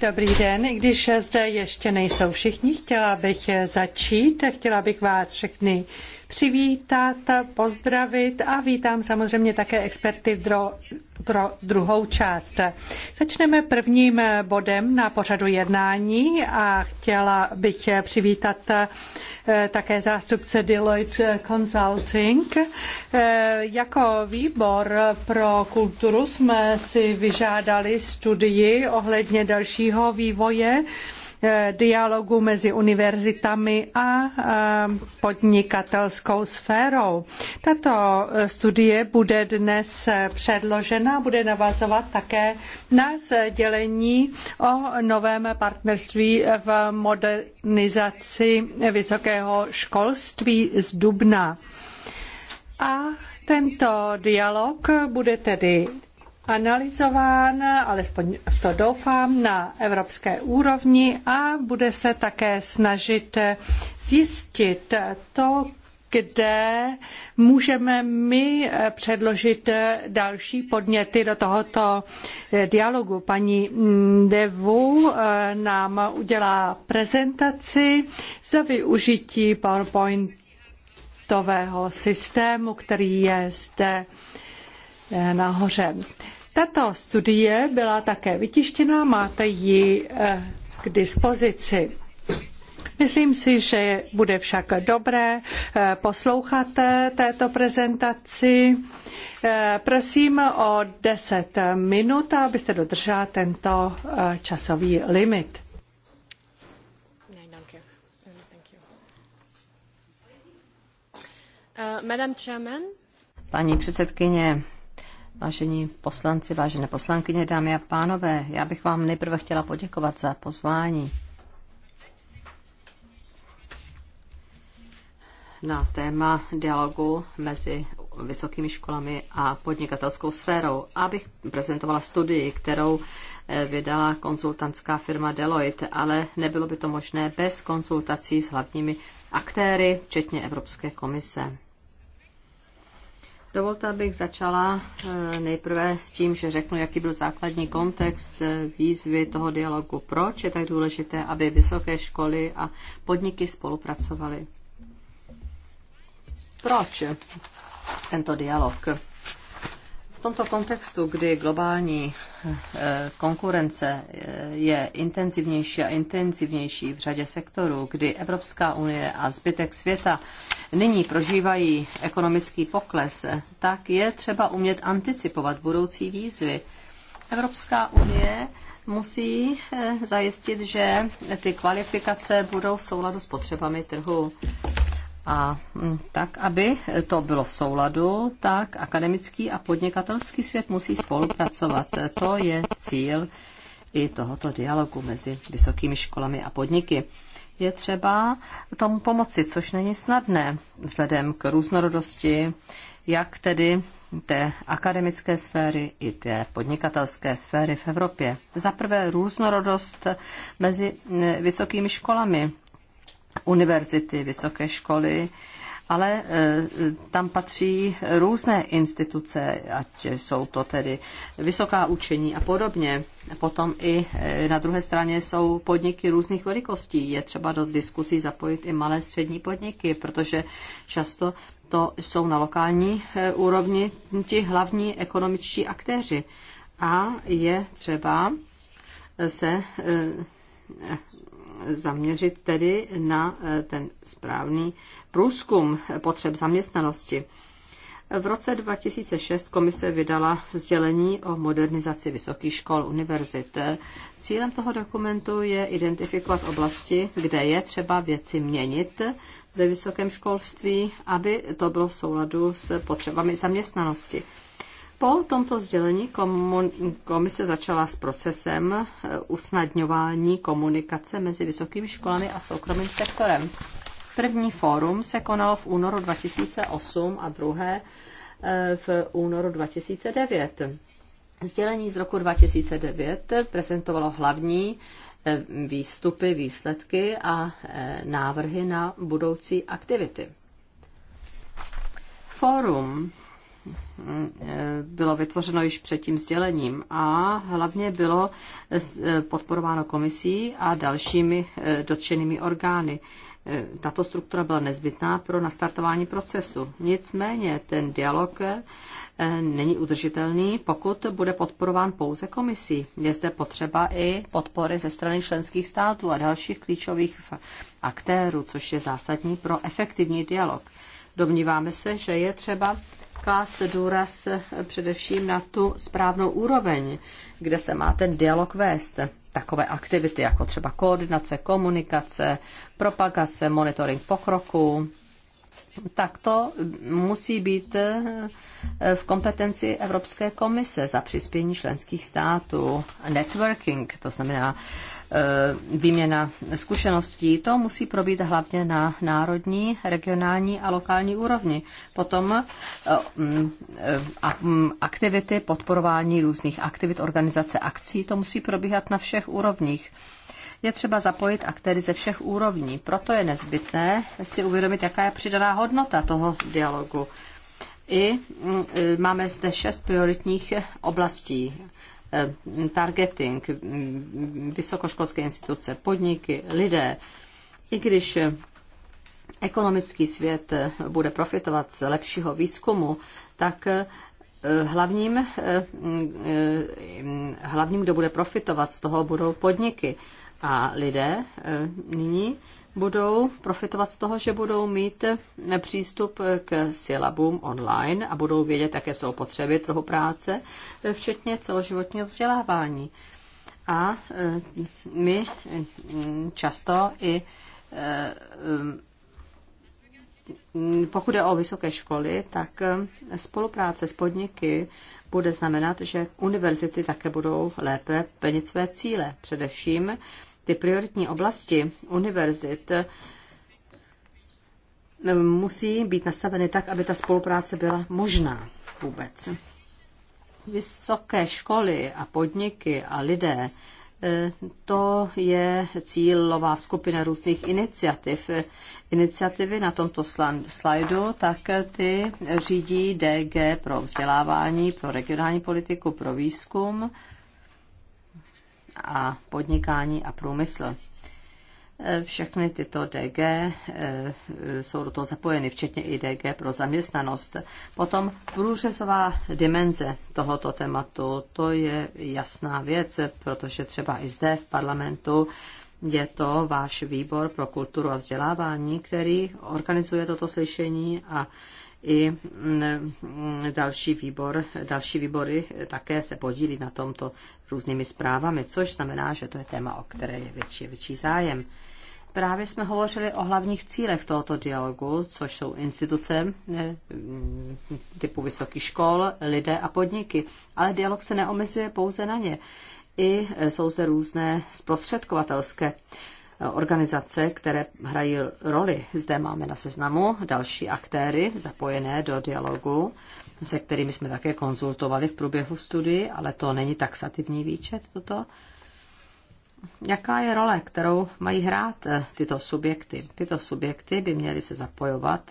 Dobrý den, i když zde ještě nejsou všichni, chtěla bych začít, chtěla bych vás všechny přivítat, pozdravit a vítám samozřejmě také experty dro, pro druhou část. Začneme prvním bodem na pořadu jednání a chtěla bych přivítat eh, také zástupce Deloitte Consulting. Eh, jako výbor pro kulturu jsme si vyžádali studii ohledně dalšího vývoje Eh, dialogu mezi univerzitami a eh, podnikatelskou sférou. Tato eh, studie bude dnes předložena a bude navazovat také na sdělení o novém partnerství v modernizaci vysokého školství z Dubna. A tento dialog bude tedy analyzován, alespoň v to doufám, na evropské úrovni a bude se také snažit zjistit to, kde můžeme my předložit další podněty do tohoto dialogu. Paní Devu nám udělá prezentaci za využití PowerPointového systému, který je zde nahoře. Tato studie byla také vytištěná, máte ji eh, k dispozici. Myslím si, že bude však dobré eh, poslouchat eh, této prezentaci. Prosím o 10 minut, abyste dodržela tento časový limit. Paní předsedkyně, vážení poslanci, vážené poslankyně, dámy a pánové. Já bych vám nejprve chtěla poděkovat za pozvání na téma dialogu mezi vysokými školami a podnikatelskou sférou. Abych prezentovala studii, kterou eh, vydala konzultantská firma Deloitte, ale nebylo by to možné bez konzultací s hlavními aktéry, včetně Evropské komise. Dovolte, abych začala eh, nejprve tím, že řeknu, jaký byl základní kontext eh, výzvy toho dialogu. Proč je tak důležité, aby vysoké školy a podniky spolupracovaly? Proč tento dialog? V tomto kontextu, kdy globální eh, konkurence eh, je intenzivnější a intenzivnější v řadě sektorů, kdy Evropská unie a zbytek světa nyní prožívají ekonomický pokles, tak je třeba umět anticipovat budoucí výzvy. Evropská unie musí eh, zajistit, že ty kvalifikace budou v souladu s potřebami trhu. A mm, tak, aby to bylo v souladu, tak akademický a podnikatelský svět musí spolupracovat. To je cíl i tohoto dialogu mezi vysokými školami a podniky. Je třeba tomu pomoci, což není snadné vzhledem k různorodosti, jak tedy té akademické sféry i té podnikatelské sféry v Evropě. Za prvé různorodost mezi mm, vysokými školami univerzity, vysoké školy, ale e, tam patří různé instituce, ať jsou to tedy vysoká učení a podobně. Potom i e, na druhé straně jsou podniky různých velikostí. Je třeba do diskusí zapojit i malé střední podniky, protože často to jsou na lokální e, úrovni ti hlavní ekonomičtí aktéři. A je třeba se zaměřit tedy na eh, ten správný průzkum potřeb zaměstnanosti. V roce 2006 komise vydala sdělení o modernizaci vysokých škol univerzit. Cílem toho dokumentu je identifikovat oblasti, kde je třeba věci měnit ve vysokém školství, aby to bylo v souladu s potřebami zaměstnanosti. Po tomto sdělení komise začala s procesem eh, usnadňování komunikace mezi vysokými školami a soukromým sektorem. První fórum se konalo v únoru 2008 a druhé eh, v únoru 2009. Sdělení z roku 2009 prezentovalo hlavní eh, výstupy, výsledky a návrhy na budoucí aktivity. Fórum bylo vytvořeno již před tím sdělením a hlavně bylo eh, podporováno komisí a dalšími eh, dotčenými orgány. Eh, tato struktura byla nezbytná pro nastartování procesu. Nicméně ten dialog není udržitelný, pokud bude podporován pouze komisí. Je zde potřeba i podpory ze strany členských států a dalších klíčových aktérů, což je zásadní pro efektivní dialog. Domníváme se, že je třeba klást důraz eh, především na tu správnou úroveň, kde se má ten dialog vést. Takové aktivity jako třeba koordinace, komunikace, propagace, monitoring pokroku, tak to musí být eh, v kompetenci Evropské komise za přispění členských států. Networking, to znamená Eh, výměna zkušeností. To musí probít hlavně na národní, regionální a lokální úrovni. Potom eh, mm, eh, mm, aktivity, podporování různých aktivit, organizace akcí, to musí probíhat na všech úrovních je třeba zapojit aktéry ze všech úrovní. Proto je nezbytné si uvědomit, jaká je přidaná hodnota toho dialogu. I mm, máme zde šest prioritních oblastí. Eh, targeting, mm, vysokoškolské instituce, podniky, lidé. I když eh, ekonomický svět eh, bude profitovat z lepšího výzkumu, tak hlavním, mm, hlavním, kdo bude profitovat z toho, budou podniky. A lidé nyní budou profitovat z toho, že budou mít přístup k silabům online a budou vědět, jaké jsou potřeby trhu práce, včetně celoživotního vzdělávání. A e, my e, často i e, pokud je o vysoké školy, tak spolupráce s podniky bude znamenat, že univerzity také budou lépe plnit své cíle. Především ty prioritní oblasti univerzit eh, musí být nastaveny tak, aby ta spolupráce byla možná vůbec. Vysoké školy a podniky a lidé, eh, to je cílová skupina různých iniciativ. Iniciativy na tomto slajdu, tak ty řídí DG pro vzdělávání, pro regionální politiku, pro výzkum a podnikání a průmysl. E, všechny tyto DG e, jsou do toho zapojeny, včetně i DG pro zaměstnanost. Potom průřezová dimenze tohoto tématu, to je jasná věc, protože třeba i zde v parlamentu je to váš výbor pro kulturu a vzdělávání, který organizuje toto slyšení a i další výbor, další výbory také se podílí na tomto různými zprávami, což znamená, že to je téma, o které je větší, větší zájem. Právě jsme hovořili o hlavních cílech tohoto dialogu, což jsou instituce eh, typu vysokých škol, lidé a podniky. Ale dialog se neomezuje pouze na ně. I eh, jsou zde různé zprostředkovatelské eh, organizace, které hrají roli. Zde máme na seznamu další aktéry zapojené do dialogu se kterými jsme také konzultovali v průběhu studii, ale to není taxativní výčet toto. Jaká je role, kterou mají hrát eh, tyto subjekty? Tyto subjekty by měly se zapojovat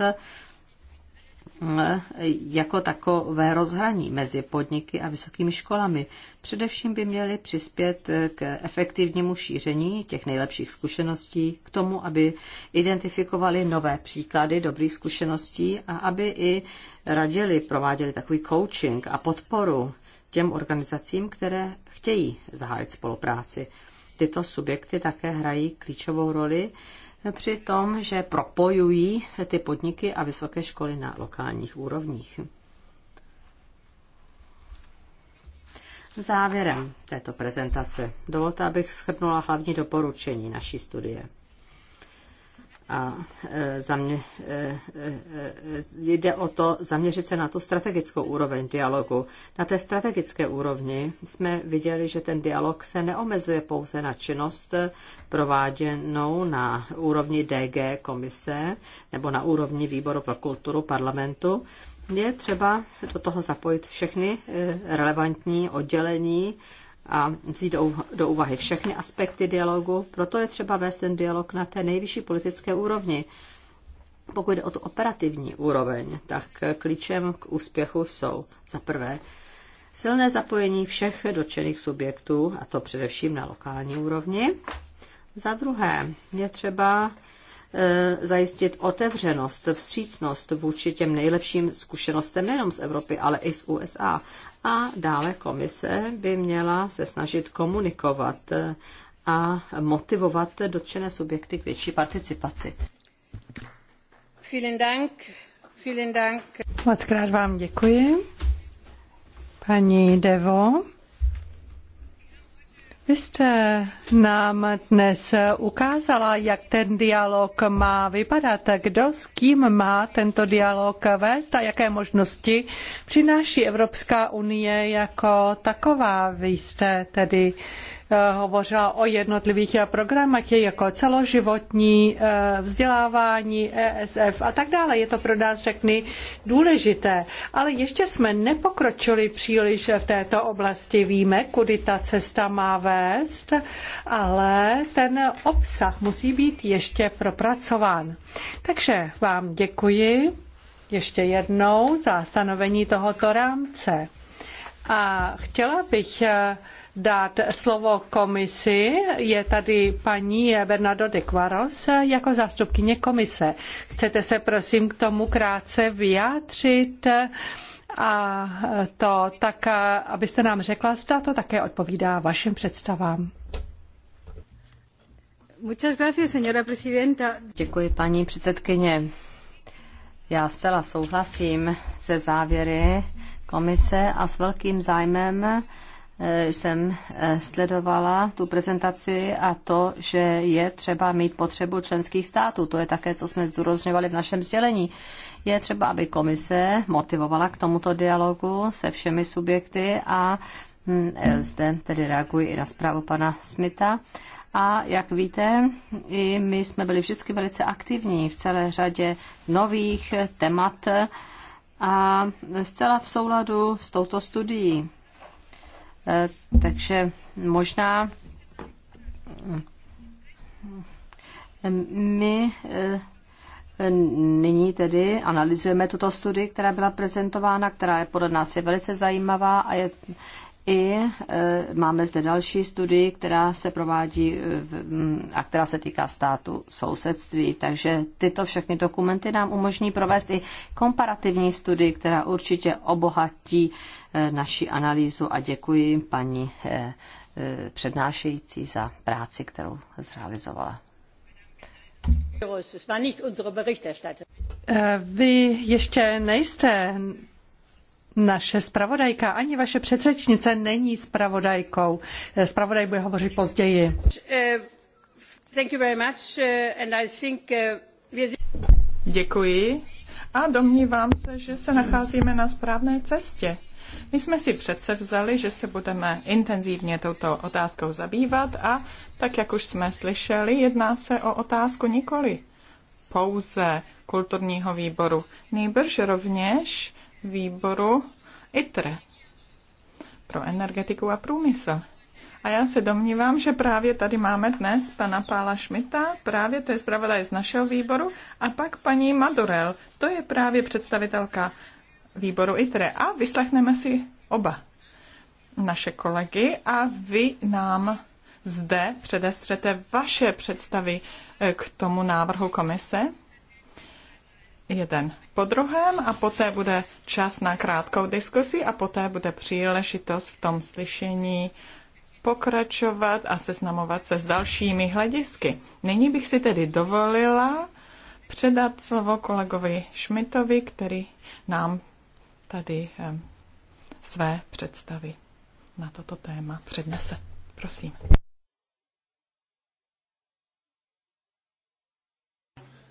jako takové rozhraní mezi podniky a vysokými školami. Především by měly přispět k efektivnímu šíření těch nejlepších zkušeností, k tomu, aby identifikovali nové příklady dobrých zkušeností a aby i radili, prováděli takový coaching a podporu těm organizacím, které chtějí zahájit spolupráci. Tyto subjekty také hrají klíčovou roli při tom, že propojují ty podniky a vysoké školy na lokálních úrovních. Závěrem této prezentace dovolte, abych shrnula hlavní doporučení naší studie. A e, za e, e, jde o to zaměřit se na tu strategickou úroveň dialogu. Na té strategické úrovni jsme viděli, že ten dialog se neomezuje pouze na činnost prováděnou na úrovni DG komise nebo na úrovni výboru pro kulturu parlamentu. Je třeba do toho zapojit všechny relevantní oddělení a vzít do, do úvahy všechny aspekty dialogu. Proto je třeba vést ten dialog na té nejvyšší politické úrovni. Pokud jde o tu operativní úroveň, tak klíčem k úspěchu jsou za prvé silné zapojení všech dotčených subjektů, a to především na lokální úrovni. Za druhé je třeba E, zajistit otevřenost, vstřícnost vůči těm nejlepším zkušenostem nejenom z Evropy, ale i z USA. A dále komise by měla se snažit komunikovat e, a motivovat dotčené subjekty k větší participaci. Vielen Dank. Vielen Dank. Moc krát vám děkuji. Paní Devo. Vy jste nám dnes ukázala, jak ten dialog má vypadat, kdo s kým má tento dialog vést a jaké možnosti přináší Evropská unie jako taková. Vy jste tedy Eh, hovořila o jednotlivých eh, programech jako celoživotní eh, vzdělávání, ESF a tak dále. Je to pro nás všechny důležité, ale ještě jsme nepokročili příliš v této oblasti. Víme, kudy ta cesta má vést, ale ten obsah musí být ještě propracován. Takže vám děkuji ještě jednou za stanovení tohoto rámce. A chtěla bych dát slovo komisi. Je tady paní Bernadette Quaros jako zástupkyně komise. Chcete se prosím k tomu krátce vyjádřit a to tak, abyste nám řekla, zda to také odpovídá vašim představám. Děkuji, paní předsedkyně. Já zcela souhlasím se závěry komise a s velkým zájmem Eh, jsem eh, sledovala tu prezentaci a to, že je třeba mít potřebu členských států. To je také, co jsme zdůrazňovali v našem sdělení. Je třeba, aby komise motivovala k tomuto dialogu se všemi subjekty a hm, eh, zde tedy reaguji i na zprávu pana Smita. A jak víte, i my jsme byli vždycky velice aktivní v celé řadě nových temat a zcela v souladu s touto studií Eh, takže možná eh, my eh, nyní tedy analyzujeme tuto studii, která byla prezentována, která je podle nás je velice zajímavá a je, i e, máme zde další studii, která se provádí e, v, a která se týká státu sousedství. Takže tyto všechny dokumenty nám umožní provést i komparativní studii, která určitě obohatí e, naši analýzu a děkuji paní přednášející za práci, kterou zrealizovala. Vy ještě nejste naše zpravodajka, ani vaše předřečnice není zpravodajkou. Eh, Zpravodaj bude hovořit později. Eh, eh, Děkuji a domnívám se, že se nacházíme na správné cestě. My jsme si přece vzali, že se budeme intenzivně touto otázkou zabývat a tak, jak už jsme slyšeli, jedná se o otázku nikoli pouze kulturního výboru, nýbrž rovněž výboru ITRE pro energetiku a průmysl. A já se domnívám, že právě tady máme dnes pana Pála Šmita, právě to je zpravodaj z našeho výboru, a pak paní Madurel, to je právě představitelka výboru ITRE. A vyslechneme si oba naše kolegy a vy nám zde předestřete vaše představy eh, k tomu návrhu komise jeden po druhém a poté bude čas na krátkou diskusi a poté bude příležitost v tom slyšení pokračovat a seznamovat se s dalšími hledisky. Nyní bych si tedy dovolila předat slovo kolegovi Šmitovi, který nám tady eh, své představy na toto téma přednese. Prosím.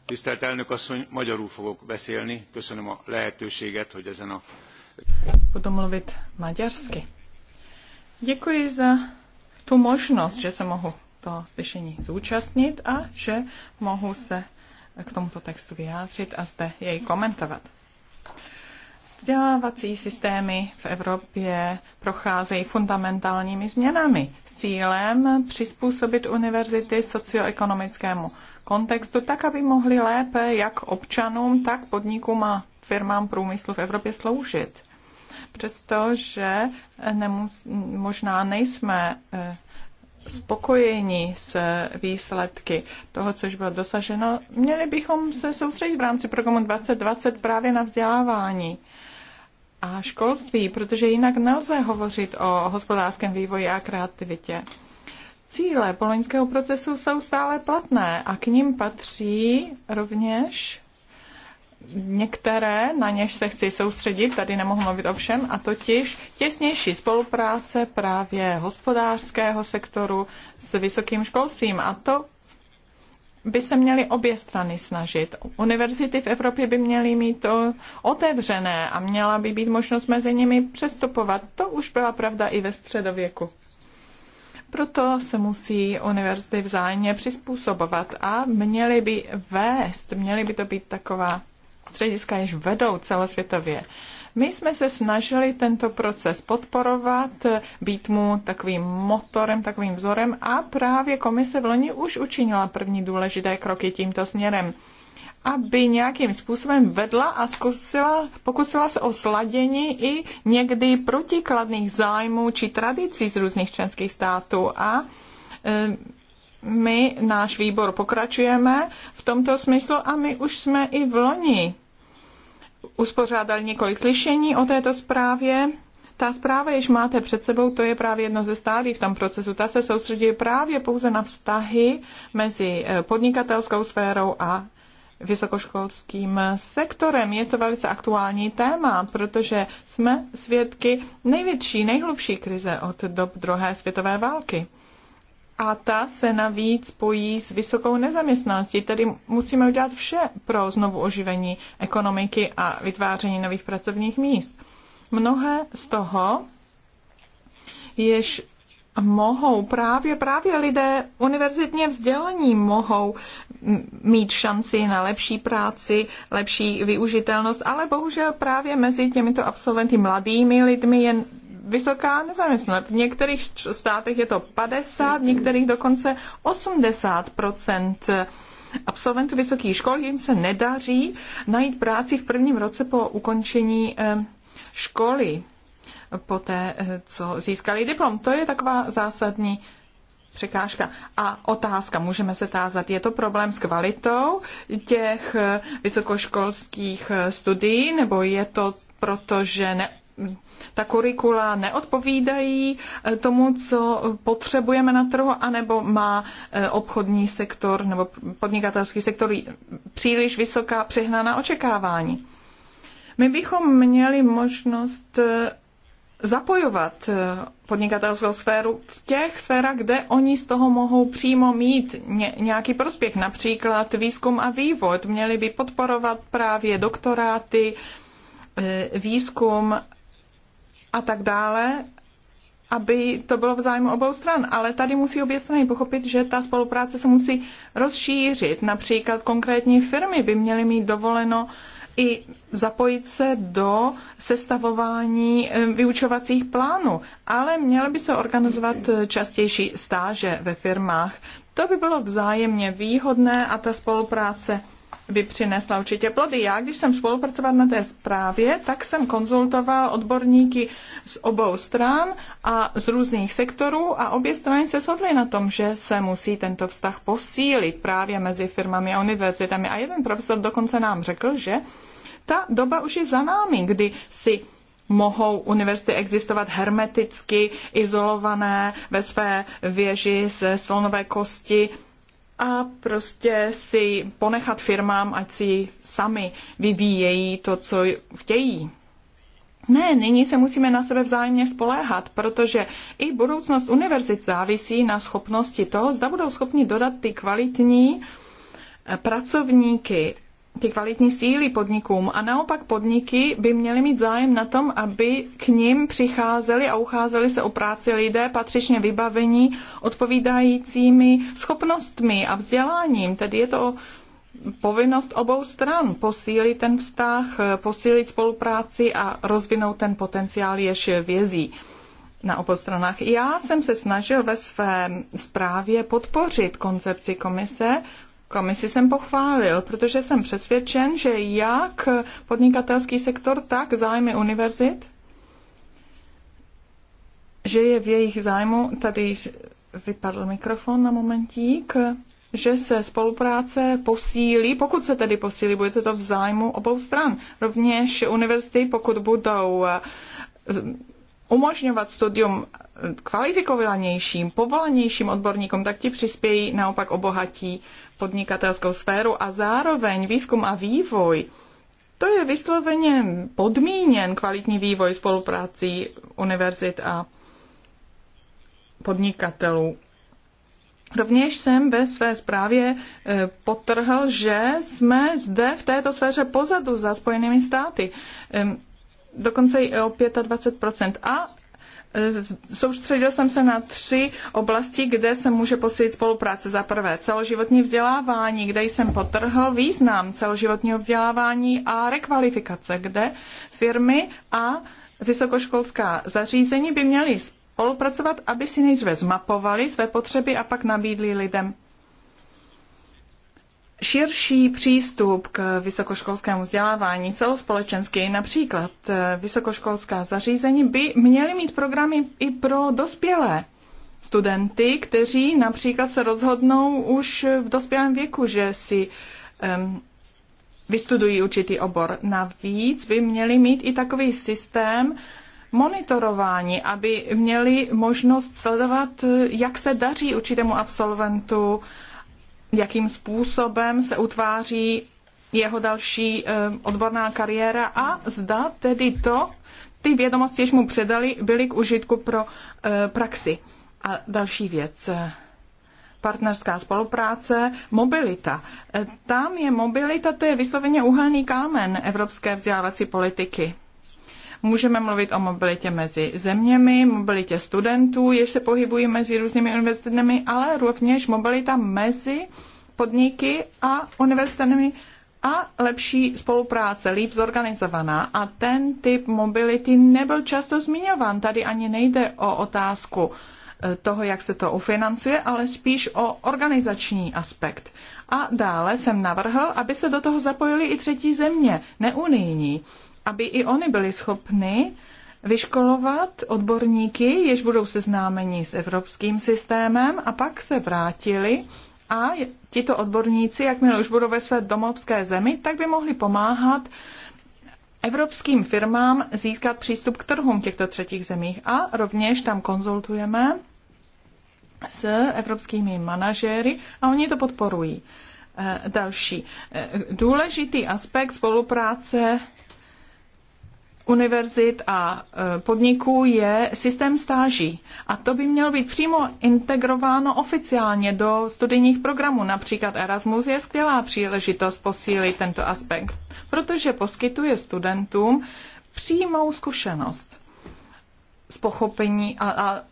Tisztelt elnök asszony, magyarul fogok beszélni. Köszönöm a lehetőséget, hogy ezen a... Budu mluvit maďarsky. Děkuji za tu možnost, že se mohu to slyšení zúčastnit a že mohu se k tomuto textu vyjádřit a zde jej komentovat. Vzdělávací systémy v Evropě procházejí fundamentálními změnami s cílem přizpůsobit univerzity socioekonomickému kontextu, tak aby mohli lépe jak občanům, tak podnikům a firmám průmyslu v Evropě sloužit. Přestože nemus, možná nejsme eh, spokojeni s výsledky toho, což bylo dosaženo, měli bychom se soustředit v rámci programu 2020 právě na vzdělávání a školství, protože jinak nelze hovořit o hospodářském vývoji a kreativitě. Cíle poloňského procesu jsou stále platné a k ním patří rovněž některé, na něž se chci soustředit, tady nemohu mluvit o všem, a totiž těsnější spolupráce právě hospodářského sektoru s vysokým školstvím. A to by se měly obě strany snažit. Univerzity v Evropě by měly mít to otevřené a měla by být možnost mezi nimi přestupovat. To už byla pravda i ve středověku. Proto se musí univerzity vzájemně přizpůsobovat a měly by vést, měly by to být taková střediska, jež vedou celosvětově. My jsme se snažili tento proces podporovat, být mu takovým motorem, takovým vzorem a právě komise v loni už učinila první důležité kroky tímto směrem aby nějakým způsobem vedla a zkusila, pokusila se o sladění i někdy protikladných zájmů či tradicí z různých členských států. A e, my, náš výbor, pokračujeme v tomto smyslu a my už jsme i v loni uspořádali několik slyšení o této zprávě. Ta zpráva, jež máte před sebou, to je právě jedno ze stádí v tom procesu. Ta se soustředí právě pouze na vztahy mezi e, podnikatelskou sférou a vysokoškolským sektorem. Je to velice aktuální téma, protože jsme svědky největší, nejhlubší krize od dob druhé světové války. A ta se navíc spojí s vysokou nezaměstnaností, tedy musíme udělat vše pro znovu oživení ekonomiky a vytváření nových pracovních míst. Mnohé z toho, jež mohou právě, právě lidé univerzitně vzdělaní mohou mít šanci na lepší práci, lepší využitelnost, ale bohužel právě mezi těmito absolventy mladými lidmi je vysoká nezaměstnanost. V některých státech je to 50, v některých dokonce 80 absolventů vysokých škol, jim se nedaří najít práci v prvním roce po ukončení eh, školy, po té, eh, co získali diplom. To je taková zásadní překážka. A otázka, můžeme se tázat, je to problém s kvalitou těch vysokoškolských eh, studií, nebo je to proto, že ne, ta kurikula neodpovídají eh, tomu, co potřebujeme na trhu, anebo má eh, obchodní sektor nebo podnikatelský sektor příliš vysoká přehnaná očekávání. My bychom měli možnost zapojovat eh, podnikatelskou sféru v těch sférách, kde oni z toho mohou přímo mít nějaký prospěch, například výzkum a vývoj. Měli by podporovat právě doktoráty, eh, výzkum a tak dále, aby to bylo v zájmu obou stran. Ale tady musí obě strany pochopit, že ta spolupráce se musí rozšířit. Například konkrétní firmy by měly mít dovoleno uh, i zapojit se do sestavování vyučovacích plánů, ale měly by se organizovat eh, častější stáže ve firmách. To by bylo vzájemně výhodné a ta spolupráce by přinesla určitě plody. Já, když jsem spolupracoval na té zprávě, tak jsem konzultoval odborníky z obou stran a z různých sektorů a obě strany se shodly na tom, že se musí tento vztah posílit právě mezi firmami a univerzitami. A jeden profesor dokonce nám řekl, že ta doba už je za námi, kdy si mohou univerzity existovat hermeticky izolované ve své věži ze slonové kosti a prostě si ponechat firmám, ať si sami vyvíjejí to, co chtějí. Ne, nyní se musíme na sebe vzájemně spoléhat, protože i budoucnost univerzit závisí na schopnosti toho, zda budou schopni dodat ty kvalitní eh, pracovníky ty kvalitní síly podnikům a naopak podniky by měly mít zájem na tom, aby k ním přicházeli a ucházeli se o práci lidé patřičně vybavení, odpovídajícími schopnostmi a vzděláním. Tedy je to povinnost obou stran posílit ten vztah, posílit spolupráci a rozvinout ten potenciál, jež vězí na obou stranách. Já jsem se snažil ve své zprávě podpořit koncepci komise, Komisi jsem pochválil, protože jsem přesvědčen, že jak podnikatelský sektor, tak zájmy univerzit, že je v jejich zájmu, tady vypadl mikrofon na momentík, že se spolupráce posílí, pokud se tedy posílí, bude to v zájmu obou stran. Rovněž univerzity, pokud budou eh, umožňovat studium eh, kvalifikovanějším, povolanějším odborníkům, tak ti přispějí naopak obohatí podnikatelskou sféru a zároveň výzkum a vývoj, to je vysloveně podmíněn kvalitní vývoj spoluprácí univerzit a podnikatelů. Rovněž jsem ve své zprávě e, potrhl, že jsme zde v této sféře pozadu za Spojenými státy. Dokonce i o 25%. A Eh, soustředil jsem se na tři oblasti, kde se může posílit spolupráce. Za prvé celoživotní vzdělávání, kde jsem potrhl význam celoživotního vzdělávání a rekvalifikace, kde firmy a vysokoškolská zařízení by měly spolupracovat, aby si nejdříve zmapovali své potřeby a pak nabídli lidem širší přístup k vysokoškolskému vzdělávání celospolečensky, například eh, vysokoškolská zařízení, by měly mít programy i pro dospělé studenty, kteří například se rozhodnou už v dospělém věku, že si um, vystudují určitý obor. Navíc by měli mít i takový systém monitorování, aby měli možnost sledovat, eh, jak se daří určitému absolventu jakým způsobem se utváří jeho další eh, odborná kariéra a zda tedy to, ty vědomosti, jež mu předali, byly k užitku pro eh, praxi. A další věc eh, partnerská spolupráce, mobilita. Tam je mobilita, to je vysloveně uhelný kámen evropské vzdělávací politiky. Můžeme mluvit o mobilitě mezi zeměmi, mobilitě studentů, jež se pohybují mezi různými univerzitami, ale rovněž mobilita mezi podniky a univerzitami a lepší spolupráce, líp zorganizovaná. A ten typ mobility nebyl často zmiňován. Tady ani nejde o otázku e, toho, jak se to ufinancuje, ale spíš o organizační aspekt. A dále jsem navrhl, aby se do toho zapojili i třetí země, neunijní aby i oni byli schopni vyškolovat odborníky, jež budou seznámeni s evropským systémem a pak se vrátili a tito odborníci, jakmile už budou ve své domovské zemi, tak by mohli pomáhat evropským firmám získat přístup k trhům těchto třetích zemích. A rovněž tam konzultujeme s evropskými manažéry a oni to podporují. Eh, další eh, důležitý aspekt spolupráce univerzit a e, podniků je systém stáží. A to by mělo být přímo integrováno oficiálně do studijních programů. Například Erasmus je skvělá příležitost posílit tento aspekt, protože poskytuje studentům přímou zkušenost z pochopení a, a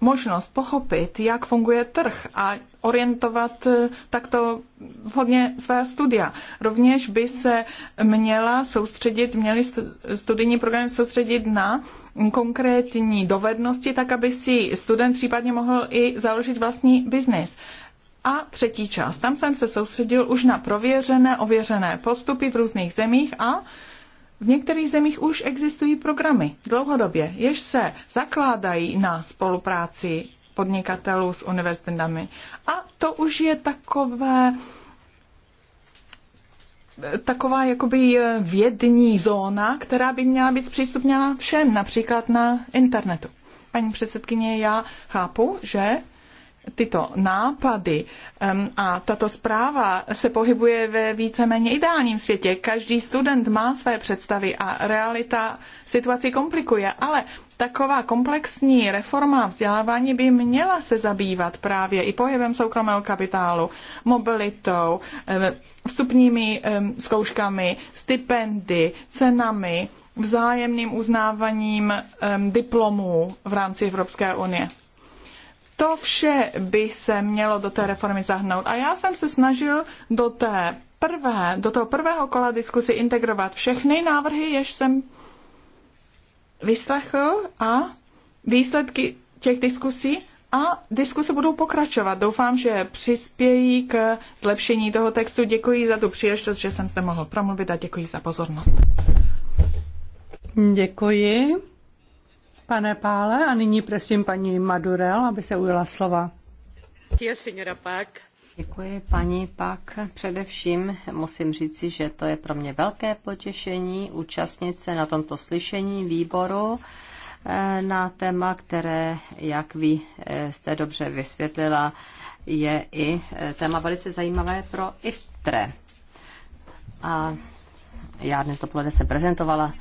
možnost pochopit, jak funguje trh a orientovat eh, takto vhodně svá studia. Rovněž by se měla soustředit, měly studijní programy soustředit na konkrétní dovednosti, tak aby si student případně mohl i založit vlastní biznis. A třetí část. Tam jsem se soustředil už na prověřené, ověřené postupy v různých zemích a v některých zemích už existují programy dlouhodobě, jež se zakládají na spolupráci podnikatelů s univerzitami. A to už je takové taková jakoby vědní zóna, která by měla být zpřístupněna všem, například na internetu. Paní předsedkyně, já chápu, že tyto nápady a tato zpráva se pohybuje ve víceméně ideálním světě. Každý student má své představy a realita situaci komplikuje, ale taková komplexní reforma vzdělávání by měla se zabývat právě i pohybem soukromého kapitálu, mobilitou, vstupními zkouškami, stipendy, cenami, vzájemným uznáváním diplomů v rámci Evropské unie. To vše by se mělo do té reformy zahnout. A já jsem se snažil do, té prvé, do toho prvého kola diskusy integrovat všechny návrhy, jež jsem vyslechl a výsledky těch diskusí a diskuse budou pokračovat. Doufám, že přispějí k zlepšení toho textu. Děkuji za tu příležitost, že jsem zde mohl promluvit a děkuji za pozornost. Děkuji pane Pále, a nyní prosím paní Madurel, aby se ujela slova. Děkuji, paní Pak. Především musím říci, že to je pro mě velké potěšení účastnit se na tomto slyšení výboru eh, na téma, které, jak vy eh, jste dobře vysvětlila, je i eh, téma velice zajímavé pro ITRE. A já dnes dopoledne jsem prezentovala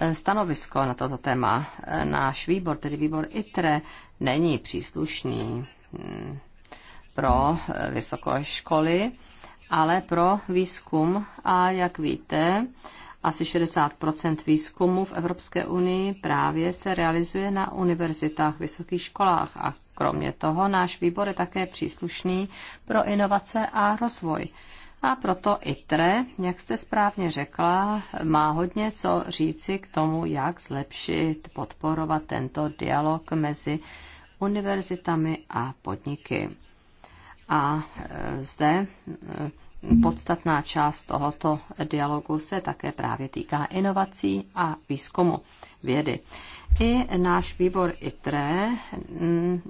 Eh, stanovisko na toto téma. Eh, náš výbor, tedy výbor ITRE, není příslušný hm, pro eh, vysoké školy, ale pro výzkum. A jak víte, asi 60 výzkumu v Evropské unii právě se realizuje na univerzitách, vysokých školách a kromě toho náš výbor je také příslušný pro inovace a rozvoj. A proto ITRE, jak jste správně řekla, má hodně co říci k tomu, jak zlepšit, podporovat tento dialog mezi univerzitami a podniky. A e, zde e, podstatná část tohoto dialogu se také právě týká inovací a výzkumu vědy. I náš výbor ITRE mm,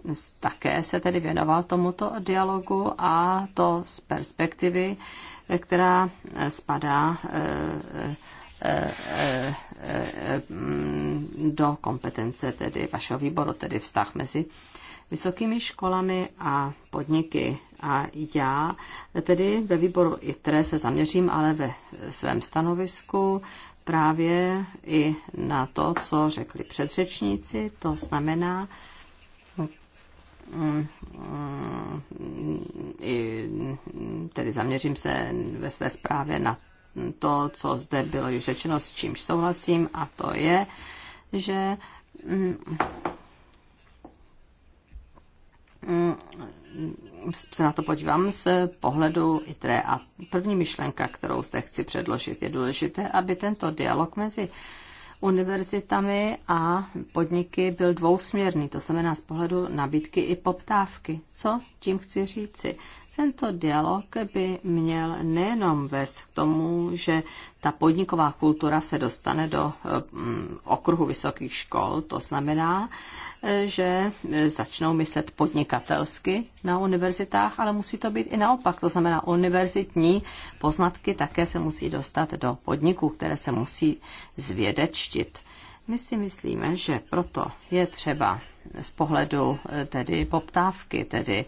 také se tedy věnoval tomuto dialogu a to z perspektivy, která spadá eh, eh, eh, do kompetence tedy vašeho výboru, tedy vztah mezi vysokými školami a podniky. A já tedy ve výboru ITRE se zaměřím ale ve svém stanovisku právě i na to, co řekli předřečníci, to znamená mm, mm, i, tedy zaměřím se ve své zprávě na to, co zde bylo již řečeno, s čímž souhlasím, a to je, že mm, se na to podívám z pohledu ITRE a první myšlenka, kterou zde chci předložit, je důležité, aby tento dialog mezi univerzitami a podniky byl dvousměrný, to znamená z pohledu nabídky i poptávky. Co tím chci říci? Tento dialog by měl nejenom vést k tomu, že ta podniková kultura se dostane do mm, okruhu vysokých škol, to znamená, že začnou myslet podnikatelsky na univerzitách, ale musí to být i naopak. To znamená, univerzitní poznatky také se musí dostat do podniků, které se musí zvědečtit. My si myslíme, že proto je třeba z pohledu tedy poptávky, tedy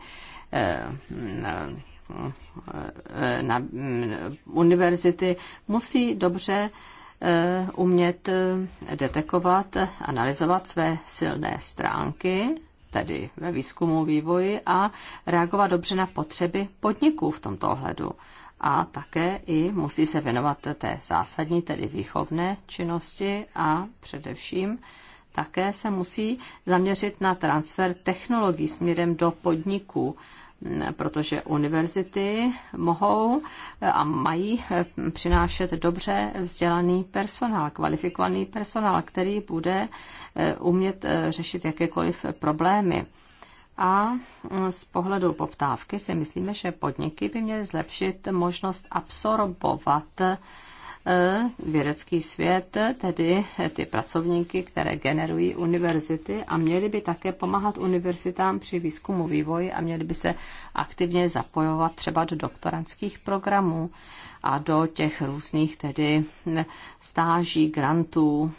na univerzity musí dobře eh, umět eh, detekovat, analyzovat své silné stránky, tedy ve výzkumu, vývoji a reagovat dobře na potřeby podniků v tomto ohledu. A také i musí se věnovat té zásadní, tedy výchovné činnosti a především také se musí zaměřit na transfer technologií směrem do podniků protože univerzity mohou eh, a mají eh, přinášet dobře vzdělaný personál, kvalifikovaný personál, který bude eh, umět řešit jakékoliv problémy. A mm, z pohledu poptávky si myslíme, že podniky by měly zlepšit možnost absorbovat E, vědecký svět, tedy ty pracovníky, které generují univerzity a měly by také pomáhat univerzitám při výzkumu vývoji a měly by se aktivně zapojovat třeba do doktorantských programů a do těch různých tedy stáží, grantů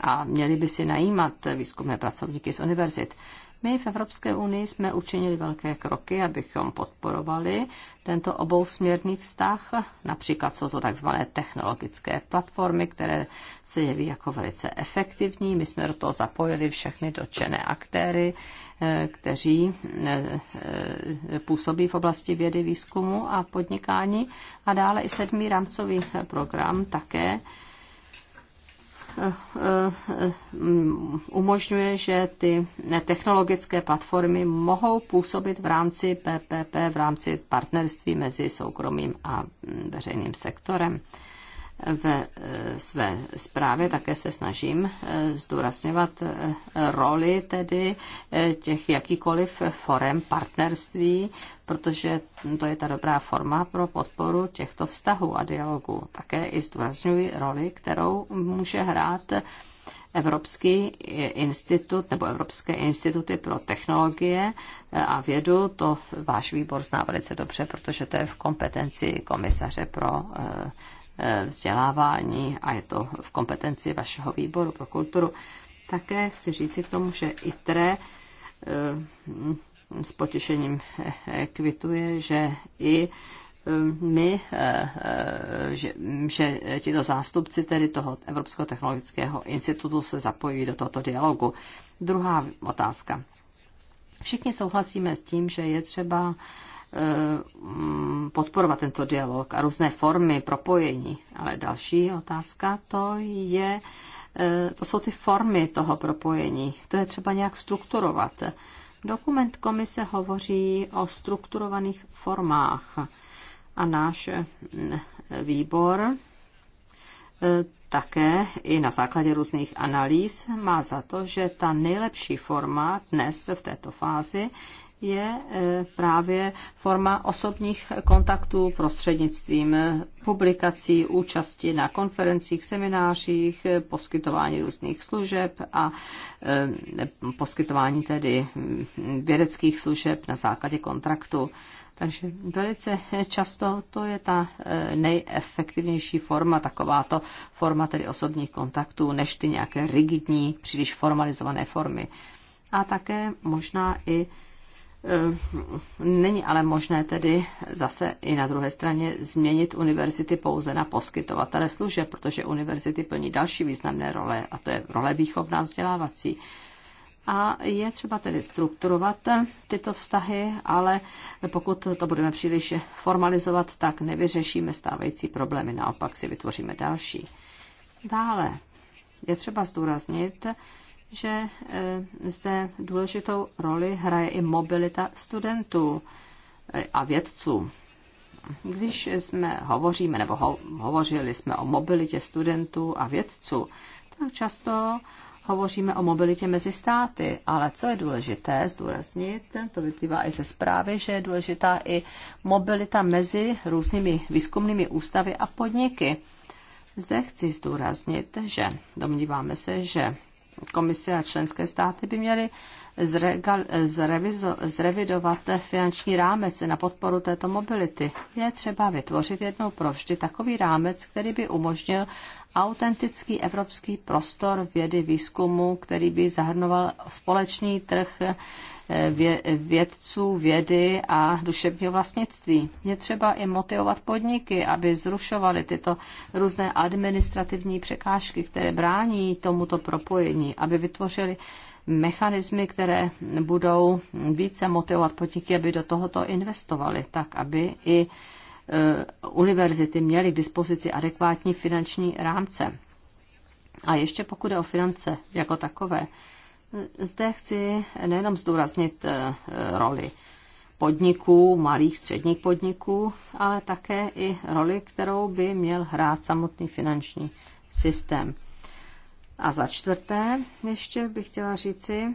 a měli by si najímat výzkumné pracovníky z univerzit. My v Evropské unii jsme učinili velké kroky, abychom podporovali tento obousměrný vztah. Například jsou to takzvané technologické platformy, které se jeví jako velice efektivní. My jsme do toho zapojili všechny dotčené aktéry, eh, kteří eh, eh, působí v oblasti vědy, výzkumu a podnikání. A dále i sedmý rámcový program také Eh, eh, umožňuje, že ty technologické platformy mohou působit v rámci PPP, v rámci partnerství mezi soukromým a veřejným sektorem ve eh, své zprávě také se snažím eh, zdůrazňovat eh, roli tedy těch jakýkoliv forem partnerství, protože to je ta dobrá forma pro podporu těchto vztahů a dialogů. Také i zdůrazňuji roli, kterou může hrát Evropský institut nebo Evropské instituty pro technologie a vědu, to váš výbor zná velice dobře, protože to je v kompetenci komisaře pro Eh, vzdělávání a je to v kompetenci vašeho výboru pro kulturu. Také chci říci k tomu, že ITRE eh, s potěšením eh, kvituje, že i my, že, že tito zástupci tedy toho Evropského technologického institutu se zapojují do tohoto dialogu. Druhá otázka. Všichni souhlasíme s tím, že je třeba Eh, podporovat tento dialog a různé formy propojení. Ale další otázka to je, eh, to jsou ty formy toho propojení. To je třeba nějak strukturovat. Dokument komise hovoří o strukturovaných formách a náš eh, výbor také i na základě různých analýz má za to, že ta nejlepší forma dnes v této fázi je e, právě forma osobních kontaktů prostřednictvím publikací, účasti na konferencích, seminářích, e, poskytování různých služeb a e, poskytování tedy mm, vědeckých služeb na základě kontraktu. Takže velice často to je ta nejefektivnější forma, takováto forma tedy osobních kontaktů, než ty nějaké rigidní, příliš formalizované formy. A také možná i Ehm, není ale možné tedy zase i na druhé straně změnit univerzity pouze na poskytovatele služeb, protože univerzity plní další významné role, a to je role výchovná vzdělávací. A je třeba tedy strukturovat tyto vztahy, ale pokud to budeme příliš formalizovat, tak nevyřešíme stávající problémy, naopak si vytvoříme další. Dále je třeba zdůraznit, že e, zde důležitou roli hraje i mobilita studentů e, a vědců. Když jsme hovoříme nebo ho, hovořili jsme o mobilitě studentů a vědců, tak často hovoříme o mobilitě mezi státy, ale co je důležité zdůraznit, to vyplývá i ze zprávy, že je důležitá i mobilita mezi různými výzkumnými ústavy a podniky. Zde chci zdůraznit, že domníváme se, že komise a členské státy by měly zregal, zrevizo, zrevidovat finanční rámec na podporu této mobility. Je třeba vytvořit jednou vždy takový rámec, který by umožnil, autentický evropský prostor vědy výzkumu, který by zahrnoval společný trh eh, vědců, vědy a duševního vlastnictví. Je třeba i motivovat podniky, aby zrušovaly tyto různé administrativní překážky, které brání tomuto propojení, aby vytvořili mechanismy, které budou více motivovat podniky, aby do tohoto investovali, tak aby i Eh, univerzity měly k dispozici adekvátní finanční rámce. A ještě pokud je o finance jako takové, eh, zde chci nejenom zdůraznit eh, roli podniků, malých středních podniků, ale také i roli, kterou by měl hrát samotný finanční systém. A za čtvrté ještě bych chtěla říci,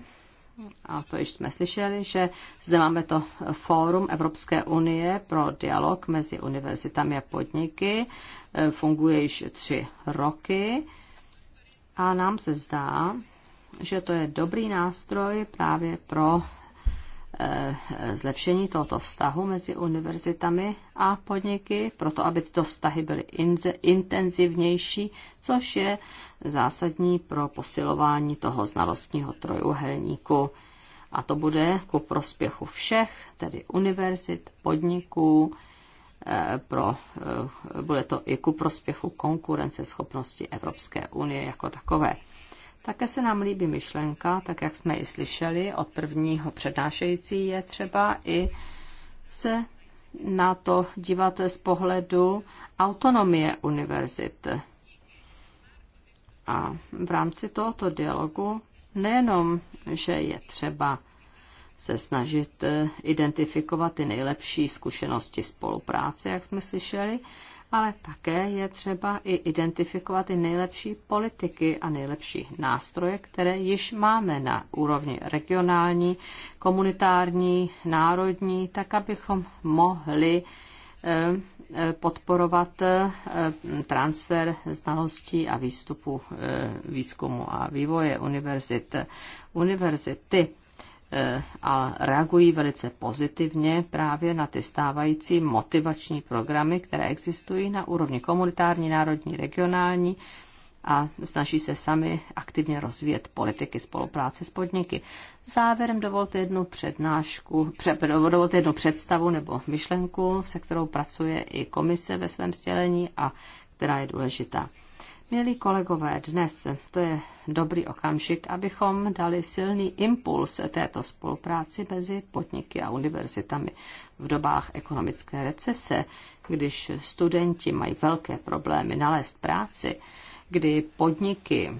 a to již jsme slyšeli, že zde máme to Fórum Evropské unie pro dialog mezi univerzitami a podniky. E, funguje již tři roky a nám se zdá, že to je dobrý nástroj právě pro Eh, zlepšení tohoto vztahu mezi univerzitami a podniky, proto aby tyto vztahy byly intenzivnější, což je zásadní pro posilování toho znalostního trojuhelníku. A to bude ku prospěchu všech, tedy univerzit, podniků, eh, pro, eh, bude to i ku prospěchu konkurenceschopnosti Evropské unie jako takové. Také se nám líbí myšlenka, tak jak jsme i slyšeli od prvního přednášející, je třeba i se na to dívat z pohledu autonomie univerzit. A v rámci tohoto dialogu nejenom, že je třeba se snažit identifikovat ty nejlepší zkušenosti spolupráce, jak jsme slyšeli, ale také je třeba i identifikovat i nejlepší politiky a nejlepší nástroje, které již máme na úrovni regionální, komunitární, národní, tak abychom mohli eh, eh, podporovat eh, transfer znalostí a výstupu výzkumu a vývoje univerzit. Univerzity E, a reagují velice pozitivně právě na ty stávající motivační programy, které existují na úrovni komunitární, národní, regionální a snaží se sami aktivně rozvíjet politiky spolupráce s podniky. Závěrem dovolte jednu přednášku, pře, dovolte jednu představu nebo myšlenku, se kterou pracuje i komise ve svém stělení a která je důležitá. Milí kolegové, dnes to je dobrý okamžik, abychom dali silný impuls této spolupráci mezi podniky a univerzitami v dobách ekonomické recese, když studenti mají velké problémy nalézt práci, kdy podniky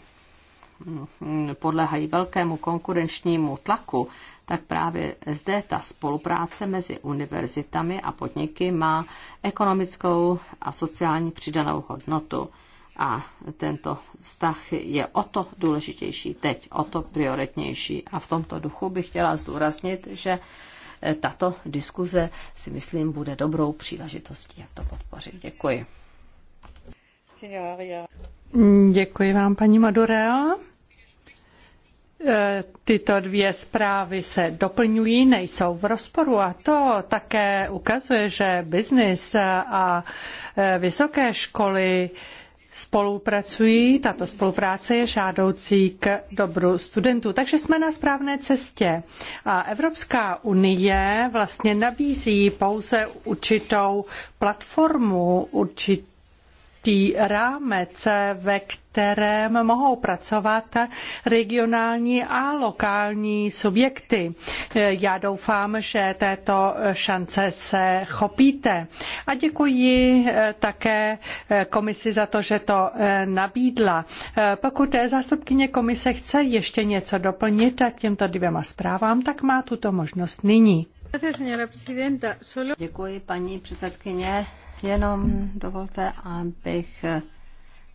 mm, podléhají velkému konkurenčnímu tlaku, tak právě zde ta spolupráce mezi univerzitami a podniky má ekonomickou a sociální přidanou hodnotu. A tento vztah je o to důležitější teď, o to prioritnější. A v tomto duchu bych chtěla zdůraznit, že eh, tato diskuze si myslím bude dobrou příležitostí, jak to podpořit. Děkuji. Děkuji vám, paní Madurea. Eh, tyto dvě zprávy se doplňují, nejsou v rozporu a to také ukazuje, že biznis a eh, vysoké školy spolupracují. Tato spolupráce je žádoucí k dobru studentů. Takže jsme na správné cestě. A Evropská unie vlastně nabízí pouze určitou platformu, určitý určitý rámec, ve kterém mohou pracovat regionální a lokální subjekty. Já doufám, že této šance se chopíte. A děkuji také komisi za to, že to nabídla. Pokud zástupkyně komise chce ještě něco doplnit k těmto dvěma zprávám, tak má tuto možnost nyní. Děkuji, paní předsedkyně. Jenom dovolte, abych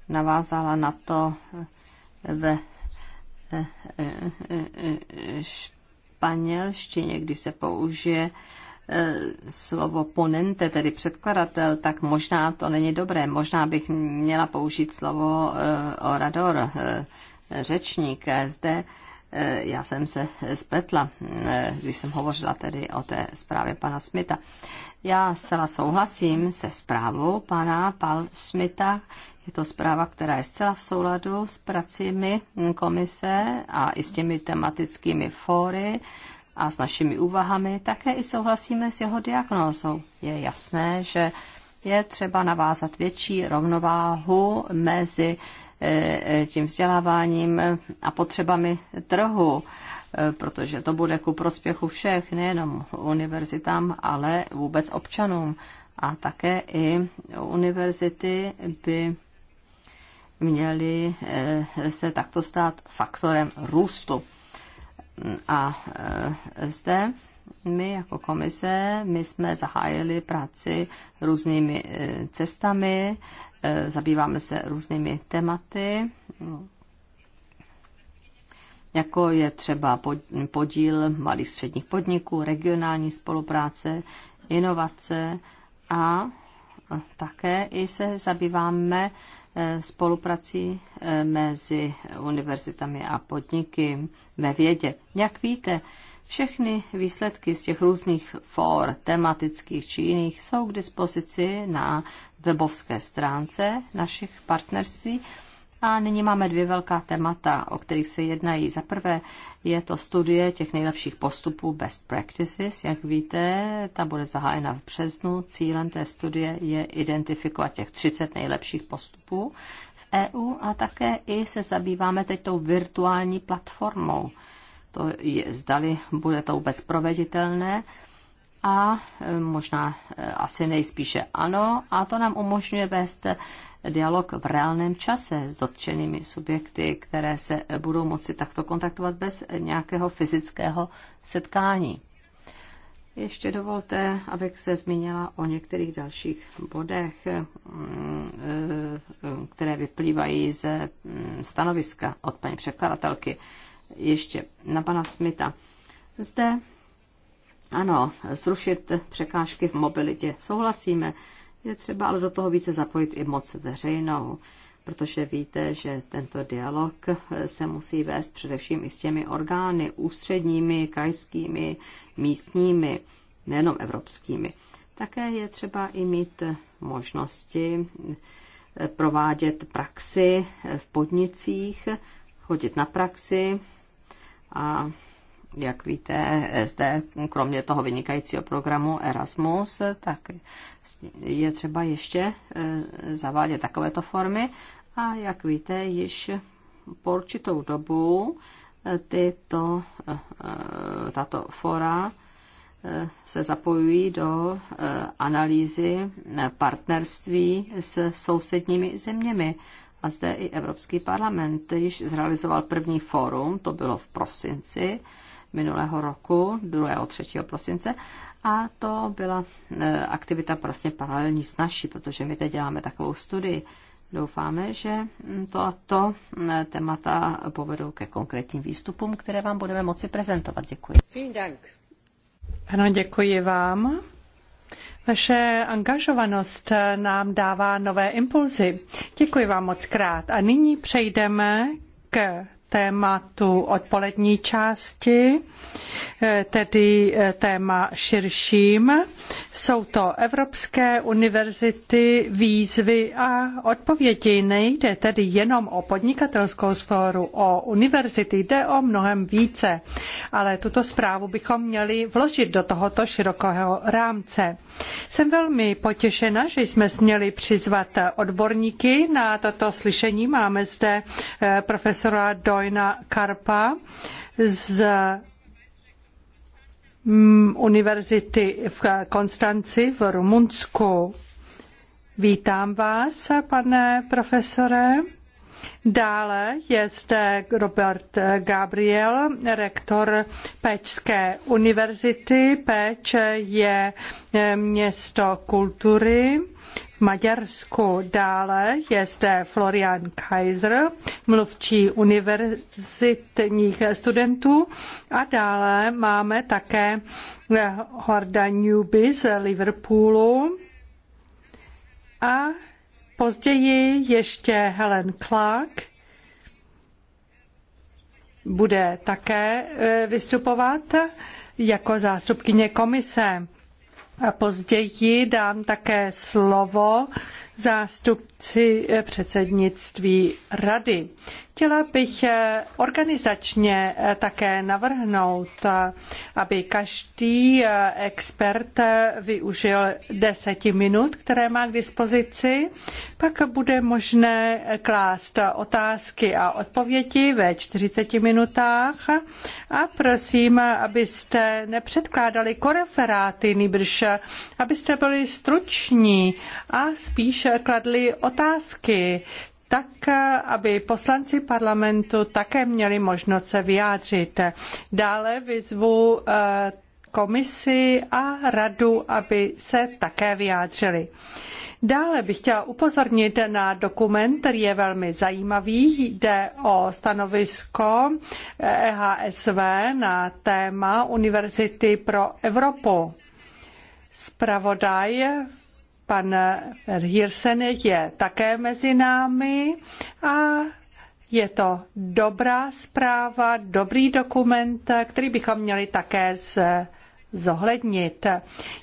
navázala na to ve e, e, e, španělštině, když se použije slovo ponente, tedy předkladatel, tak možná to není dobré. Možná bych měla použít slovo orador, řečník. Zde já jsem se spletla, když jsem hovořila tedy o té zprávě pana Smita. Já zcela souhlasím se zprávou pana Pal Schmita. Je to zpráva, která je zcela v souladu s pracími komise a i s těmi tematickými fóry a s našimi úvahami. Také i souhlasíme s jeho diagnózou. Je jasné, že je třeba navázat větší rovnováhu mezi eh, eh, tím vzděláváním a potřebami trhu Eh, protože to bude ku prospěchu všech, nejenom univerzitám, ale vůbec občanům. A také i univerzity by měly eh, se takto stát faktorem růstu. A eh, zde my jako komise, my jsme zahájili práci různými cestami, zabýváme se různými tématy jako je třeba podíl malých středních podniků, regionální spolupráce, inovace a také i se zabýváme eh, spoluprací eh, mezi univerzitami a podniky ve vědě. Jak víte, všechny výsledky z těch různých for, tematických či jiných, jsou k dispozici na webovské stránce našich partnerství a nyní máme dvě velká témata, o kterých se jednají. Za prvé je to studie těch nejlepších postupů Best Practices. Jak víte, ta bude zahájena v březnu. Cílem té studie je identifikovat těch 30 nejlepších postupů v EU a také i se zabýváme teď tou virtuální platformou. To je, zdali bude to vůbec proveditelné a e, možná e, asi nejspíše ano. A to nám umožňuje vést dialog v reálném čase s dotčenými subjekty, které se budou moci takto kontaktovat bez nějakého fyzického setkání. Ještě dovolte, abych se zmínila o některých dalších bodech, mm, e, které vyplývají ze mm, stanoviska od paní překladatelky. Ještě na pana Smita. Zde ano, zrušit překážky v mobilitě. Souhlasíme je třeba ale do toho více zapojit i moc veřejnou, protože víte, že tento dialog eh, se musí vést především i s těmi orgány ústředními, krajskými, místními, nejenom evropskými. Také je třeba i mít možnosti eh, provádět praxi v podnicích, chodit na praxi a jak víte, zde kromě toho vynikajícího programu Erasmus, tak je třeba ještě e, zavádět takovéto formy. A jak víte, již po určitou dobu e, tyto, e, tato fora se zapojují do analýzy partnerství s sousedními zeměmi. A zde i Evropský parlament již zrealizoval první fórum, to bylo v prosinci minulého roku, 2. 3. prosince. A to byla e, aktivita prostě paralelní s naší, protože my teď děláme takovou studii. Doufáme, že mm, to a to mm, témata povedou ke konkrétním výstupům, které vám budeme moci prezentovat. Děkuji. Ano, děkuji vám. Vaše angažovanost nám dává nové impulzy. Děkuji vám moc krát. A nyní přejdeme k tématu odpolední části, eh, tedy eh, téma širším. Jsou to Evropské univerzity, výzvy a odpovědi. Nejde tedy jenom o podnikatelskou sféru, o univerzity, jde o mnohem více. Ale tuto zprávu bychom měli vložit do tohoto širokého rámce. Jsem velmi potěšena, že jsme směli přizvat odborníky na toto slyšení. Máme zde eh, profesora Doj Vojna Karpa z mm, univerzity v Konstanci v Rumunsku. Vítám vás, pane profesore. Dále je zde Robert Gabriel, rektor Péčské univerzity. Péč je město kultury Maďarsku. Dále je zde Florian Kaiser, mluvčí univerzitních studentů. A dále máme také eh, Horda Newby z Liverpoolu. A později ještě Helen Clark bude také eh, vystupovat jako zástupkyně komise. A později dám také slovo zástupci eh, předsednictví rady. Chtěla bych eh, organizačně eh, také navrhnout, aby každý expert využil deseti minut, které má k dispozici. Pak bude možné klást otázky a odpovědi ve 40 minutách. A prosím, abyste nepředkládali koreferáty, nýbrž abyste byli struční a spíš kladli otázky tak, aby poslanci parlamentu také měli možnost se vyjádřit. Dále vyzvu eh, komisi a radu, aby se také vyjádřili. Dále bych chtěla upozornit na dokument, který je velmi zajímavý. Jde o stanovisko EHSV e na téma Univerzity pro Evropu. Spravodaj Pan Hirsen je také mezi námi a je to dobrá zpráva, dobrý dokument, který bychom měli také z zohlednit.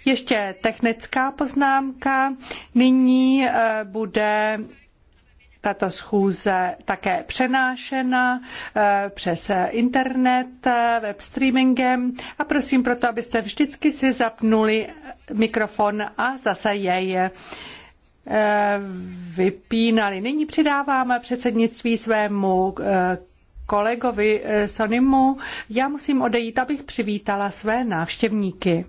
Ještě technická poznámka. Nyní eh, bude tato schůze také přenášena eh, přes internet, eh, web streamingem a prosím proto, abyste vždycky si zapnuli mikrofon a zase jej eh, vypínali. Nyní přidávám předsednictví svému kolegovi Sonimu. Já musím odejít, abych přivítala své návštěvníky.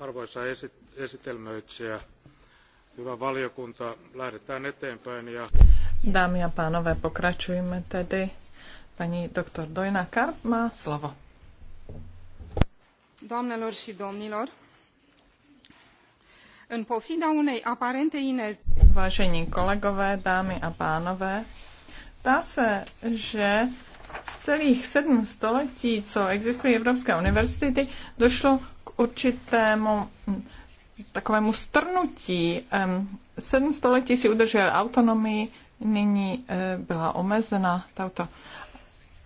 Arvoisa Dámy a pánové, pokračujeme tedy. Paní doktor Dojna Karp má slovo. Doamnelor și domnilor, în pofida unei aparente inerții... Vážení kolegové, dámy a pánové, zdá se, že celých sedm století, co existují Evropské univerzity, došlo k určitému takovému strnutí. Sedm století si udržel autonomii, nyní eh, byla omezena tato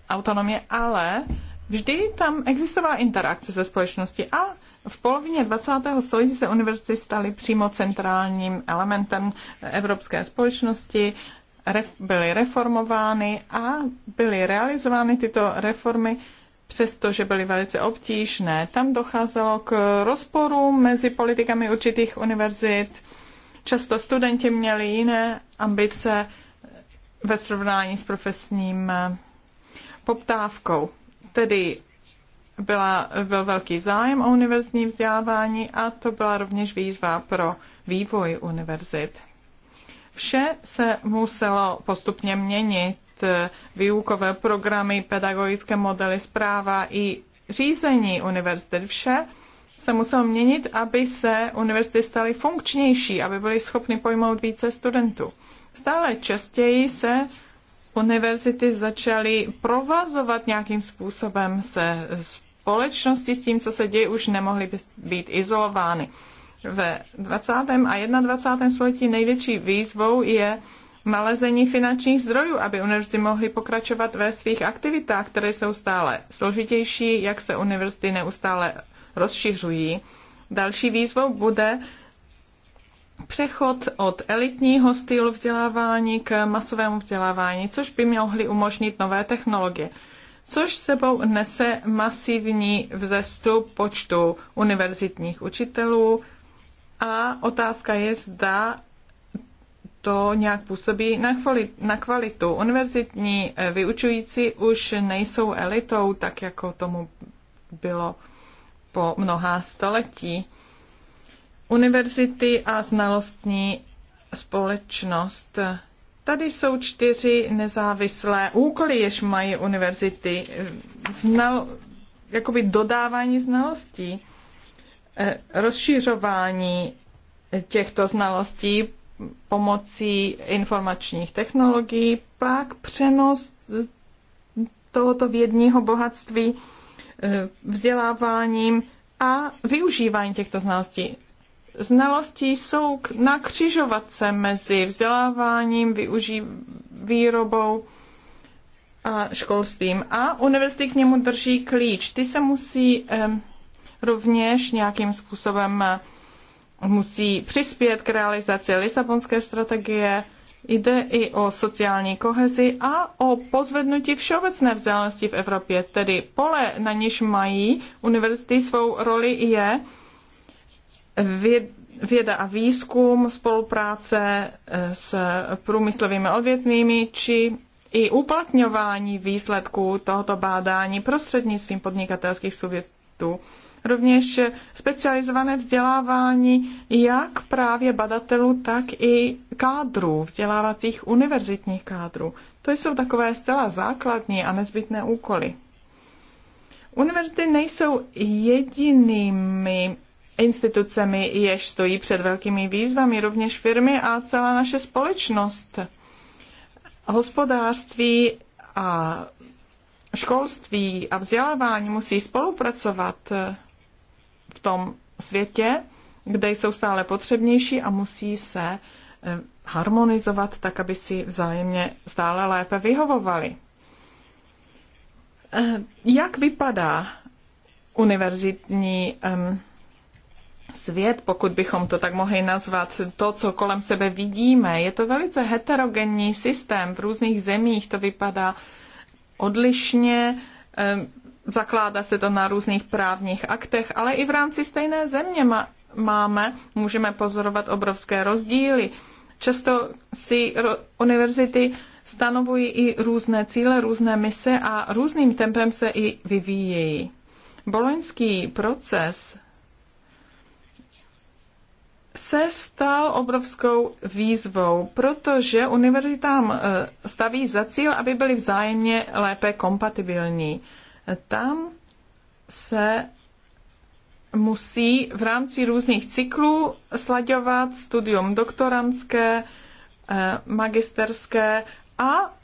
autonomie, ale vždy tam existovala interakce se společností a v polovině 20. století se univerzity staly přímo centrálním elementem evropské společnosti, byly reformovány a byly realizovány tyto reformy přestože byly velice obtížné. Tam docházelo k rozporu mezi politikami určitých univerzit. Často studenti měli jiné ambice ve srovnání s profesním eh, poptávkou. Tedy byla, byl velký zájem o univerzitní vzdělávání a to byla rovněž výzva pro vývoj univerzit. Vše se muselo postupně měnit výukové programy, pedagogické modely, zpráva i řízení univerzity. Vše se muselo měnit, aby se univerzity staly funkčnější, aby byly schopny pojmout více studentů. Stále častěji se univerzity začaly provazovat nějakým způsobem se společností s tím, co se děje, už nemohly být izolovány. Ve 20. a 21. století největší výzvou je nalezení finančních zdrojů, aby univerzity mohly pokračovat ve svých aktivitách, které jsou stále složitější, jak se univerzity neustále rozšiřují. Další výzvou bude přechod od elitního stylu vzdělávání k masovému vzdělávání, což by mohly umožnit nové technologie, což sebou nese masivní vzestup počtu univerzitních učitelů a otázka je, zda to nějak působí na, kvalitu. Univerzitní eh, vyučující už nejsou elitou, tak jako tomu bylo po mnohá století. Univerzity a znalostní společnost. Tady jsou čtyři nezávislé úkoly, jež mají univerzity. Znal, jakoby dodávání znalostí, eh, rozšířování těchto znalostí, pomocí informačních technologií, pak přenos tohoto vědního bohatství eh, vzděláváním a využíváním těchto znalostí. Znalosti jsou na křižovatce mezi vzděláváním, využí, výrobou a školstvím. A univerzity k němu drží klíč. Ty se musí eh, rovněž nějakým způsobem eh, musí přispět k realizaci Lisabonské strategie, Jde i o sociální kohezi a o pozvednutí všeobecné vzdělanosti v Evropě, tedy pole, na něž mají univerzity svou roli, je věda a výzkum, spolupráce eh, s průmyslovými odvětvími či i uplatňování výsledků tohoto bádání prostřednictvím podnikatelských subjektů rovněž specializované vzdělávání jak právě badatelů, tak i kádrů, vzdělávacích univerzitních kádrů. To jsou takové zcela základní a nezbytné úkoly. Univerzity nejsou jedinými institucemi, jež stojí před velkými výzvami, rovněž firmy a celá naše společnost. Hospodářství a školství a vzdělávání musí spolupracovat v tom světě, kde jsou stále potřebnější a musí se eh, harmonizovat tak, aby si vzájemně stále lépe vyhovovali. Eh, jak vypadá univerzitní svět, pokud bychom to tak mohli nazvat, to, co kolem sebe vidíme. Je to velice heterogenní systém. V různých zemích to vypadá odlišně zakládá se to na různých právních aktech, ale i v rámci stejné země máme, můžeme pozorovat obrovské rozdíly. Často si univerzity stanovují i různé cíle, různé mise a různým tempem se i vyvíjejí. Boloňský proces se stal obrovskou výzvou, protože univerzitám eh, staví za cíl, aby byly vzájemně lépe kompatibilní. Tam se musí v rámci různých cyklů slaďovat studium doktorantské, eh, magisterské a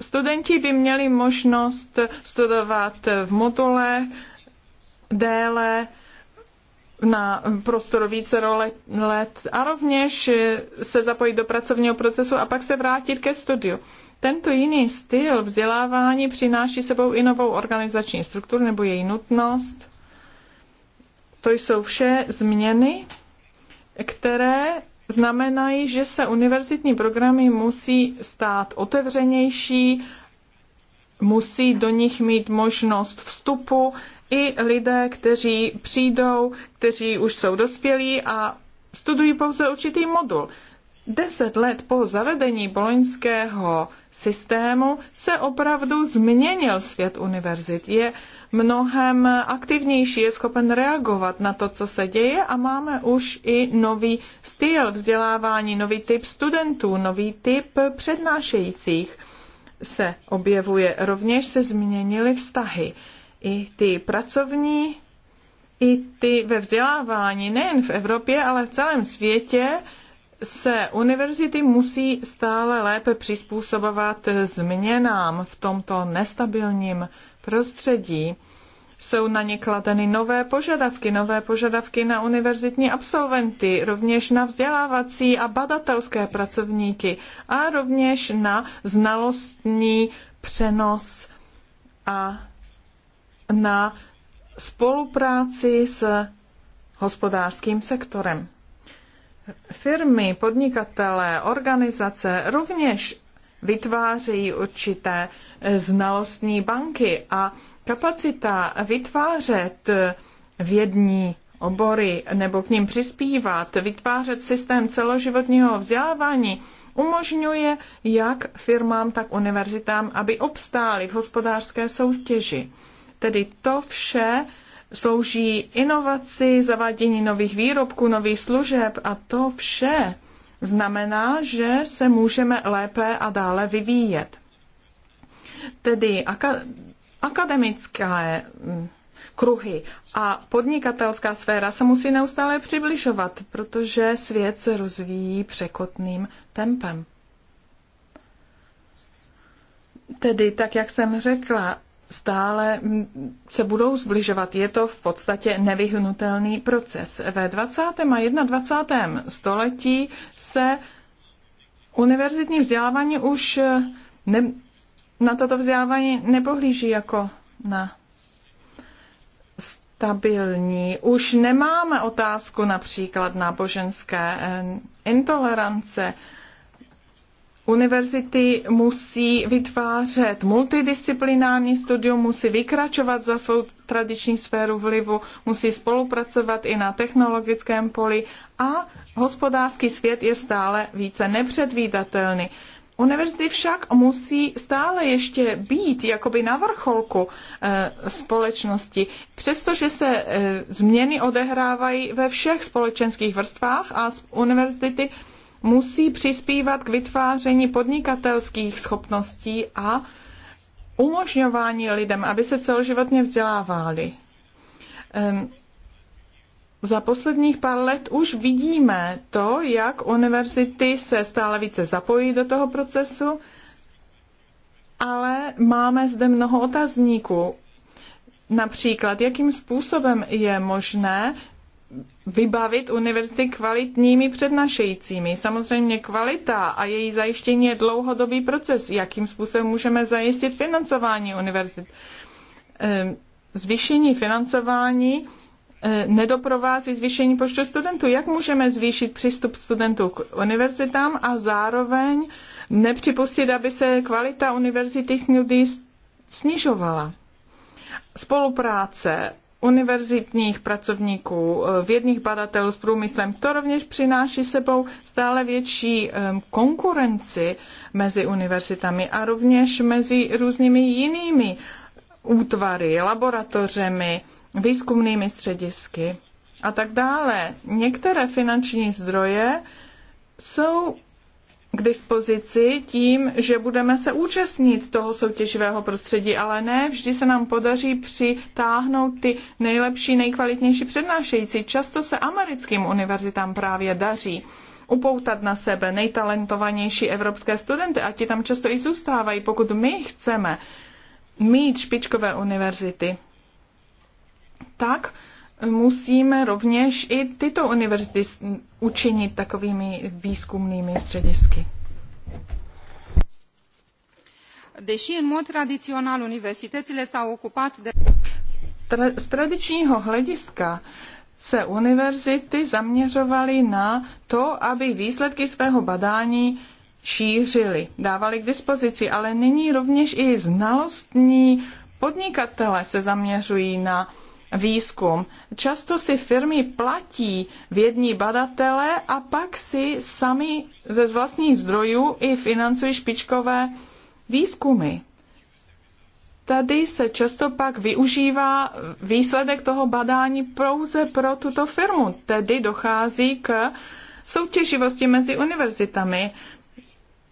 studenti by měli možnost studovat v module déle na prostoru více let a rovněž se zapojit do pracovního procesu a pak se vrátit ke studiu. Tento jiný styl vzdělávání přináší sebou i novou organizační strukturu nebo její nutnost. To jsou vše změny, které znamenají, že se univerzitní programy musí stát otevřenější, musí do nich mít možnost vstupu i lidé, kteří přijdou, kteří už jsou dospělí a studují pouze určitý modul. Deset let po zavedení boloňského systému se opravdu změnil svět univerzit. Je mnohem aktivnější, je schopen reagovat na to, co se děje a máme už i nový styl vzdělávání, nový typ studentů, nový typ přednášejících se objevuje. Rovněž se změnily vztahy. I ty pracovní, i ty ve vzdělávání, nejen v Evropě, ale v celém světě, se univerzity musí stále lépe přizpůsobovat změnám v tomto nestabilním prostředí. Jsou na ně kladeny nové požadavky, nové požadavky na univerzitní absolventy, rovněž na vzdělávací a badatelské pracovníky a rovněž na znalostní přenos a na spolupráci s hospodářským sektorem. Firmy, podnikatelé, organizace rovněž vytvářejí určité znalostní banky a kapacita vytvářet vědní obory nebo k ním přispívat, vytvářet systém celoživotního vzdělávání, umožňuje jak firmám, tak univerzitám, aby obstály v hospodářské soutěži. Tedy to vše slouží inovaci, zavádění nových výrobků, nových služeb a to vše znamená, že se můžeme lépe a dále vyvíjet. Tedy akademické mm, kruhy a podnikatelská sféra se musí neustále přibližovat, protože svět se rozvíjí překotným tempem. Tedy, tak jak jsem řekla, stále se budou zbližovat. Je to v podstatě nevyhnutelný proces. Ve 20. a 21. století se univerzitní vzdělávání už ne, na toto vzdělávání nepohlíží jako na stabilní. Už nemáme otázku například náboženské eh, intolerance, Univerzity musí vytvářet multidisciplinární studium, musí vykračovat za svou tradiční sféru vlivu, musí spolupracovat i na technologickém poli a hospodářský svět je stále více nepředvídatelný. Univerzity však musí stále ještě být jakoby na vrcholku e, společnosti, přestože se e, změny odehrávají ve všech společenských vrstvách a univerzity musí přispívat k vytváření podnikatelských schopností a umožňování lidem, aby se celoživotně vzdělávali. Um, za posledních pár let už vidíme to, jak univerzity se stále více zapojí do toho procesu, ale máme zde mnoho otazníků. Například, jakým způsobem je možné vybavit univerzity kvalitními přednášejícími. Samozřejmě kvalita a její zajištění je dlouhodobý proces. Jakým způsobem můžeme zajistit financování univerzit? Ehm, zvýšení financování ehm, nedoprovází zvýšení počtu studentů. Jak můžeme zvýšit přístup studentů k univerzitám a zároveň nepřipustit, aby se kvalita univerzity snižovala? Spolupráce univerzitních pracovníků, eh, vědních badatelů s průmyslem. To rovněž přináší sebou stále větší konkurenci mezi univerzitami a rovněž mezi různými jinými útvary, laboratořemi, výzkumnými středisky a tak dále. Některé finanční zdroje jsou k dispozici tím, že budeme se účastnit toho soutěživého prostředí, ale ne vždy se nám podaří přitáhnout ty nejlepší, nejkvalitnější přednášející. Často se americkým univerzitám právě daří upoutat na sebe nejtalentovanější evropské studenty a ti tam často i zůstávají, pokud my chceme mít špičkové univerzity. Tak musíme rovněž i tyto univerzity učinit takovými výzkumnými středisky. Deși în mod tradițional universitățile s-au ocupat de... z tradičního hlediska se univerzity zaměřovaly na to, aby výsledky svého badání šířili, dávali k dispozici, ale nyní rovněž i znalostní podnikatele se zaměřují na výzkum. Často si firmy platí vědní badatele a pak si sami ze vlastních zdrojů i financují špičkové výzkumy. Tady se často pak využívá výsledek toho badání pouze pro tuto firmu, tedy dochází k soutěživosti mezi univerzitami.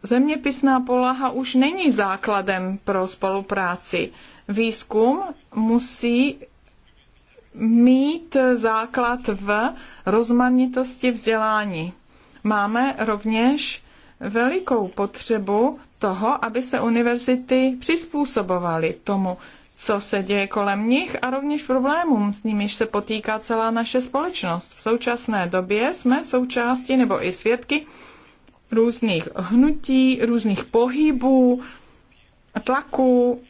Zeměpisná poloha už není základem pro spolupráci. Výzkum musí mít základ v rozmanitosti vzdělání. Máme rovněž velikou potřebu toho, aby se univerzity přizpůsobovaly tomu, co se děje kolem nich a rovněž problémům, s nimiž se potýká celá naše společnost. V současné době jsme součástí nebo i svědky různých hnutí, různých pohybů, tlaků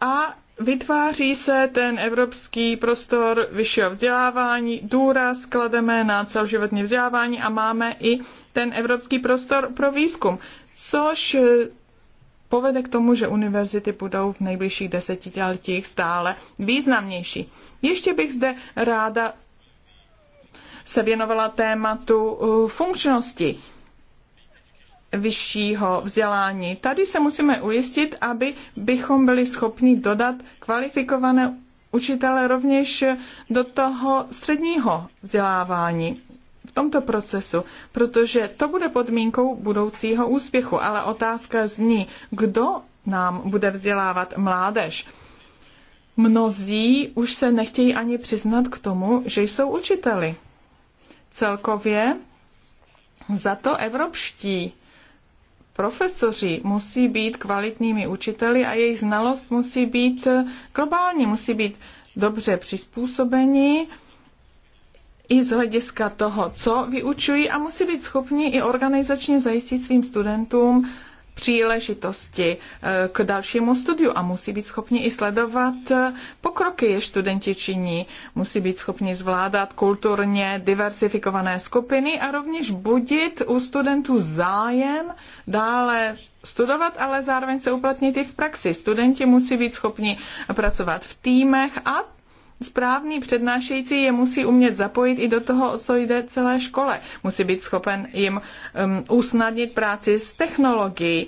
a Vytváří se ten evropský prostor vyššího vzdělávání, důraz klademe na celoživotní vzdělávání a máme i ten evropský prostor pro výzkum, což eh, povede k tomu, že univerzity budou v nejbližších desetiletích stále významnější. Ještě bych zde ráda se věnovala tématu eh, funkčnosti vyššího vzdělání. Tady se musíme ujistit, aby bychom byli schopni dodat kvalifikované učitele rovněž do toho středního vzdělávání v tomto procesu, protože to bude podmínkou budoucího úspěchu. Ale otázka zní, kdo nám bude vzdělávat mládež. Mnozí už se nechtějí ani přiznat k tomu, že jsou učiteli. Celkově za to evropští profesoři musí být kvalitními učiteli a jejich znalost musí být eh, globální, musí být dobře přizpůsobení i z hlediska toho, co vyučují a musí být schopni i organizačně zajistit svým studentům příležitosti eh, k dalšímu studiu a musí být schopni i sledovat eh, pokroky, je studenti činí, musí být schopni zvládat kulturně diversifikované skupiny a rovněž budit u studentů zájem dále studovat, ale zároveň se uplatnit i v praxi. Studenti musí být schopni pracovat v týmech a správný přednášející je musí umět zapojit i do toho, co jde celé škole. Musí být schopen jim um, usnadnit práci s technologií.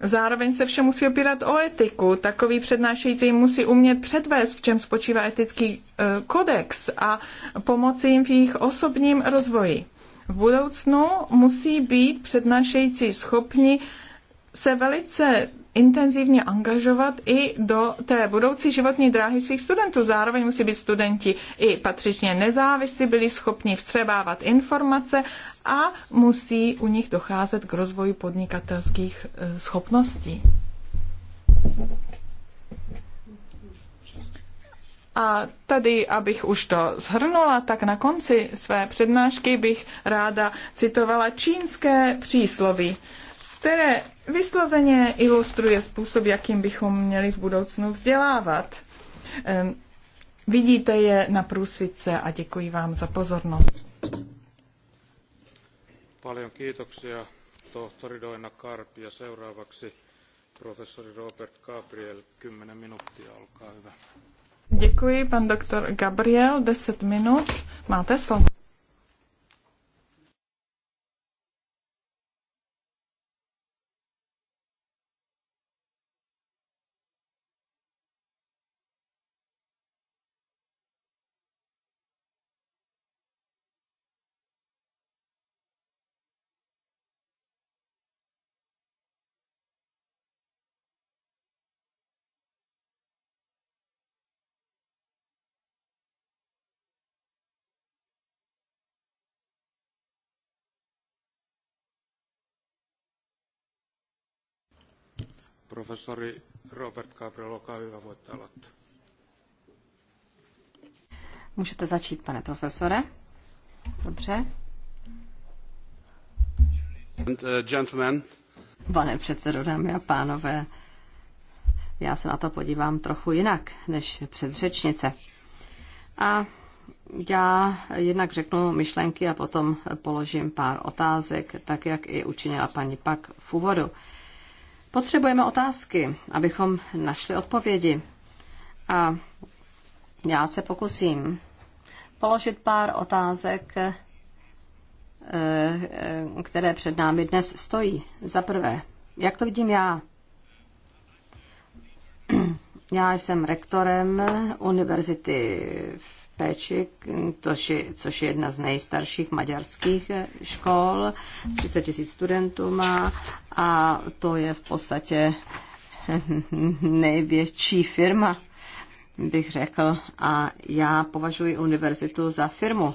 Zároveň se vše musí opírat o etiku. Takový přednášející musí umět předvést, v čem spočívá etický uh, kodex a pomoci jim v jejich osobním rozvoji. V budoucnu musí být přednášející schopni se velice intenzivně angažovat i do té budoucí životní dráhy svých studentů. Zároveň musí být studenti i patřičně nezávislí, byli schopni vstřebávat informace a musí u nich docházet k rozvoji podnikatelských eh, schopností. A tady, abych už to zhrnula, tak na konci své přednášky bych ráda citovala čínské přísloví které vysloveně ilustruje způsob, jakým bychom měli v budoucnu vzdělávat. Ehm, vidíte je na průsvitce a děkuji vám za pozornost. Paljon kiitoksia tohtori Doina Karp ja seuraavaksi professori Robert Gabriel, 10 minuuttia, olkaa hyvä. Děkuji, pan doktor Gabriel, 10 minut, máte slovo. Profesori Robert Gabriel, olkaa hyvä, voitte aloittaa. Můžete začít, pane profesore. Dobře. And, uh, gentlemen. Pane předsedo, dámy a pánové, já se na to podívám trochu jinak než předřečnice. A já jednak řeknu myšlenky a potom položím pár otázek, tak jak i učinila paní Pak v úvodu. Potřebujeme otázky, abychom našli odpovědi. A já se pokusím položit pár otázek, eh, eh, které před námi dnes stojí. Za prvé, jak to vidím já? Já jsem rektorem univerzity v péči, což je jedna z nejstarších maďarských eh, škol. 30 tisíc studentů má a to je v podstatě eh, největší firma, bych řekl. A já považuji univerzitu za firmu.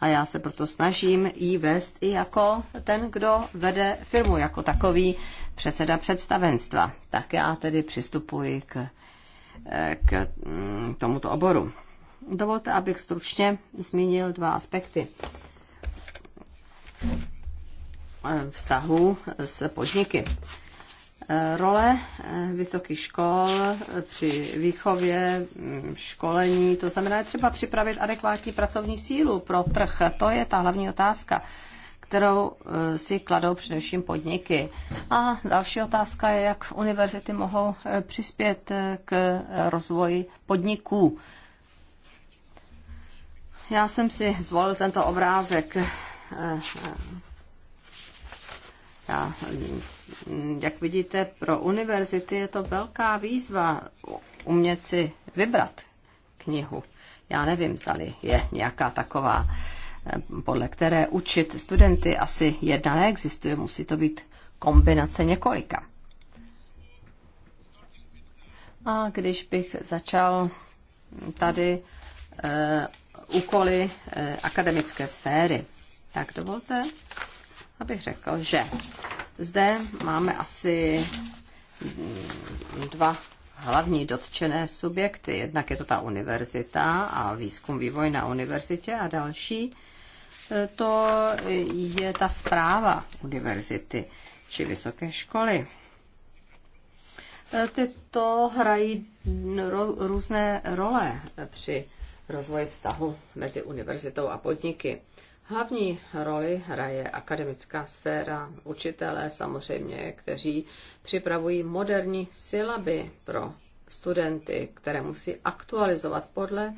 A já se proto snažím jí vést i jako ten, kdo vede firmu, jako takový předseda představenstva. Tak já tedy přistupuji k, eh, k mm, tomuto oboru. Dovolte, abych stručně zmínil dva aspekty vztahu s podniky. Role vysokých škol při výchově, mm, školení, to znamená třeba připravit adekvátní pracovní sílu pro trh. To je ta hlavní otázka, kterou eh, si kladou především podniky. A další otázka je, jak univerzity mohou eh, přispět eh, k rozvoji podniků já jsem si zvolil tento obrázek. Eh, eh, já, hm, jak vidíte, pro univerzity je to velká výzva umět si vybrat knihu. Já nevím, zda je nějaká taková, eh, podle které učit studenty asi jedna neexistuje, musí to být kombinace několika. A když bych začal tady úkoly eh, akademické sféry. Tak dovolte, abych řekl, že zde máme asi mm, dva hlavní dotčené subjekty. Jednak je to ta univerzita a výzkum vývoj na univerzitě a další eh, to je ta zpráva univerzity či vysoké školy. Eh, tyto hrají různé role při rozvoji vztahu mezi univerzitou a podniky. Hlavní roli hraje akademická sféra, učitelé samozřejmě, kteří připravují moderní sylaby pro studenty, které musí aktualizovat podle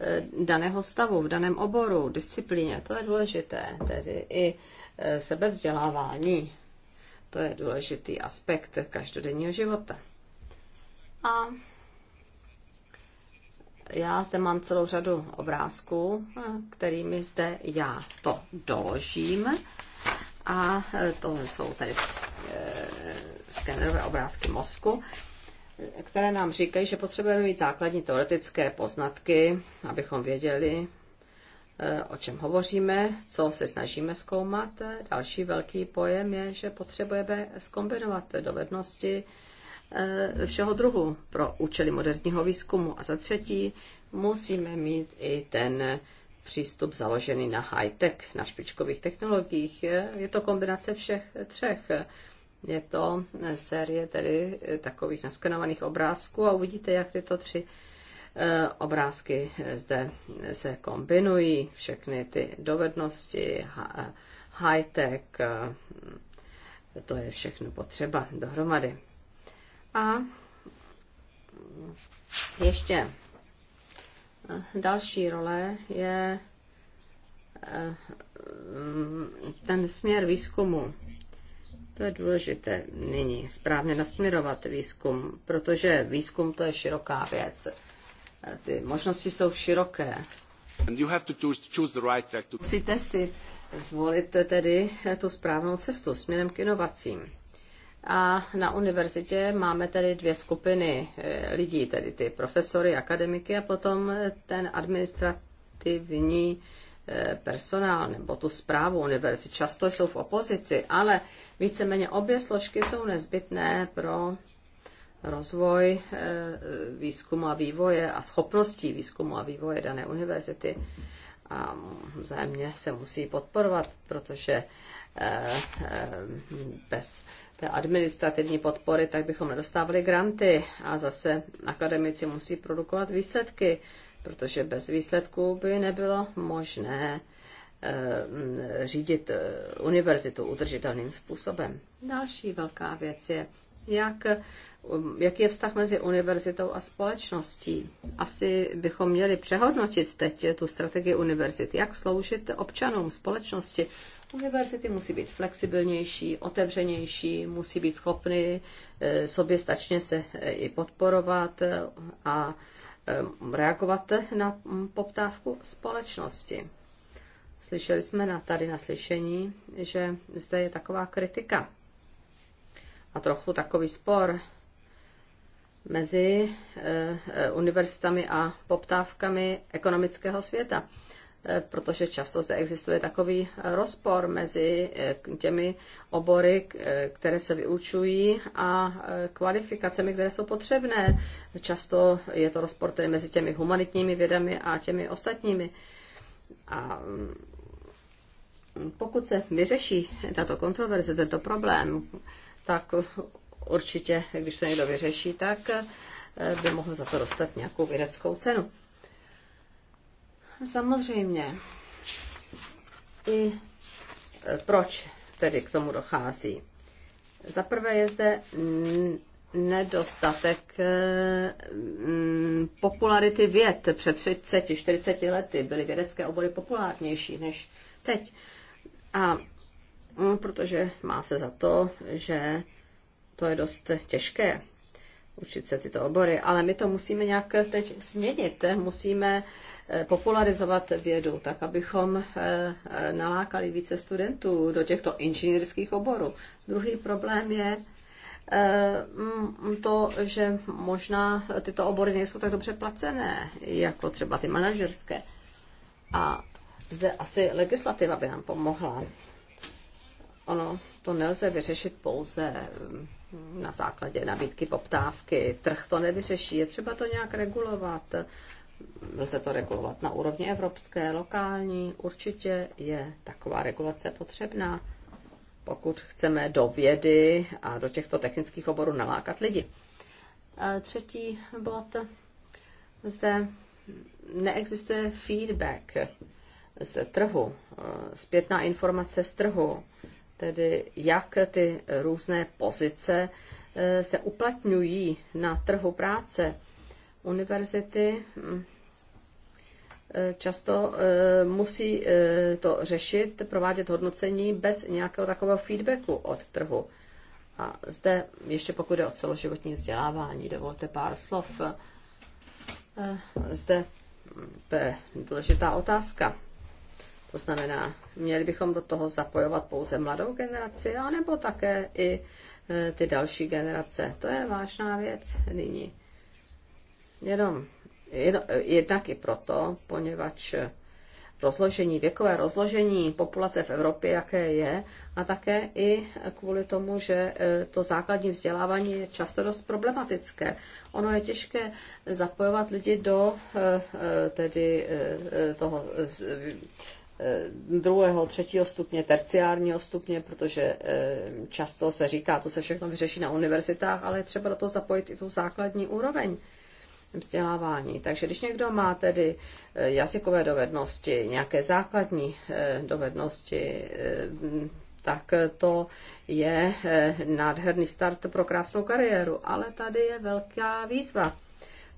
eh, daného stavu, v daném oboru, disciplíně. To je důležité, tedy i eh, sebevzdělávání. To je důležitý aspekt každodenního života. A já zde mám celou řadu obrázků, eh, kterými zde já to doložím. A eh, to jsou tady eh, skenerové obrázky mozku, které nám říkají, že potřebujeme mít základní teoretické poznatky, abychom věděli, o čem hovoříme, co se snažíme zkoumat. Další velký pojem je, že potřebujeme skombinovat dovednosti, Eh, všeho druhu pro účely moderního výzkumu. A za třetí, musíme mít i ten přístup založený na high-tech, na špičkových technologiích. Je to kombinace všech třech. Je to série tedy takových naskenovaných obrázků a uvidíte, jak tyto tři eh, obrázky zde se kombinují, všechny ty dovednosti, high-tech, eh, to je všechno potřeba dohromady. A ještě eh, další role je eh, ten směr výzkumu. To je důležité nyní správně nasměrovat výzkum, protože výzkum to je široká věc. Eh, ty možnosti jsou široké. Musíte si zvolit tedy tu správnou cestu směrem k inovacím. A na univerzitě máme tedy dvě skupiny eh, lidí, tedy ty profesory, akademiky a potom ten administrativní eh, personál nebo tu zprávu univerzity. Často jsou v opozici, ale víceméně obě složky jsou nezbytné pro rozvoj eh, výzkumu a vývoje a schopností výzkumu a vývoje dané univerzity. A vzájemně se musí podporovat, protože bez té administrativní podpory, tak bychom nedostávali granty a zase akademici musí produkovat výsledky, protože bez výsledků by nebylo možné eh, mm, řídit eh, univerzitu udržitelným způsobem. Další velká věc je, jak, um, jaký je vztah mezi univerzitou a společností. Asi bychom měli přehodnotit teď tu strategii univerzit, jak sloužit občanům, společnosti, Univerzity musí být flexibilnější, otevřenější, musí být schopny eh, soběstačně se eh, i podporovat eh, a reagovat na mm, poptávku společnosti. Slyšeli jsme na, tady na slyšení, že zde je taková kritika a trochu takový spor mezi univerzitami a poptávkami ekonomického světa. Eh, protože často zde existuje takový rozpor mezi eh, těmi obory, eh, které se vyučují a kvalifikacemi, které jsou potřebné. Často je to rozpor tedy mezi těmi humanitními vědami a těmi ostatními. A mm, pokud se vyřeší tato kontroverze, tento problém, tak určitě, když se někdo vyřeší, tak by mohl za to dostat nějakou vědeckou cenu. Samozřejmě. I e, proč tedy k tomu dochází? Za prvé je zde nedostatek e, popularity věd. Před 30, 40 lety byly vědecké obory populárnější než teď. A protože má se za to, že to je dost těžké učit se tyto obory, ale my to musíme nějak teď změnit. Musíme popularizovat vědu, tak abychom eh, eh, nalákali více studentů do těchto inženýrských oborů. Druhý problém je eh, mm, to, že možná tyto obory nejsou tak dobře placené, jako třeba ty manažerské. A zde asi legislativa by nám pomohla. Ono to nelze vyřešit pouze mm, na základě nabídky, poptávky. Trh to nevyřeší, je třeba to nějak regulovat lze to regulovat na úrovni evropské, lokální. Určitě je taková regulace potřebná, pokud chceme do vědy a do těchto technických oborů nalákat lidi. Třetí bod. Zde neexistuje feedback z trhu, zpětná informace z trhu, tedy jak ty různé pozice eh, se uplatňují na trhu práce univerzity mm, eh, často eh, musí eh, to řešit, provádět hodnocení bez nějakého takového feedbacku od trhu. A zde ještě pokud je o celoživotní vzdělávání, dovolte pár slov. Zde mm, to je důležitá otázka. To znamená, měli bychom do toho zapojovat pouze mladou generaci, anebo také i ty další generace. To je vážná věc nyní. Jenom, jen, jednak i proto, poněvadž rozložení, věkové rozložení populace v Evropě, jaké je, a také i kvůli tomu, že e, to základní vzdělávání je často dost problematické. Ono je těžké zapojovat lidi do e, e, tedy toho druhého, třetího stupně, terciárního stupně, protože často se říká, to se všechno vyřeší na univerzitách, ale je třeba do toho zapojit i tu základní úroveň vzdělávání. Takže když někdo má tedy eh, jazykové dovednosti, nějaké základní eh, dovednosti, eh, tak to je nádherný start pro krásnou kariéru. Ale tady je velká výzva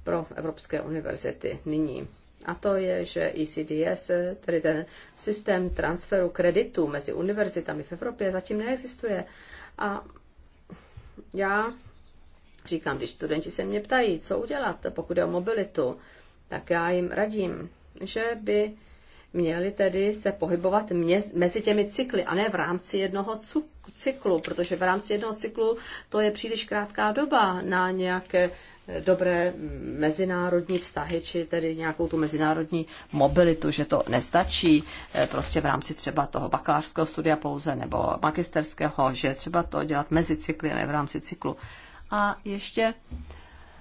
pro Evropské univerzity nyní. A to je, že ECDS, tedy ten systém transferu kreditů mezi univerzitami v Evropě, zatím neexistuje. A já říkám, když studenti se mě ptají, co udělat, pokud je o mobilitu, tak já jim radím, že by měli tedy se pohybovat mezi těmi cykly a ne v rámci jednoho cyklu, protože v rámci jednoho cyklu to je příliš krátká doba na nějaké eh, dobré mm, mezinárodní vztahy, či tedy nějakou tu mezinárodní mobilitu, že to nestačí eh, prostě v rámci třeba toho bakalářského studia pouze nebo magisterského, že třeba to dělat mezi cykly a ne v rámci cyklu. A ještě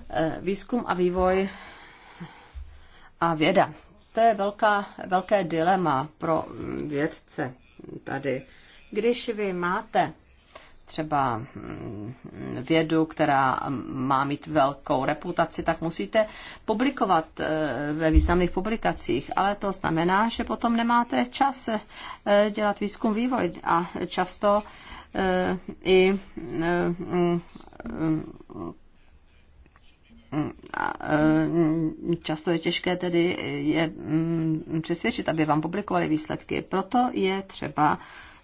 eh, výzkum a vývoj a věda. To je velká, velké dilema pro mm, vědce tady. Když vy máte třeba mm, vědu, která má mít velkou reputaci, tak musíte publikovat eh, ve významných publikacích. Ale to znamená, že potom nemáte čas eh, dělat výzkum vývoj a často Eh, i eh, eh, často je těžké tedy je mm, přesvědčit, aby vám publikovali výsledky. Proto je třeba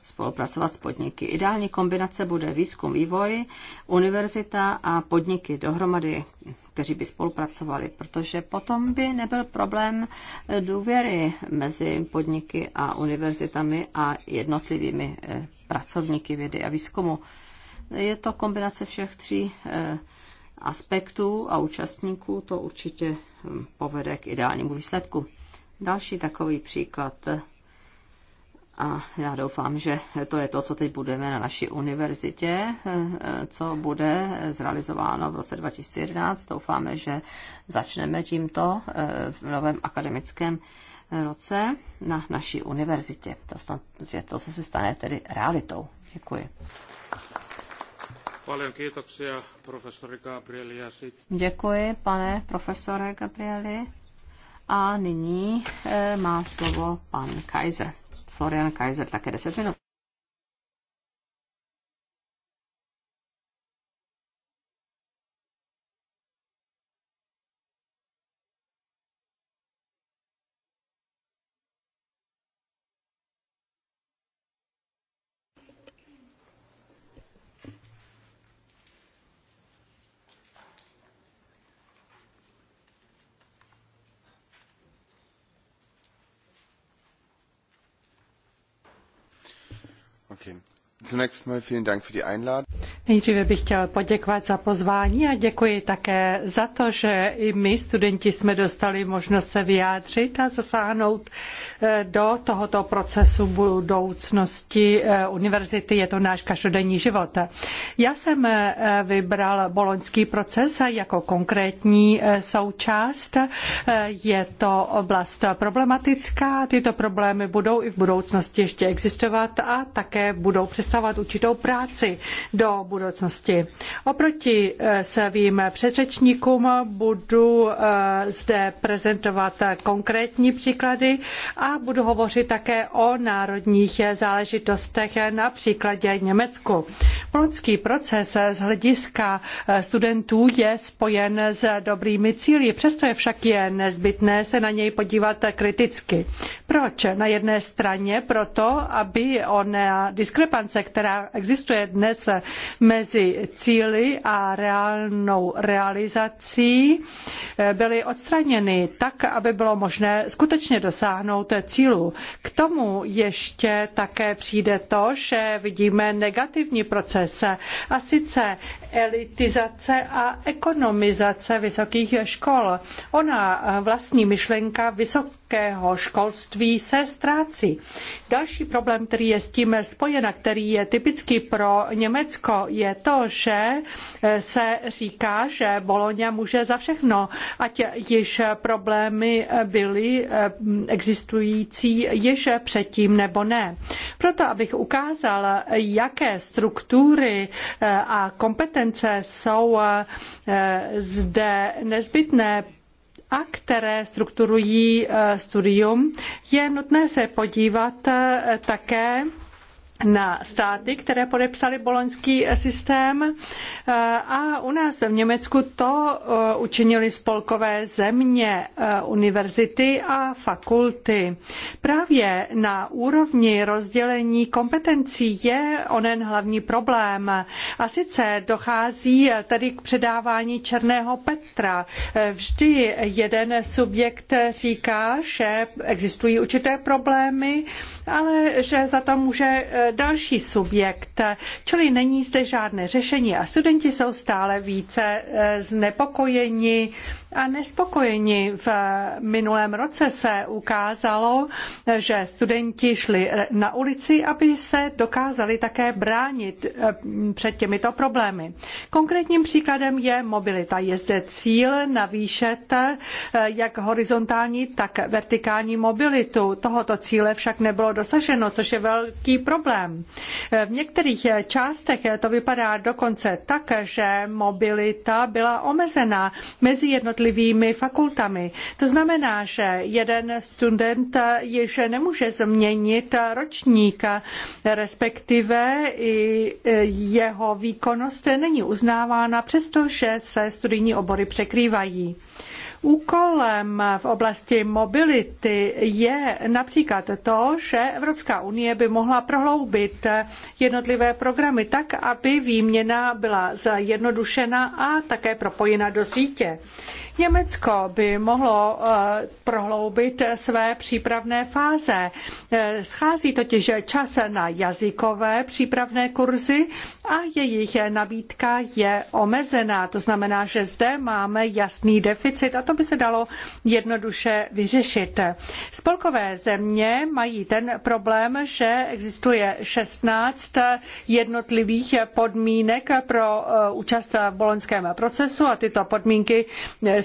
spolupracovat s podniky. Ideální kombinace bude výzkum, vývoj, univerzita a podniky dohromady, kteří by spolupracovali, protože potom by nebyl problém důvěry mezi podniky a univerzitami a jednotlivými eh, pracovníky vědy a výzkumu. Je to kombinace všech tří eh, aspektů a účastníků, to určitě hm, povede k ideálnímu výsledku. Další takový příklad a já doufám, že to je to, co teď budeme na naší univerzitě, co bude zrealizováno v roce 2011. Doufáme, že začneme tímto eh, v novém akademickém roce na naší univerzitě. To snad, že to se stane tedy realitou. Děkuji. Děkuji, pane profesore Gabrieli. A nyní eh, má slovo pan Kaiser. Florian Kaiser také 10 minut. zunächst mal vielen Dank für die Einladung. Nejdříve bych chtěl poděkovat za pozvání a děkuji také za to, že i my, studenti, jsme dostali možnost se vyjádřit a zasáhnout eh, do tohoto procesu budoucnosti eh, univerzity. Je to náš každodenní život. Já jsem eh, vybral boloňský proces jako konkrétní součást. Je to oblast problematická. Tyto problémy budou i v budoucnosti ještě existovat a také budou představovat určitou práci do budoucnosti budoucnosti. Oproti eh, svým předřečníkům budu eh, zde prezentovat konkrétní příklady a budu hovořit také o národních záležitostech na příkladě Německu. Polonský proces z hlediska eh, studentů je spojen s dobrými cíli, přesto je však je nezbytné se na něj podívat kriticky. Proč? Na jedné straně proto, aby ona diskrepance, která existuje dnes mezi cíly a reálnou realizací eh, byly odstraněny tak, aby bylo možné skutečně dosáhnout cílu. K tomu ještě také přijde to, že vidíme negativní procese a sice elitizace a ekonomizace vysokých škol. Ona vlastní myšlenka vysokého školství se ztrácí. Další problém, který je s tím spojen a který je typický pro Německo, je to, že se říká, že Boloňa může za všechno, ať již problémy byly eh, existující již předtím nebo ne. Proto, abych ukázal, jaké struktury eh, a kompetence kompetence jsou eh, eh, zde nezbytné a které strukturují eh, studium, je nutné se podívat také na státy, které podepsaly boloňský systém e, a u nás v Německu to e, učinili spolkové země, e, univerzity a fakulty. Právě na úrovni rozdělení kompetencí je onen hlavní problém. A sice dochází tedy k předávání černého Petra. Vždy jeden subjekt říká, že existují určité problémy, ale že za to může další subjekt, čili není zde žádné řešení a studenti jsou stále více eh, znepokojeni a nespokojeni. V eh, minulém roce se ukázalo, že studenti šli eh, na ulici, aby se dokázali také bránit před těmito problémy. Konkrétním příkladem je mobilita. Je zde cíl navýšet jak horizontální, tak vertikální mobilitu. Tohoto cíle však nebylo dosaženo, což je velký problém problém. V některých částech to vypadá dokonce tak, že mobilita byla omezena mezi jednotlivými fakultami. To znamená, že jeden student již nemůže změnit ročník, respektive i jeho výkonnost není uznávána, přestože se studijní obory překrývají. Úkolem v oblasti mobility je například to, že Evropská unie by mohla prohloubit jednotlivé programy tak, aby výměna byla zjednodušena a také propojena do sítě. Německo by mohlo eh, prohloubit své přípravné fáze. Eh, schází totiž čas na jazykové přípravné kurzy a jejich nabídka je omezená. To znamená, že zde máme jasný deficit a to by se dalo jednoduše vyřešit. Spolkové země mají ten problém, že existuje 16 jednotlivých podmínek pro eh, účast v boloňském procesu a tyto podmínky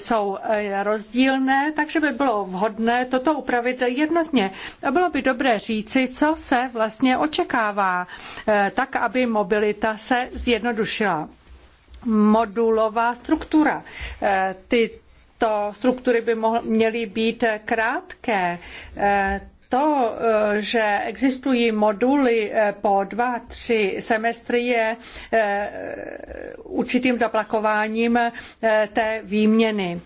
jsou eh, rozdílné, takže by bylo vhodné toto upravit jednotně. A bylo by dobré říci, co se vlastně očekává, eh, tak aby mobilita se zjednodušila. Modulová struktura. Eh, Ty to struktury by mohly, měly být krátké. To, eh, že existují moduly eh, po dva, tři semestry, je eh, určitým zaplakováním té výměny.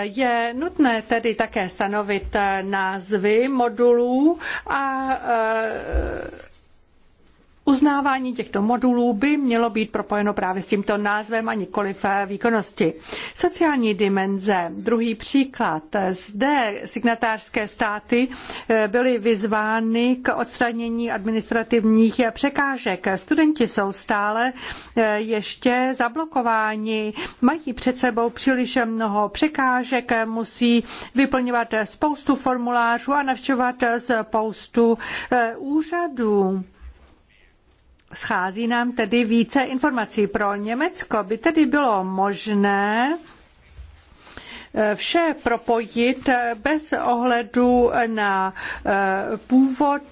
Je nutné tedy také stanovit názvy modulů a Uznávání těchto modulů by mělo být propojeno právě s tímto názvem a nikoliv eh, výkonnosti. Sociální dimenze, druhý příklad. Zde signatářské státy eh, byly vyzvány k odstranění administrativních eh, překážek. Studenti jsou stále ještě zablokováni, mají před sebou příliš mnoho překážek, musí vyplňovat spoustu formulářů a navštěvovat spoustu úřadů. Schází nám tedy více informací. Pro Německo by tedy bylo možné eh, vše propojit eh, bez ohledu na eh, původ,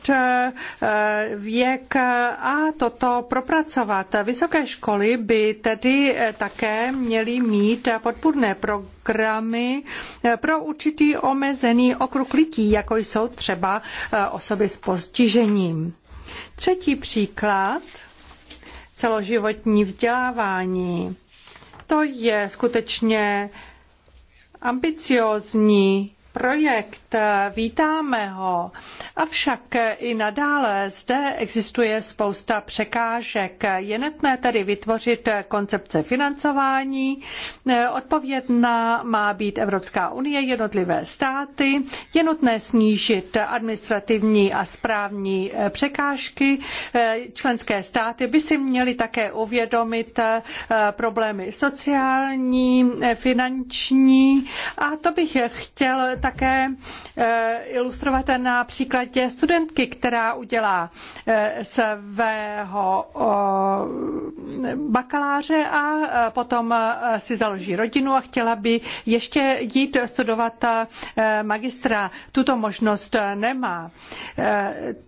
věk a toto propracovat. Vysoké školy by tedy také měly mít podpůrné programy pro určitý omezený okruh lidí, jako jsou třeba osoby s postižením. Třetí příklad, celoživotní vzdělávání. To je skutečně ambiciozní projekt, vítáme ho, avšak i nadále zde existuje spousta překážek. Je nutné tedy vytvořit koncepce financování, odpovědná má být Evropská unie, jednotlivé státy, je nutné snížit administrativní a správní eh, překážky. Eh, členské státy by si měly také uvědomit eh, problémy sociální, finanční a to bych chtěl také eh, ilustrovat na příkladě studentky, která udělá eh, svého bakaláře a eh, potom si založí rodinu a chtěla by ještě jít studovat magistra. Tuto možnost nemá.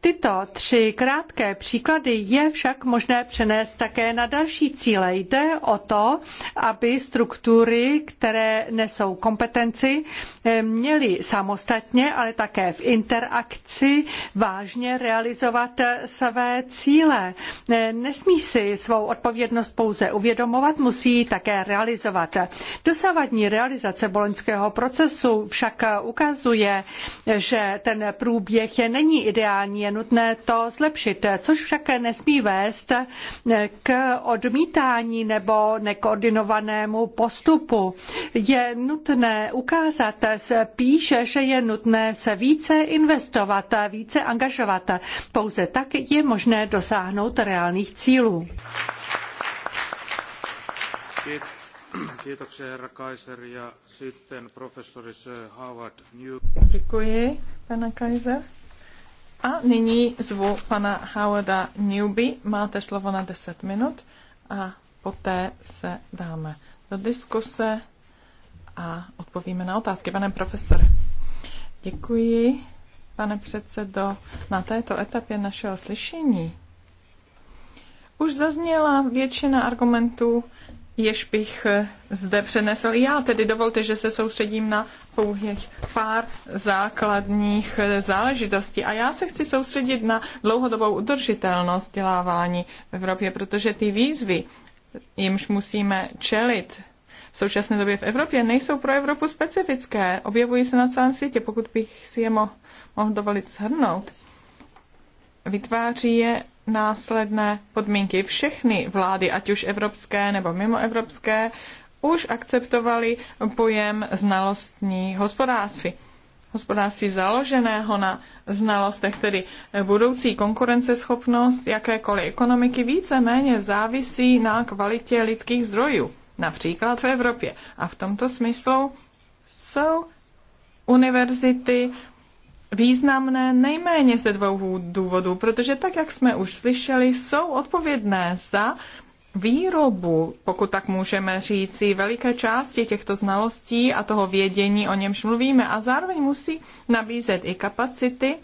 Tyto tři krátké příklady je však možné přenést také na další cíle. Jde o to, aby struktury, které nesou kompetenci, měly chtěli samostatně, ale také v interakci vážně realizovat své cíle. Nesmí si svou odpovědnost pouze uvědomovat, musí ji také realizovat. Dosavadní realizace boloňského procesu však ukazuje, že ten průběh není ideální, je nutné to zlepšit, což však nesmí vést k odmítání nebo nekoordinovanému postupu. Je nutné ukázat spíš spíš, že je nutné se více investovat, a více angažovat. Pouze tak je možné dosáhnout reálných cílů. Děkuji, pane Kaiser. A nyní zvu pana Howarda Newby. Máte slovo na 10 minut a poté se dáme do diskuse a odpovíme na otázky. Pane profesore, děkuji, pane předsedo. Na této etapě našeho slyšení už zazněla většina argumentů, jež bych zde přenesl já, tedy dovolte, že se soustředím na pouhých pár základních záležitostí. A já se chci soustředit na dlouhodobou udržitelnost vzdělávání v Evropě, protože ty výzvy, jimž musíme čelit, v současné době v Evropě, nejsou pro Evropu specifické. Objevují se na celém světě, pokud bych si je mohl, mohl dovolit shrnout. Vytváří je následné podmínky. Všechny vlády, ať už evropské nebo mimoevropské, už akceptovali pojem znalostní hospodářství. Hospodářství založeného na znalostech, tedy budoucí konkurenceschopnost jakékoliv ekonomiky, více méně závisí na kvalitě lidských zdrojů například v Evropě. A v tomto smyslu jsou univerzity významné nejméně ze dvou důvodů, protože tak, jak jsme už slyšeli, jsou odpovědné za výrobu, pokud tak můžeme říci, veliké části těchto znalostí a toho vědění, o němž mluvíme, a zároveň musí nabízet i kapacity,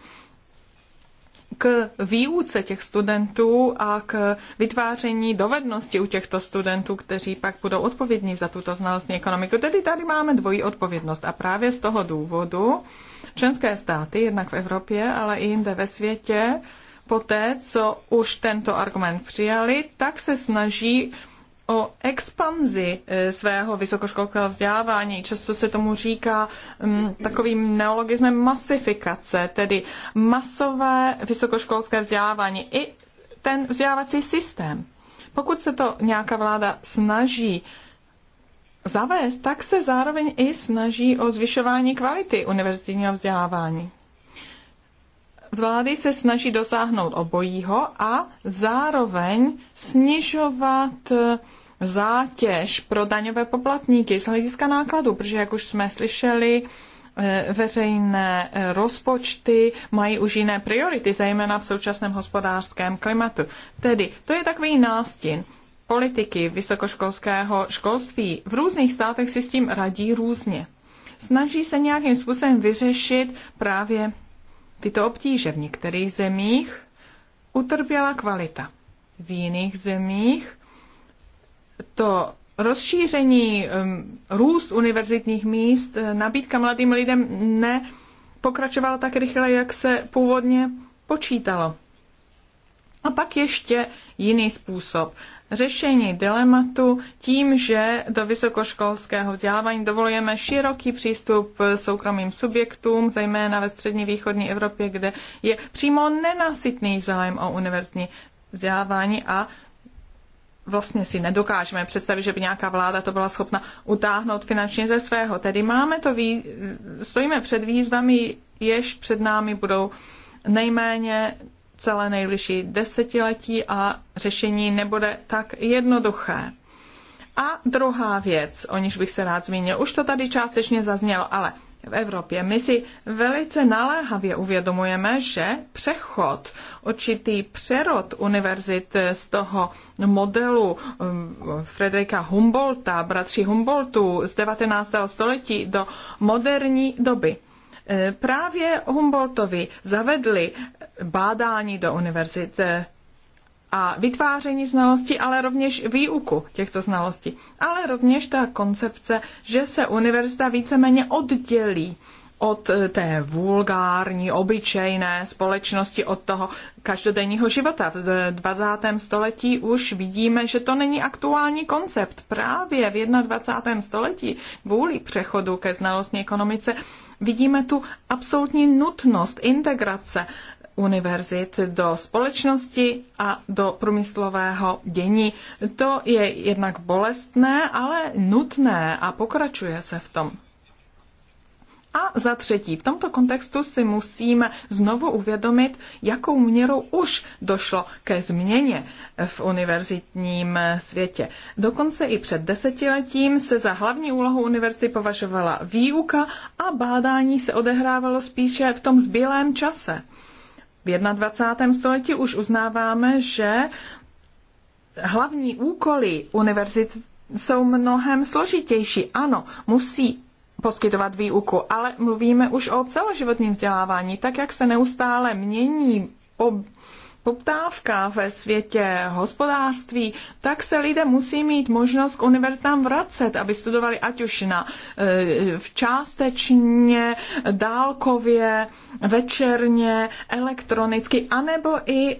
k výuce těch studentů a k vytváření dovedností u těchto studentů, kteří pak budou odpovědní za tuto znalostní ekonomiku. Tedy tady máme dvojí odpovědnost a právě z toho důvodu členské státy, jednak v Evropě, ale i jinde ve světě, poté, co už tento argument přijali, tak se snaží o expanzi eh, svého vysokoškolského vzdělávání. Často se tomu říká um, takovým neologismem masifikace, tedy masové vysokoškolské vzdělávání i ten vzdělávací systém. Pokud se to nějaká vláda snaží zavést, tak se zároveň i snaží o zvyšování kvality univerzitního vzdělávání vlády se snaží dosáhnout obojího a zároveň snižovat eh, zátěž pro daňové poplatníky z hlediska nákladů, protože jak už jsme slyšeli, eh, veřejné eh, rozpočty mají už jiné priority, zejména v současném hospodářském klimatu. Tedy to je takový nástin politiky vysokoškolského školství. V různých státech si s tím radí různě. Snaží se nějakým způsobem vyřešit právě tyto obtíže. V některých zemích utrpěla kvalita. V jiných zemích to rozšíření, um, růst univerzitních míst, eh, nabídka mladým lidem nepokračovala tak rychle, jak se původně počítalo. A pak ještě jiný způsob. Řešení dilematu tím, že do vysokoškolského vzdělávání dovolujeme široký přístup soukromým subjektům, zejména ve střední východní Evropě, kde je přímo nenasytný zájem o univerzitní vzdělávání a vlastně si nedokážeme představit, že by nějaká vláda to byla schopna utáhnout finančně ze svého. Tedy máme to, vý... stojíme před výzvami, jež před námi budou nejméně celé nejbližší desetiletí a řešení nebude tak jednoduché. A druhá věc, o níž bych se rád zmínil, už to tady částečně zaznělo, ale v Evropě. My si velice naléhavě uvědomujeme, že přechod, určitý přerod univerzit z toho modelu um, Frederika Humboldta, bratří Humboldtů z 19. století do moderní doby. E, právě Humboldtovi zavedli bádání do univerzit e, a vytváření znalostí, ale rovněž výuku těchto znalostí. Ale rovněž ta koncepce, že se univerzita víceméně oddělí od eh, té vulgární, obyčejné společnosti, od toho každodenního života. V 20. století už vidíme, že to není aktuální koncept. Právě v 21. století vůli přechodu ke znalostní ekonomice vidíme tu absolutní nutnost integrace univerzit do společnosti a do průmyslového dění. To je jednak bolestné, ale nutné a pokračuje se v tom. A za třetí, v tomto kontextu si musíme znovu uvědomit, jakou měrou už došlo ke změně v univerzitním světě. Dokonce i před desetiletím se za hlavní úlohu univerzity považovala výuka a bádání se odehrávalo spíše v tom zbylém čase v 21. století už uznáváme, že hlavní úkoly univerzit jsou mnohem složitější. Ano, musí poskytovat výuku, ale mluvíme už o celoživotním vzdělávání, tak jak se neustále mění ob poptávka ve světě hospodářství, tak se lidé musí mít možnost k univerzitám vracet, aby studovali ať už na, e, v částečně, dálkově, večerně, elektronicky, anebo i e,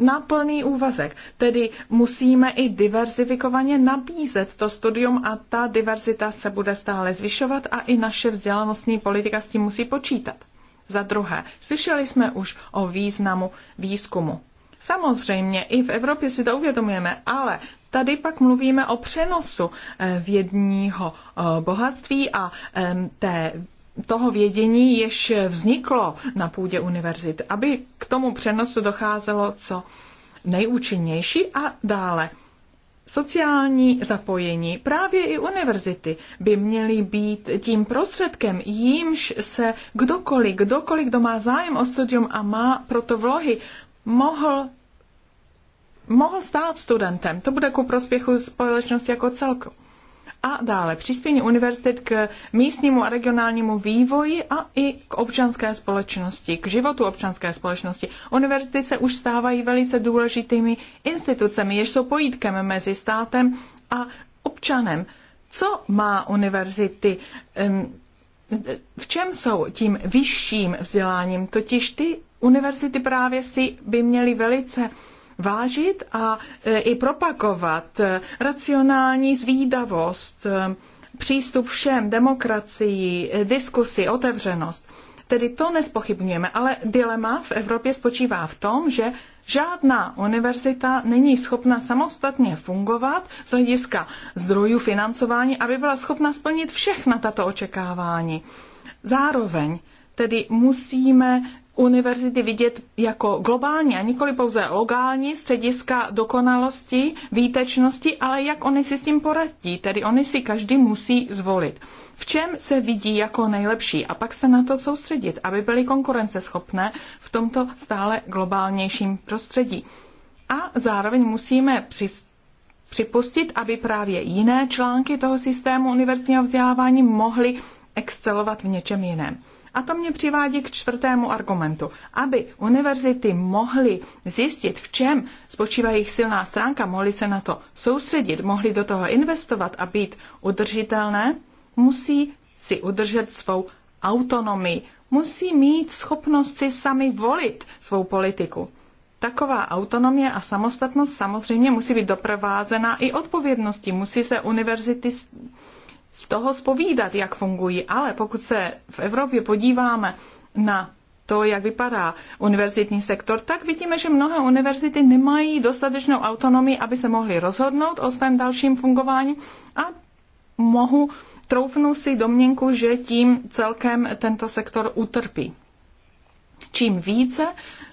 na plný úvazek. Tedy musíme i diverzifikovaně nabízet to studium a ta diverzita se bude stále zvyšovat a i naše vzdělanostní politika s tím musí počítat. Za druhé, slyšeli jsme už o významu výzkumu. Samozřejmě, i v Evropě si to uvědomujeme, ale tady pak mluvíme o přenosu eh, vědního eh, bohatství a té toho vědění, jež vzniklo na půdě univerzity, aby k tomu přenosu docházelo co nejúčinnější a dále. Sociální zapojení právě i univerzity by měly být tím prostředkem, jímž se kdokoliv, kdokoliv, kdo má zájem o studium a má proto vlohy, mohl, mohl stát studentem. To bude ku prospěchu společnosti jako celku. A dále přispění univerzit k místnímu a regionálnímu vývoji a i k občanské společnosti, k životu občanské společnosti. Univerzity se už stávají velice důležitými institucemi, jež jsou pojítkem mezi státem a občanem. Co má univerzity? V čem jsou tím vyšším vzděláním? Totiž ty univerzity právě si by měly velice vážit a e, i propagovat e, racionální zvídavost, e, přístup všem, demokracii, diskusi, otevřenost. Tedy to nespochybňujeme, ale dilema v Evropě spočívá v tom, že žádná univerzita není schopna samostatně fungovat z hlediska zdrojů financování, aby byla schopna splnit všechna tato očekávání. Zároveň tedy musíme univerzity vidět jako globální a nikoli pouze lokální střediska dokonalosti, výtečnosti, ale jak oni si s tím poradí, tedy oni si každý musí zvolit. V čem se vidí jako nejlepší a pak se na to soustředit, aby byly konkurenceschopné v tomto stále globálnějším prostředí. A zároveň musíme při připustit, aby právě jiné články toho systému univerzitního vzdělávání mohly excelovat v něčem jiném. A to mě přivádí k čtvrtému argumentu. Aby univerzity mohly zjistit, v čem spočívá jejich silná stránka, mohly se na to soustředit, mohly do toho investovat a být udržitelné, musí si udržet svou autonomii, musí mít schopnost si sami volit svou politiku. Taková autonomie a samostatnost samozřejmě musí být doprovázena i odpovědností. Musí se univerzity z toho zpovídat, jak fungují, ale pokud se v Evropě podíváme na to, jak vypadá univerzitní sektor, tak vidíme, že mnohé univerzity nemají dostatečnou autonomii, aby se mohly rozhodnout o svém dalším fungování a mohu troufnu si domněnku, že tím celkem tento sektor utrpí. Čím více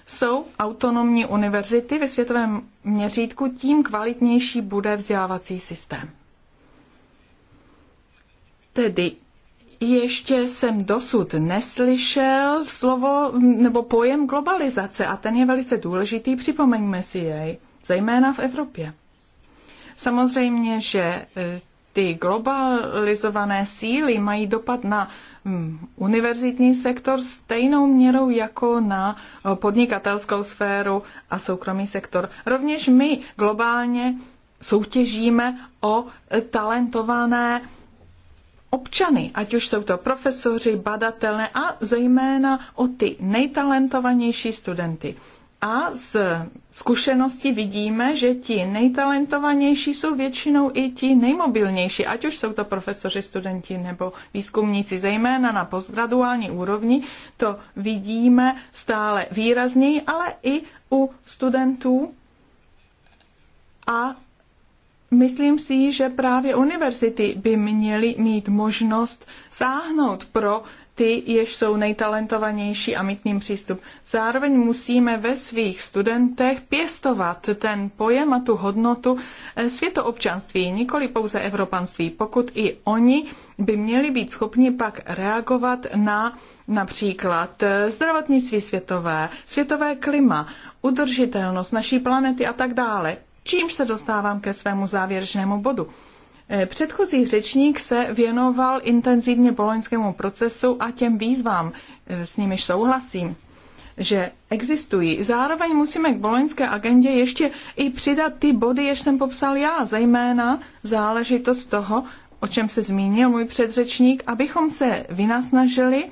jsou autonomní univerzity ve světovém měřítku, tím kvalitnější bude vzdělávací systém. Tedy ještě jsem dosud neslyšel slovo nebo pojem globalizace a ten je velice důležitý, připomeňme si jej, zejména v Evropě. Samozřejmě, že e, ty globalizované síly mají dopad na mm, univerzitní sektor stejnou měrou jako na e, podnikatelskou sféru a soukromý sektor. Rovněž my globálně soutěžíme o e, talentované občany, ať už jsou to profesoři, badatelé a zejména o ty nejtalentovanější studenty. A z zkušenosti vidíme, že ti nejtalentovanější jsou většinou i ti nejmobilnější, ať už jsou to profesoři, studenti nebo výzkumníci, zejména na postgraduální úrovni, to vidíme stále výrazněji, ale i u studentů a Myslím si, že právě univerzity by měly mít možnost sáhnout pro ty, jež jsou nejtalentovanější a mít ním přístup. Zároveň musíme ve svých studentech pěstovat ten pojem a tu hodnotu eh, světoobčanství, nikoli pouze evropanství, pokud i oni by měli být schopni pak reagovat na například eh, zdravotnictví světové, světové klima, udržitelnost naší planety a tak dále. Čímž se dostávám ke svému závěrečnému bodu. Eh, předchozí řečník se věnoval intenzivně boloňskému procesu a těm výzvám, eh, s nimiž souhlasím, že existují. Zároveň musíme k boloňské agendě ještě i přidat ty body, jež jsem popsal já, zejména záležitost toho, o čem se zmínil můj předřečník, abychom se vynasnažili,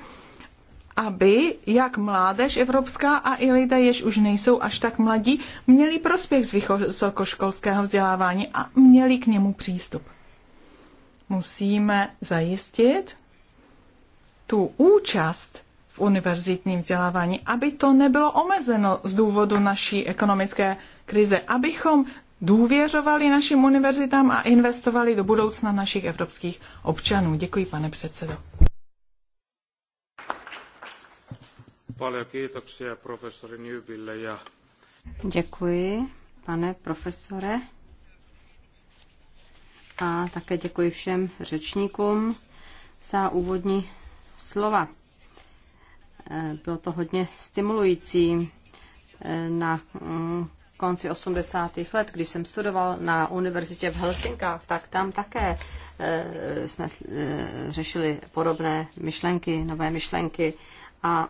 aby jak mládež evropská a i lidé, jež už nejsou až tak mladí, měli prospěch z vysokoškolského vzdělávání a měli k němu přístup. Musíme zajistit tu účast v univerzitním vzdělávání, aby to nebylo omezeno z důvodu naší ekonomické krize, abychom důvěřovali našim univerzitám a investovali do budoucna našich evropských občanů. Děkuji, pane předsedo. Děkuji, pane profesore. A také děkuji všem řečníkům za úvodní slova. Eh, bylo to hodně stimulující eh, na mm, konci 80. let, když jsem studoval na univerzitě v Helsinkách, tak tam také eh, jsme řešili podobné myšlenky, nové myšlenky a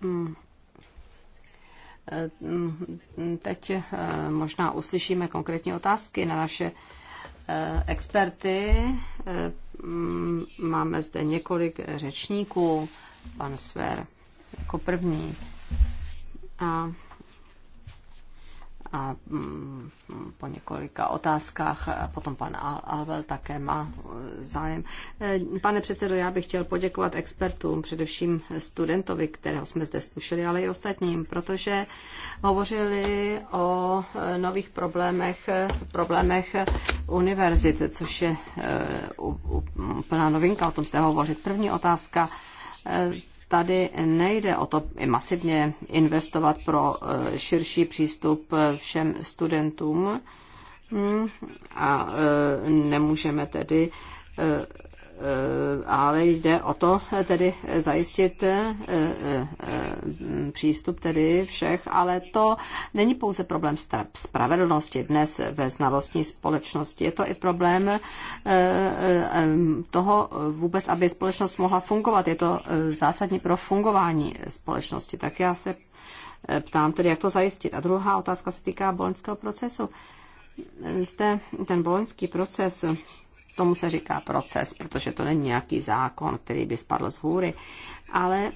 Mm. Mm, teď eh, možná uslyšíme konkrétní otázky na naše eh, experty. Eh, mm, máme zde několik řečníků. Pan Sver jako první. A a mm, po několika otázkách a potom pan Alvel také má e, zájem. E, pane předsedo, já bych chtěl poděkovat expertům, především studentovi, kterého jsme zde slyšeli, ale i ostatním, protože hovořili o e, nových problémech, problémech univerzit, což je úplná novinka, o tom jste hovořit. První otázka tady nejde o to masivně investovat pro eh, širší přístup eh, všem studentům hmm, a eh, nemůžeme tedy Eh, ale jde o to eh, tedy zajistit eh, přístup tedy všech, ale to není pouze problém spravedlnosti dnes ve znalostní společnosti, je to i problém toho vůbec, aby společnost mohla fungovat. Je to zásadní pro fungování společnosti. Tak já se ptám tedy, jak to zajistit. A druhá otázka se týká boloňského procesu. Zde ten boloňský proces tomu se říká proces, protože to není nějaký zákon, který by spadl z hůry, ale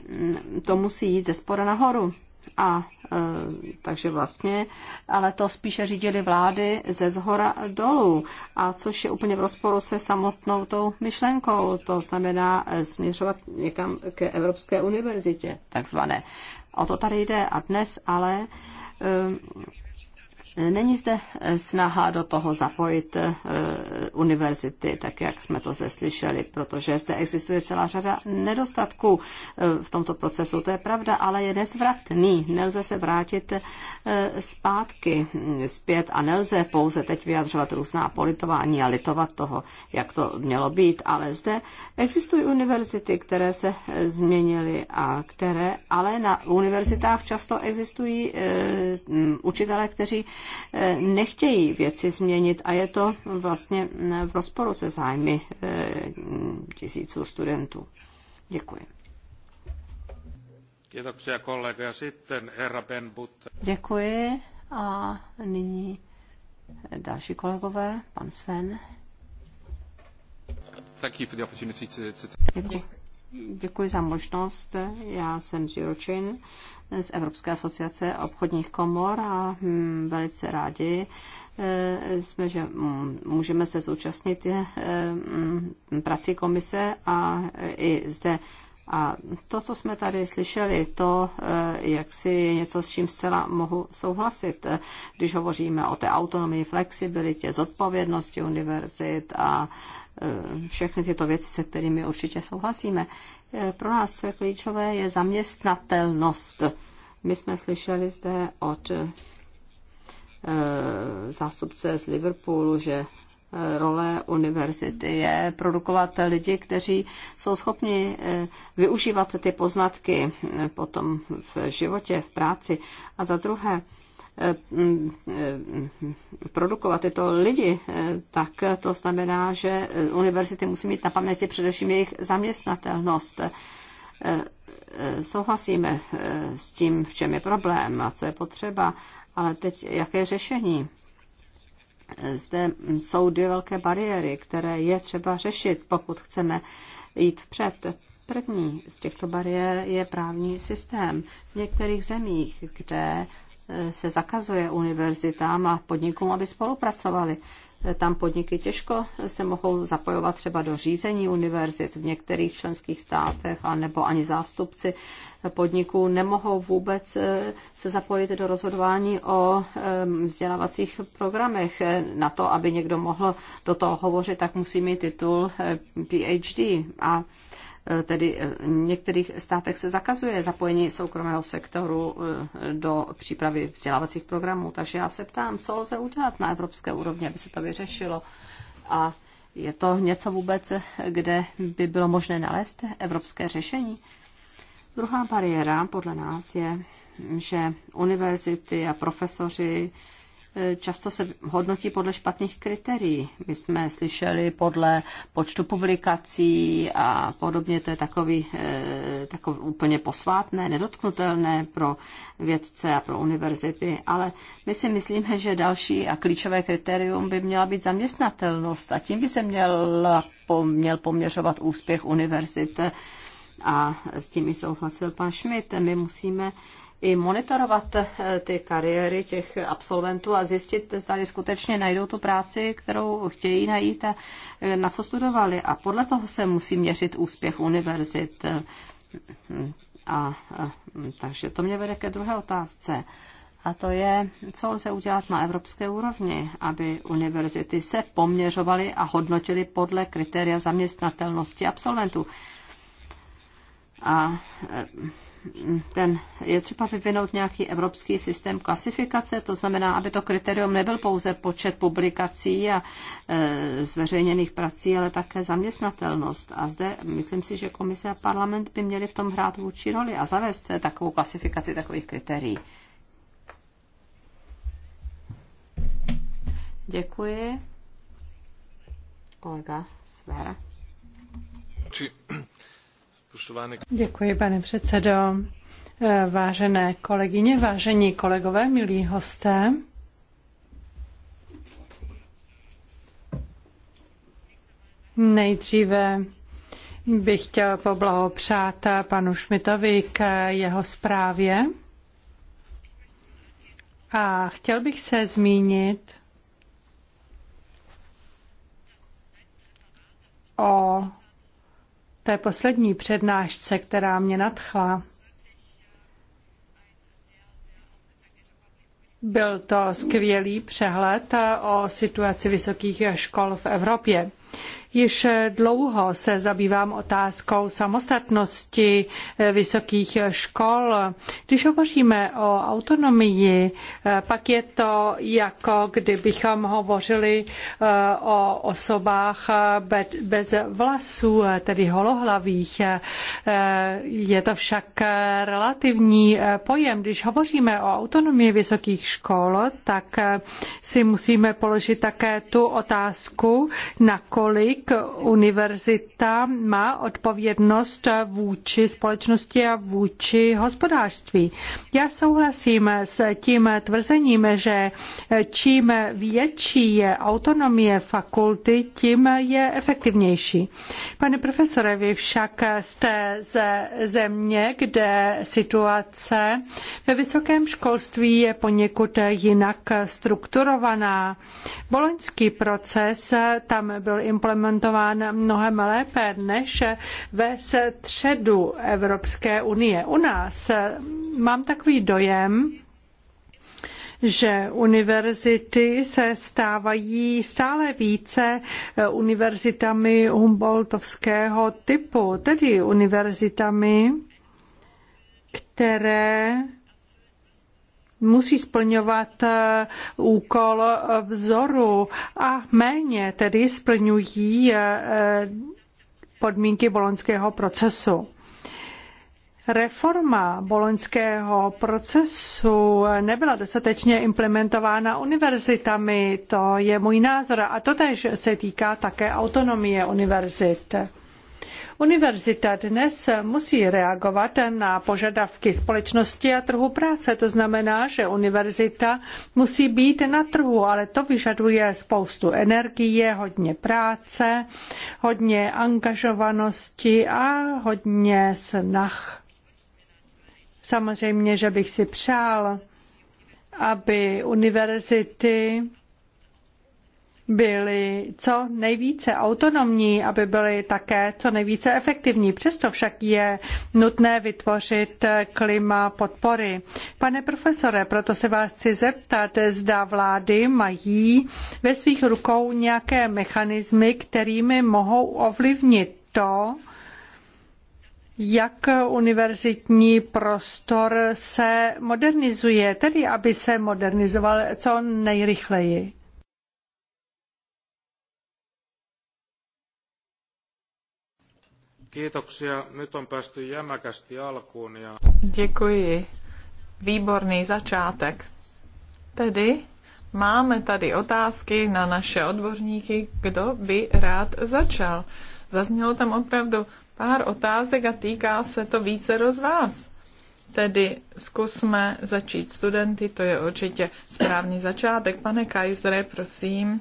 to musí jít ze spora nahoru. A e, takže vlastně, ale to spíše řídili vlády ze zhora dolů, a což je úplně v rozporu se samotnou tou myšlenkou. To znamená e, směřovat někam ke Evropské univerzitě, takzvané. O to tady jde a dnes ale e, Není zde eh, snaha do toho zapojit eh, univerzity, tak jak jsme to zde slyšeli, protože zde existuje celá řada nedostatků eh, v tomto procesu. To je pravda, ale je nezvratný. Nelze se vrátit zpátky, hm, zpět a nelze pouze teď vyjadřovat různá politování a litovat toho, jak to mělo být, ale zde existují univerzity, které se změnily a které, ale na univerzitách často existují hm, učitelé, kteří Eh, nechtějí věci změnit a je to vlastně mm, v rozporu se zájmy eh, tisíců studentů. Děkuji. Ben Děkuji. A nyní eh, další kolegové, pan Sven. Děkuji. Děkuji za možnost. Já jsem z Juročin z Evropské asociace obchodních komor a hm, velice rádi eh, jsme, že hm, můžeme se zúčastnit eh, hm, prací komise a eh, i zde a to, co jsme tady slyšeli, to jak si něco, s čím zcela mohu souhlasit, když hovoříme o té autonomii, flexibilitě, zodpovědnosti univerzit a Eh, všechny tyto věci, se kterými určitě souhlasíme. Eh, pro nás, co je klíčové, je zaměstnatelnost. My jsme slyšeli zde od eh, zástupce z Liverpoolu, že role univerzity je produkovat lidi, kteří jsou schopni využívat ty poznatky potom v životě, v práci. A za druhé, produkovat tyto lidi, tak to znamená, že univerzity musí mít na paměti především jejich zaměstnatelnost. Souhlasíme s tím, v čem je problém a co je potřeba, ale teď jaké řešení? Zde jsou dvě velké bariéry, které je třeba řešit, pokud chceme jít vpřed. První z těchto bariér je právní systém. V některých zemích, kde se zakazuje univerzitám a podnikům, aby spolupracovali. Tam podniky těžko se mohou zapojovat třeba do řízení univerzit v některých členských státech, a nebo ani zástupci podniků nemohou vůbec eh, se zapojit do rozhodování o eh, vzdělávacích programech. Na to, aby někdo mohl do toho hovořit, tak musí mít titul eh, PhD. A Eh, tedy eh, v některých státech se zakazuje zapojení soukromého sektoru eh, do přípravy vzdělávacích programů. Takže já se ptám, co lze udělat na evropské úrovni, aby se to vyřešilo. A je to něco vůbec, kde by bylo možné nalézt evropské řešení? Druhá bariéra podle nás je, že univerzity a profesoři často se hodnotí podle špatných kritérií. My jsme slyšeli podle počtu publikací a podobně, to je takový, eh, takový úplně posvátné, nedotknutelné pro vědce a pro univerzity, ale my si myslíme, že další a klíčové kritérium by měla být zaměstnatelnost a tím by se měl, měl poměřovat úspěch univerzit. A s tím i souhlasil pan Schmidt. My musíme i monitorovat eh, ty kariéry těch absolventů a zjistit, zda skutečně najdou tu práci, kterou chtějí najít a eh, na co studovali. A podle toho se musí měřit úspěch univerzit. A, eh, takže to mě vede ke druhé otázce. A to je, co lze udělat na evropské úrovni, aby univerzity se poměřovaly a hodnotily podle kritéria zaměstnatelnosti absolventů. A ten, je třeba vyvinout nějaký evropský systém klasifikace, to znamená, aby to kritérium nebyl pouze počet publikací a e, zveřejněných prací, ale také zaměstnatelnost. A zde myslím si, že komise a parlament by měli v tom hrát vůči roli a zavést takovou klasifikaci takových kritérií. Děkuji. Kolega Sver. Či... Děkuji, pane předsedo. Eh, vážené kolegyně, vážení kolegové, milí hosté. Nejdříve bych chtěl poblahopřát panu Šmitovi k jeho zprávě. A chtěl bych se zmínit o té poslední přednášce, která mě nadchla. Byl to skvělý přehled o situaci vysokých škol v Evropě. Již dlouho se zabývám otázkou samostatnosti eh, vysokých škol. Když hovoříme o autonomii, eh, pak je to jako kdybychom hovořili eh, o osobách bez vlasů, tedy holohlavých. Je to však relativní pojem. Když hovoříme o autonomii vysokých škol, tak si musíme položit také tu otázku, nakolik podnik, univerzita má odpovědnost vůči společnosti a vůči hospodářství. Já souhlasím s tím tvrzením, že čím větší je autonomie fakulty, tím je efektivnější. Pane profesore, vy však jste ze země, kde situace ve vysokém školství je poněkud jinak strukturovaná. Boloňský proces tam byl implementován implementován mnohem lépe než ve středu Evropské unie. U nás mám takový dojem, že univerzity se stávají stále více univerzitami Humboldtovského typu, tedy univerzitami, které musí splňovat eh, úkol eh, vzoru a méně tedy splňují eh, podmínky boloňského procesu. Reforma boloňského procesu nebyla dostatečně implementována univerzitami, to je můj názor a to tež se týká také autonomie univerzit. Univerzita dnes musí reagovat na požadavky společnosti a trhu práce. To znamená, že univerzita musí být na trhu, ale to vyžaduje spoustu energie, hodně práce, hodně angažovanosti a hodně snah. Samozřejmě, že bych si přál, aby univerzity byly co nejvíce autonomní, aby byly také co nejvíce efektivní. Přesto však je nutné vytvořit klima podpory. Pane profesore, proto se vás chci zeptat, zda vlády mají ve svých rukou nějaké mechanismy, kterými mohou ovlivnit to, jak univerzitní prostor se modernizuje, tedy aby se modernizoval co nejrychleji. Kiitoksia. Nyt on päästy jämäkästi alkuun. Ja... Děkuji. Výborný začátek. Tedy máme tady otázky na naše odborníky, kdo by rád začal. Zaznělo tam opravdu pár otázek a týká se to více roz vás. Tedy zkusme začít studenty, to je určitě správný začátek. Pane Kajzere, prosím,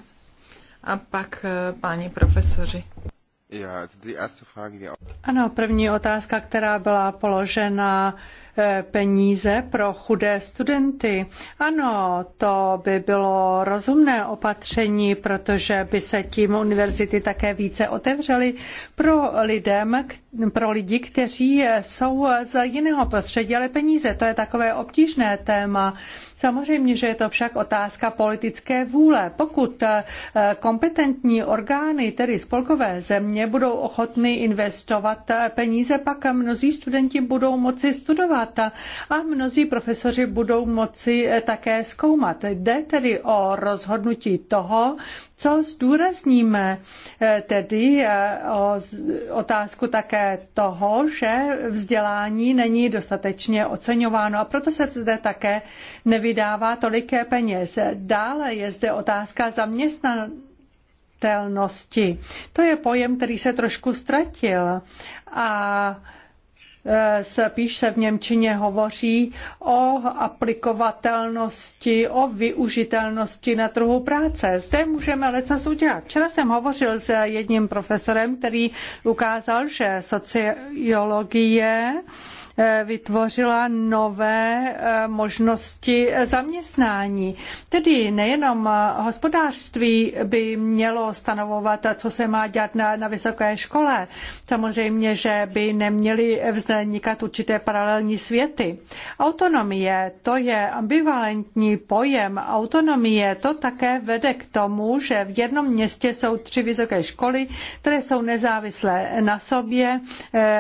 a pak eh, páni profesoři. Ano, první otázka, která byla položena, eh, peníze pro chudé studenty. Ano, to by bylo rozumné opatření, protože by se tím univerzity také více otevřely pro, lidem, pro lidi, kteří jsou z jiného prostředí, ale peníze, to je takové obtížné téma. Samozřejmě, že je to však otázka politické vůle. Pokud eh, kompetentní orgány, tedy spolkové země, budou ochotny investovat eh, peníze, pak mnozí studenti budou moci studovat a mnozí profesoři budou moci eh, také zkoumat. Jde tedy o rozhodnutí toho, co zdůrazníme eh, tedy eh, o otázku také toho, že vzdělání není dostatečně oceňováno a proto se zde také nevydává tolik peněz. Dále je zde otázka zaměstnatelnosti. To je pojem, který se trošku ztratil a se píše v Němčině hovoří o aplikovatelnosti, o využitelnosti na trhu práce. Zde můžeme leco udělat. Včera jsem hovořil s jedním profesorem, který ukázal, že sociologie Eh, vytvořila nové eh, možnosti zaměstnání. Tedy nejenom eh, hospodářství by mělo stanovovat, co se má dělat na, na vysoké škole. Samozřejmě, že by neměly vznikat určité paralelní světy. Autonomie, to je ambivalentní pojem. Autonomie, to také vede k tomu, že v jednom městě jsou tři vysoké školy, které jsou nezávislé na sobě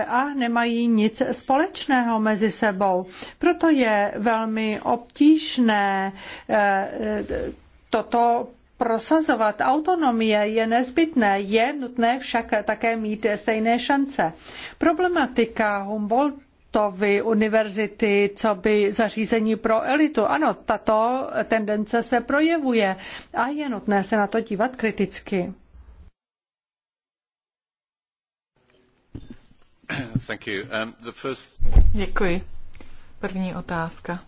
a nemají nic společného společného mezi sebou. Proto je velmi obtížné eh, eh, toto prosazovat autonomie je nezbytné, je nutné však také mít stejné šance. Problematika Humboldt Humboldtovy univerzity, co by zařízení pro elitu. Ano, tato tendence se projevuje a je nutné se na to dívat kriticky. Um, Děkuji. První otázka.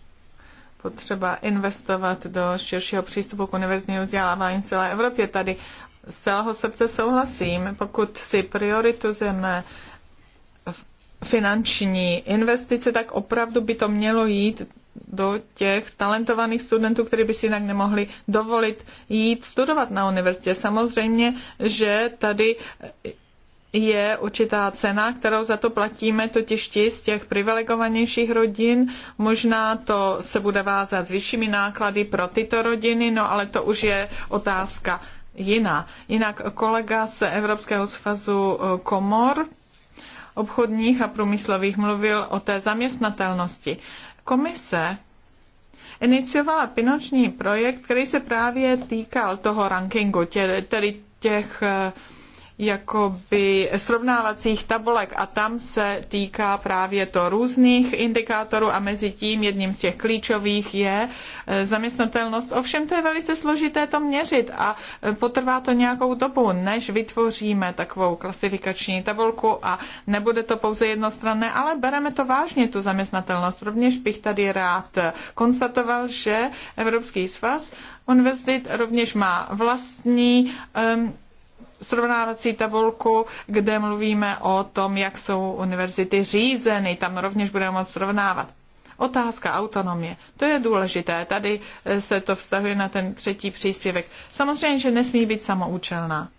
Potřeba investovat do širšího přístupu k univerzitnímu vzdělávání v celé Evropě. Tady z celého srdce souhlasím. Pokud si prioritizujeme finanční investice, tak opravdu by to mělo jít do těch talentovaných studentů, kteří by si jinak nemohli dovolit jít studovat na univerzitě. Samozřejmě, že tady je určitá cena, kterou za to platíme, totiž ti z těch privilegovanějších rodin. Možná to se bude vázat s vyššími náklady pro tyto rodiny, no ale to už je otázka jiná. Jinak kolega z Evropského svazu eh, komor obchodních a průmyslových mluvil o té zaměstnatelnosti. Komise iniciovala finanční projekt, který se právě týkal toho rankingu, tě, tedy těch uh, jakoby srovnávacích tabulek a tam se týká právě to různých indikátorů a mezi tím jedním z těch klíčových je e, zaměstnatelnost. Ovšem to je velice složité to měřit a e, potrvá to nějakou dobu, než vytvoříme takovou klasifikační tabulku a nebude to pouze jednostranné, ale bereme to vážně, tu zaměstnatelnost. Rovněž bych tady rád konstatoval, že Evropský svaz univerzit rovněž má vlastní um, srovnávací tabulku, kde mluvíme o tom, jak jsou univerzity řízeny. Tam rovněž budeme moct srovnávat. Otázka autonomie. To je důležité. Tady eh, se to vztahuje na ten třetí příspěvek. Samozřejmě, že nesmí být samoučelná.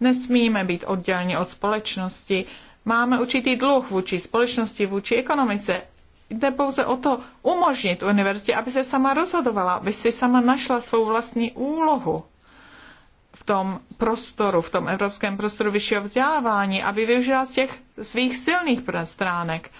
Nesmíme být odděleni od společnosti. Máme určitý dluh vůči společnosti, vůči ekonomice. Jde pouze o to umožnit univerzitě, aby se sama rozhodovala, aby si sama našla svou vlastní úlohu v tom prostoru, v tom evropském prostoru vyššího vzdělávání, aby využila z těch svých silných stránek.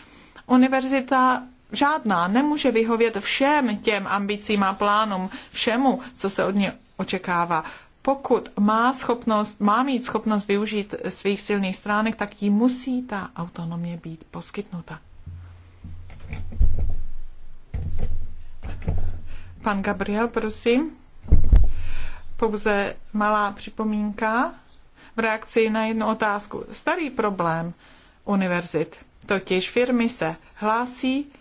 Univerzita žádná nemůže vyhovět všem těm ambicím a plánům, všemu, co se od ní očekává. Pokud má schopnost, má mít schopnost využít svých silných stránek, tak jí musí ta autonomie být poskytnuta. Pan Gabriel, prosím. Pouze malá připomínka v reakci na jednu otázku. Starý problém univerzit, totiž firmy se hlásí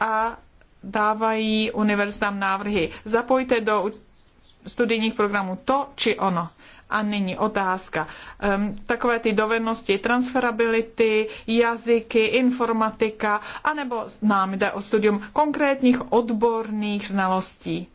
a dávají univerzitám návrhy. Zapojte do studijních programů to či ono. A nyní otázka. Um, takové ty dovednosti, transferability, jazyky, informatika, anebo nám jde o studium konkrétních odborných znalostí.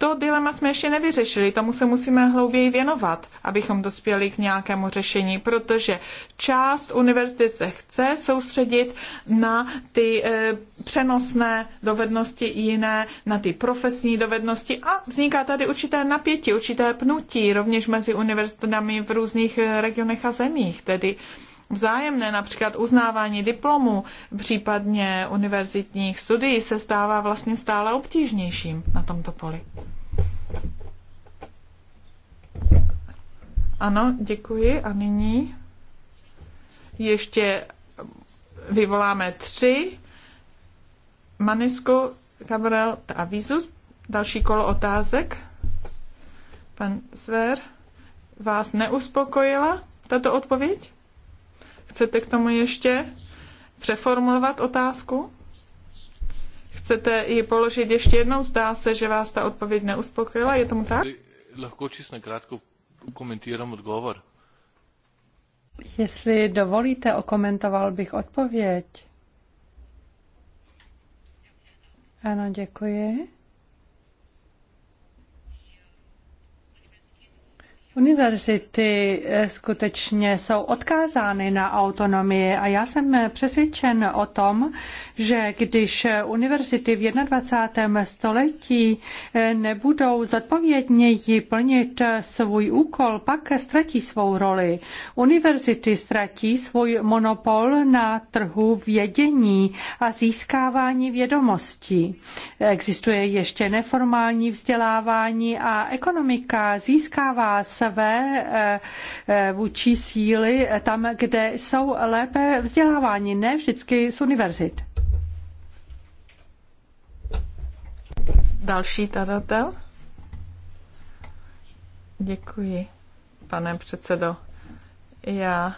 To dilema jsme ještě nevyřešili, tomu se musíme hlouběji věnovat, abychom dospěli k nějakému řešení, protože část univerzity se chce soustředit na ty e, přenosné dovednosti jiné, na ty profesní dovednosti a vzniká tady určité napětí, určité pnutí rovněž mezi univerzitami v různých eh, regionech a zemích. Tedy e, vzájemné, například uznávání diplomů, případně univerzitních studií, se stává vlastně stále obtížnějším na tomto poli. Ano, děkuji. A nyní ještě vyvoláme tři. Manisko, Gabriel a Vizus. Další kolo otázek. Pan Sver, vás neuspokojila tato odpověď? Chcete k tomu ještě přeformulovat otázku? Chcete ji položit ještě jednou? Zdá se, že vás ta odpověď neuspokojila, je tomu tak? Lehko čistě krátko komentírám odgovor. Jestli dovolíte, okomentoval bych odpověď. Ano, děkuji. Univerzity eh, skutečně jsou odkázány na autonomii a já jsem eh, přesvědčen o tom, že když eh, univerzity v 21. století nebudou zodpovědněji plnit svůj úkol, pak ztratí svou roli. Univerzity ztratí svůj monopol na trhu vědění a získávání vědomostí. Existuje ještě neformální vzdělávání a ekonomika získává se zaprvé eh, eh, vůči síly tam, kde jsou lépe vzděláváni, ne vždycky z univerzit. Další tadatel. Děkuji, pane předsedo. Já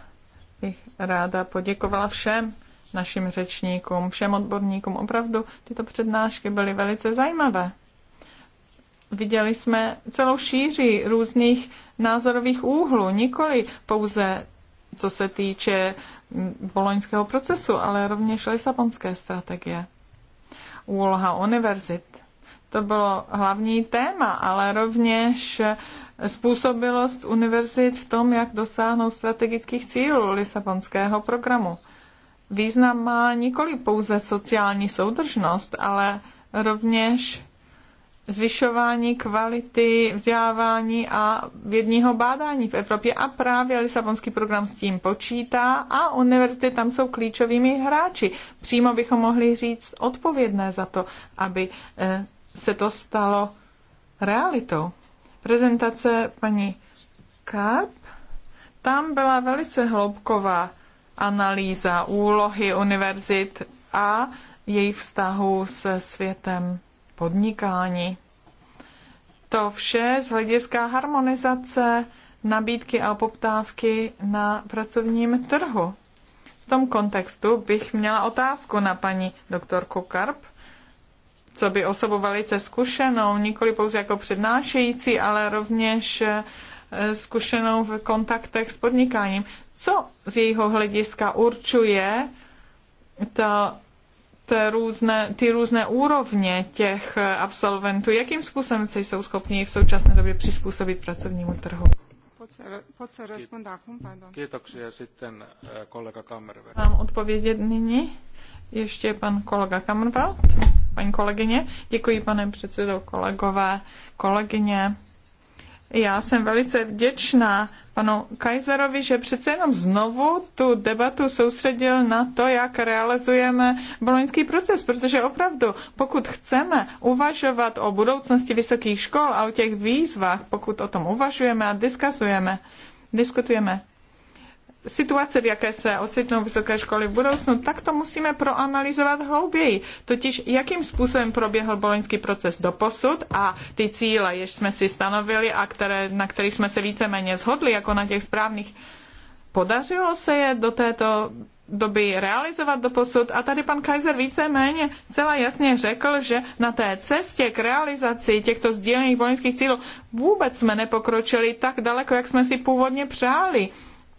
bych ráda poděkovala všem našim řečníkům, všem odborníkům. Opravdu tyto přednášky byly velice zajímavé. Viděli jsme celou šíři různých názorových úhlů, nikoli pouze co se týče mm, boloňského procesu, ale rovněž lisabonské strategie. Úloha univerzit. To bylo hlavní téma, ale rovněž způsobilost univerzit v tom, jak dosáhnout strategických cílů Lisabonského programu. Význam má nikoli pouze sociální soudržnost, ale rovněž zvyšování kvality vzdělávání a vědního bádání v Evropě a právě Lisabonský program s tím počítá a univerzity tam jsou klíčovými hráči. Přímo bychom mohli říct odpovědné za to, aby eh, se to stalo realitou. Prezentace paní Karp, tam byla velice hloubková analýza úlohy univerzit a jejich vztahu se světem podnikání. To vše z hlediska harmonizace nabídky a poptávky na pracovním trhu. V tom kontextu bych měla otázku na paní doktorku Karp, co by osobu velice zkušenou, nikoli pouze jako přednášející, ale rovněž eh, zkušenou v kontaktech s podnikáním. Co z jejího hlediska určuje to různé, ty různé úrovně těch absolventů? Jakým způsobem se jsou schopni v současné době přizpůsobit pracovnímu trhu? Eh, Mám odpovědět nyní? Ještě pan kolega Kammerveld, paní kolegyně. Děkuji, pane předsedo, kolegové, kolegyně. Já jsem velice vděčná panu Kajzerovi, že přece jenom znovu tu debatu soustředil na to, jak realizujeme boloňský proces, protože opravdu, pokud chceme uvažovat o budoucnosti vysokých škol a o těch výzvách, pokud o tom uvažujeme a diskutujeme, diskutujeme, situace, v jaké se ocitnou vysoké školy v budoucnu, tak to musíme proanalizovat hlouběji. Totiž jakým způsobem proběhl boloňský proces do posud, a ty cíle, jež jsme si stanovili a které, na kterých jsme se víceméně shodli, jako na těch správných, podařilo se je do této doby realizovat do posud. A tady pan Kaiser víceméně zcela jasně řekl, že na té cestě k realizaci těchto sdílených boloňských cílů vůbec jsme nepokročili tak daleko, jak jsme si původně přáli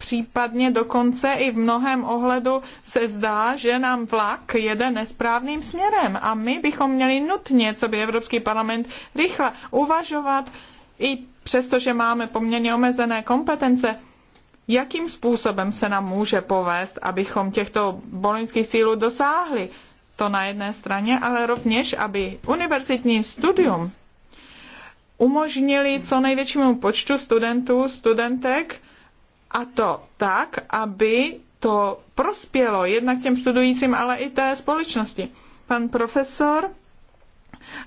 případně dokonce i v mnohem ohledu se zdá, že nám vlak jede nesprávným směrem a my bychom měli nutně, co by Evropský parlament, rychle uvažovat, i přesto, že máme poměrně omezené kompetence, jakým způsobem se nám může povést, abychom těchto bolinských cílů dosáhli. To na jedné straně, ale rovněž, aby univerzitní studium umožnili co největšímu počtu studentů, studentek a to tak, aby to prospělo jednak těm studujícím, ale i té společnosti. Pan profesor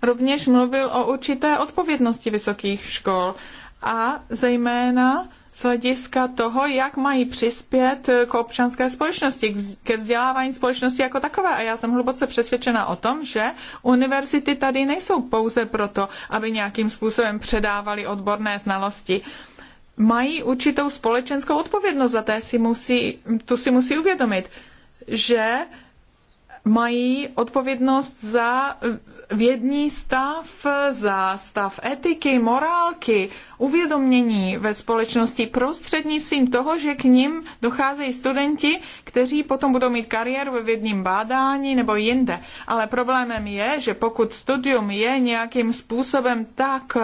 rovněž mluvil o určité odpovědnosti vysokých škol a zejména z hlediska toho, jak mají přispět k občanské společnosti, ke vzdělávání společnosti jako takové. A já jsem hluboce přesvědčena o tom, že univerzity tady nejsou pouze proto, aby nějakým způsobem předávali odborné znalosti mají určitou společenskou odpovědnost za té si musí, tu si musí uvědomit, že mají odpovědnost za vědní stav, za stav etiky, morálky, uvědomění ve společnosti prostřednictvím toho, že k ním docházejí studenti, kteří potom budou mít kariéru ve vědním bádání nebo jinde. Ale problémem je, že pokud studium je nějakým způsobem tak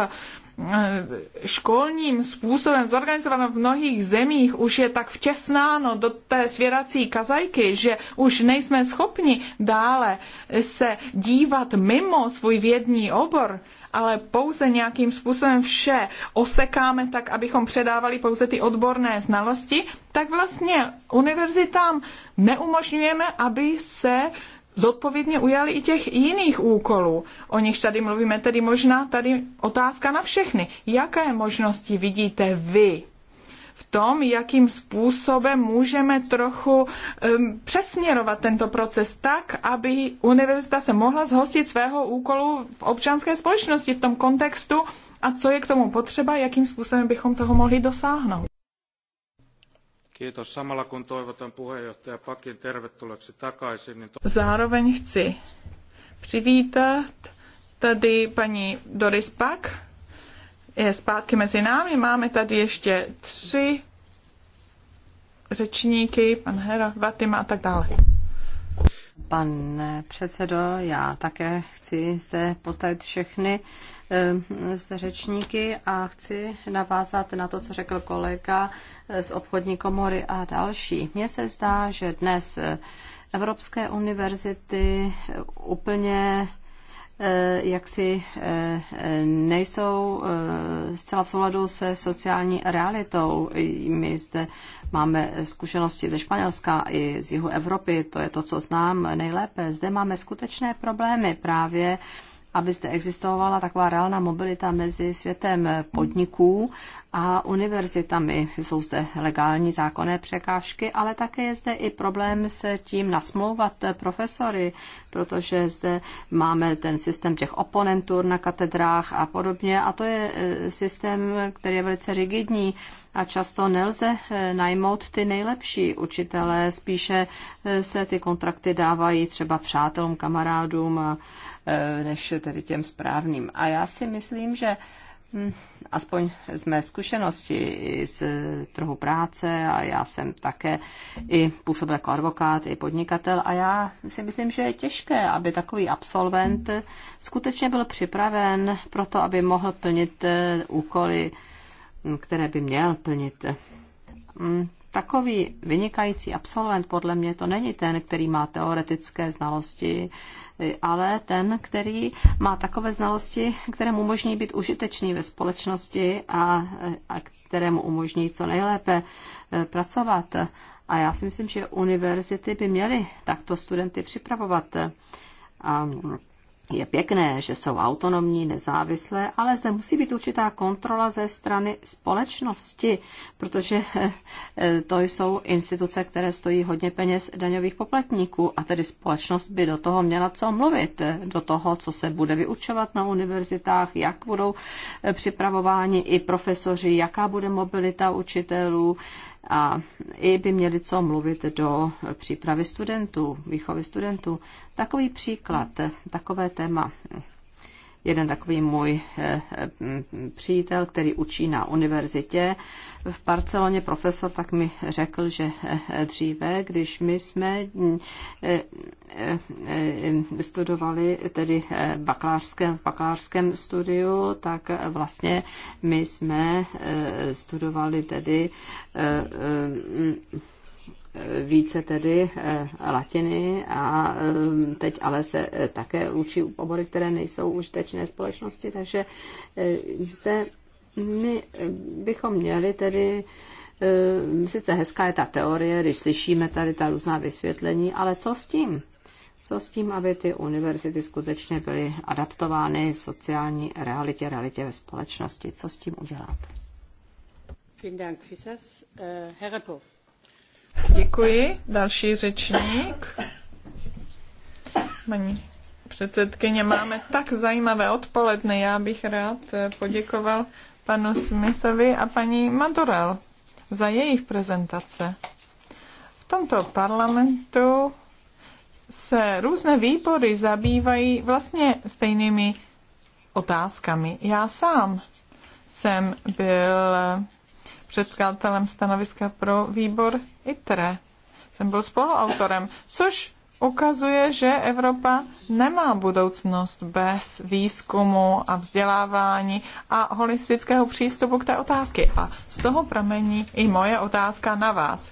Eh, školním způsobem zorganizováno v mnohých zemích už je tak vtěsnáno do té svěrací kazajky, že už nejsme schopni dále se dívat mimo svůj vědní obor, ale pouze nějakým způsobem vše osekáme tak, abychom předávali pouze ty odborné znalosti, tak vlastně univerzitám neumožňujeme, aby se zodpovědně ujali i těch jiných úkolů. O nichž tady mluvíme, tedy možná tady otázka na všechny. Jaké možnosti vidíte vy v tom, jakým způsobem můžeme trochu um, přesměrovat tento proces tak, aby univerzita se mohla zhostit svého úkolu v občanské společnosti v tom kontextu a co je k tomu potřeba, jakým způsobem bychom toho mohli dosáhnout. Kiitos. Samalla kun toivotan puheenjohtaja Pakin tervetulleeksi takaisin, niin... Zároveň chci přivítat tady paní Doris Pak. Je zpátky mezi námi. Máme tady ještě tři řečníky, pan Hera, Vatima a tak dále. Pane předsedo, já také chci zde postavit všechny Eh, zde řečníky a chci navázat na to, co řekl kolega eh, z obchodní komory a další. Mně se zdá, že dnes eh, Evropské univerzity úplně jaksi nejsou zcela v souladu se sociální realitou. My zde máme zkušenosti ze Španělska i z jihu Evropy, to je to, co znám nejlépe. Zde máme skutečné problémy právě aby zde existovala taková reálná mobilita mezi světem podniků a univerzitami. Jsou zde legální zákonné překážky, ale také je zde i problém s tím nasmlouvat profesory, protože zde máme ten systém těch oponentur na katedrách a podobně a to je eh, systém, který je velice rigidní a často nelze eh, najmout ty nejlepší učitele, spíše eh, se ty kontrakty dávají třeba přátelům, kamarádům a Eh, než tedy těm správným. A já si myslím, že hm, aspoň z mé zkušenosti z trhu práce a já jsem také i působil jako advokát, i podnikatel a já si myslím, že je těžké, aby takový absolvent skutečně byl připraven pro to, aby mohl plnit eh, úkoly, hm, které by měl plnit. Hm, takový vynikající absolvent podle mě to není ten, který má teoretické znalosti, ale ten, který má takové znalosti, které mu umožní být užitečný ve společnosti a, a které mu umožní co nejlépe e, pracovat. A já si myslím, že univerzity by měly takto studenty připravovat. A je pěkné, že jsou autonomní, nezávislé, ale zde musí být určitá kontrola ze strany společnosti, protože eh, to jsou instituce, které stojí hodně peněz daňových poplatníků a tedy společnost by do toho měla co mluvit, do toho, co se bude vyučovat na univerzitách, jak budou eh, připravováni i profesoři, jaká bude mobilita učitelů, a i by měli co mluvit do přípravy studentů, výchovy studentů. Takový příklad, takové téma jeden takový můj eh, eh, přítel, který učí na univerzitě v Barceloně, profesor, tak mi řekl, že eh, dříve, když my jsme mm, studovali tedy v bakalářském, bakalářském studiu, tak vlastně my jsme studovali tedy více tedy eh, latiny a eh, teď ale se eh, také učí obory, které nejsou užitečné společnosti, takže zde my bychom měli tedy sice hezká je ta teorie, když slyšíme tady ta různá vysvětlení, ale co s tím? Co s tím, aby ty univerzity skutečně byly adaptovány sociální realitě, realitě ve společnosti? Co s tím udělat? Vielen Dank, äh, Herr Děkuji. Další řečník. Paní předsedkyně, máme tak zajímavé odpoledne. Já bych rád eh, poděkoval panu Smithovi a paní Madorel za jejich prezentace. V tomto parlamentu se různé výbory zabývají vlastně stejnými otázkami. Já sám jsem byl předkladatelem stanoviska pro výbor ITRE. Jsem byl spoluautorem, což ukazuje, že Evropa nemá budoucnost bez výzkumu a vzdělávání a holistického přístupu k té otázky. A z toho pramení i moje otázka na vás.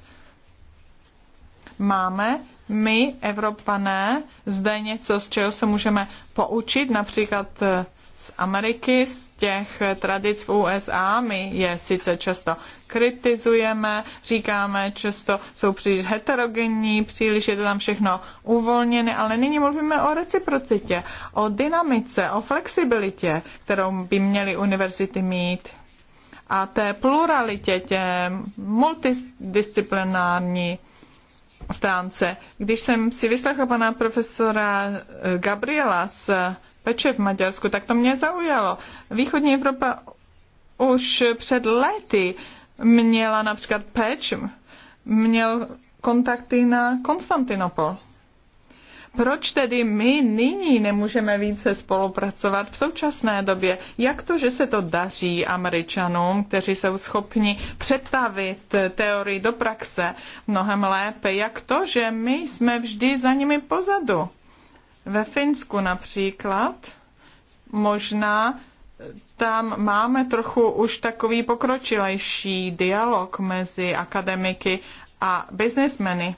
Máme my, Evropané, zde něco, z čeho se můžeme poučit, například eh, z Ameriky, z těch tradic v USA. My je sice často kritizujeme, říkáme často, jsou příliš heterogenní, příliš je to tam všechno uvolněné, ale nyní mluvíme o reciprocitě, o dynamice, o flexibilitě, kterou by měly univerzity mít a té pluralitě, tě multidisciplinární stránce. Když jsem si vyslechla pana profesora Gabriela z peče v Maďarsku, tak to mě zaujalo. Východní Evropa už před lety měla například peč, měl kontakty na Konstantinopol. Proč tedy my nyní nemůžeme více spolupracovat v současné době? Jak to, že se to daří Američanům, kteří jsou schopni přetavit teorii do praxe mnohem lépe? Jak to, že my jsme vždy za nimi pozadu? Ve Finsku například možná tam máme trochu už takový pokročilejší dialog mezi akademiky a biznismeny.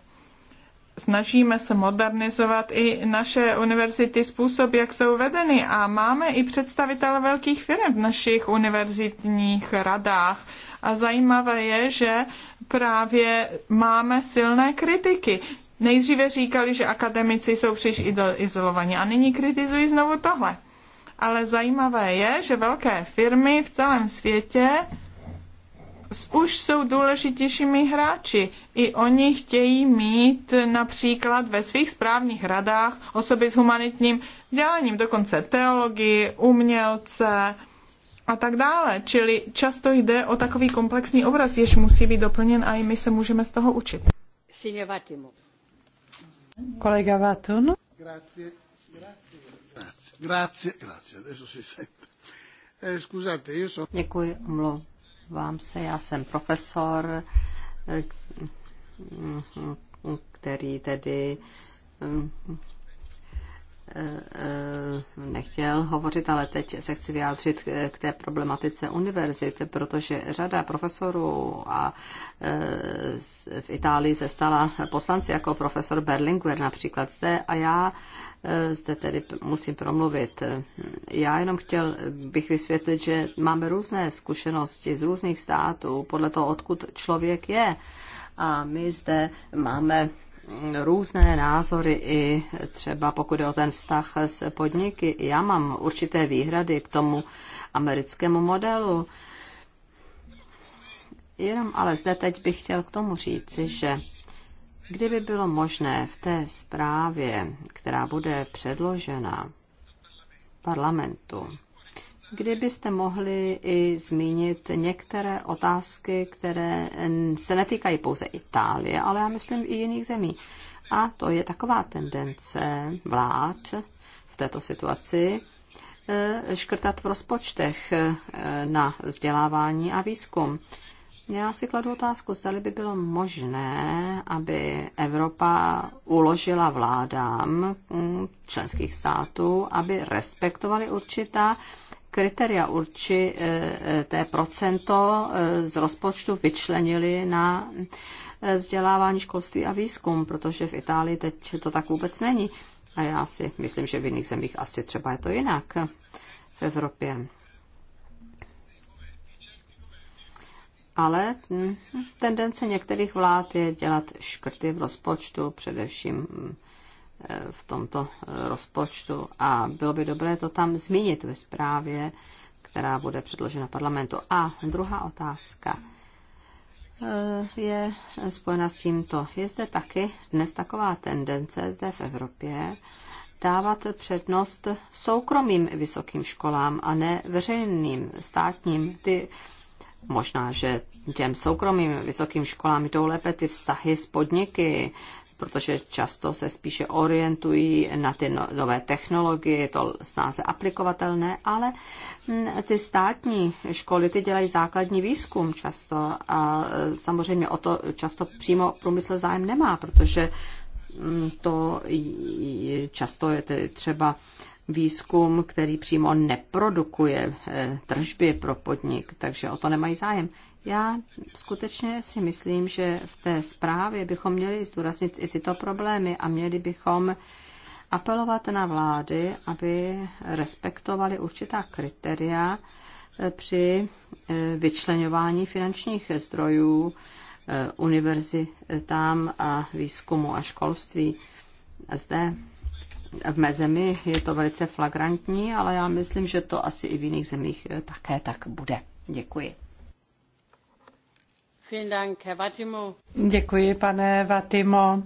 Snažíme se modernizovat i naše univerzity způsob, jak jsou vedeny a máme i představitele velkých firm v našich univerzitních radách. A zajímavé je, že právě máme silné kritiky. Nejdříve říkali, že akademici jsou příliš izolovaní a nyní kritizují znovu tohle. Ale zajímavé je, že velké firmy v celém světě už jsou důležitějšími hráči. I oni chtějí mít například ve svých správních radách osoby s humanitním vzděláním, dokonce teologii, umělce a tak dále. Čili často jde o takový komplexní obraz, jež musí být doplněn a i my se můžeme z toho učit. Signor Kolega Grazie, grazie, grazie, grazie, grazie. Adesso si sente. Eh, scusate, io sono... Děkuji, omlouvám se, já jsem profesor, eh, mm, mm, který tedy mm, Eh, eh, nechtěl hovořit, ale teď se chci vyjádřit k eh, té problematice univerzit, protože řada profesorů a v Itálii se stala poslanci jako profesor Berlinguer například zde a já zde tedy musím promluvit. Já jenom chtěl bych vysvětlit, že máme různé zkušenosti z různých států podle toho, odkud člověk je. A my zde máme různé názory i třeba pokud je o ten vztah s podniky. Já mám určité výhrady k tomu americkému modelu. Jenom ale zde teď bych chtěl k tomu říci, že kdyby bylo možné v té zprávě, která bude předložena parlamentu, Kdybyste mohli i zmínit některé otázky, které se netýkají pouze Itálie, ale já myslím i jiných zemí. A to je taková tendence vlád v této situaci eh, škrtat v rozpočtech eh, na vzdělávání a výzkum. Já si kladu otázku, zda by bylo možné, aby Evropa uložila vládám mm, členských států, aby respektovali určitá kritéria eh, eh, té procento eh, z rozpočtu vyčlenili na vzdělávání, školství a výzkum, protože v Itálii teď to tak vůbec není. A já si myslím, že v jiných zemích asi třeba je to jinak v Evropě. Ale hm, tendence některých vlád je dělat škrty v rozpočtu, především hm, Eh, v tomto eh, rozpočtu a bylo by dobré to tam zmínit ve zprávě, která bude předložena parlamentu. A druhá otázka eh, je spojena s tímto. Je zde taky dnes taková tendence zde v Evropě dávat přednost soukromým vysokým školám a ne veřejným státním. Ty Možná, že těm soukromým vysokým školám jdou lépe ty vztahy s podniky, protože často se spíše orientují na ty no, nové technologie, je to snáze aplikovatelné, ale mm, ty státní školy ty dělají základní výzkum často a e, samozřejmě o to často přímo průmysl zájem nemá, protože mm, to často je tedy třeba výzkum, který přímo neprodukuje e, tržby pro podnik, takže o to nemají zájem. Já skutečně si myslím, že v té zprávě bychom měli zdůraznit i tyto problémy a měli bychom apelovat na vlády, aby respektovali určitá kritéria eh, při eh, vyčlenování finančních zdrojů eh, univerzitám a výzkumu a školství. Zde v mé zemi je to velice flagrantní, ale já myslím, že to asi i v jiných zemích také tak bude. Děkuji. Děkuji, pane Vatimo.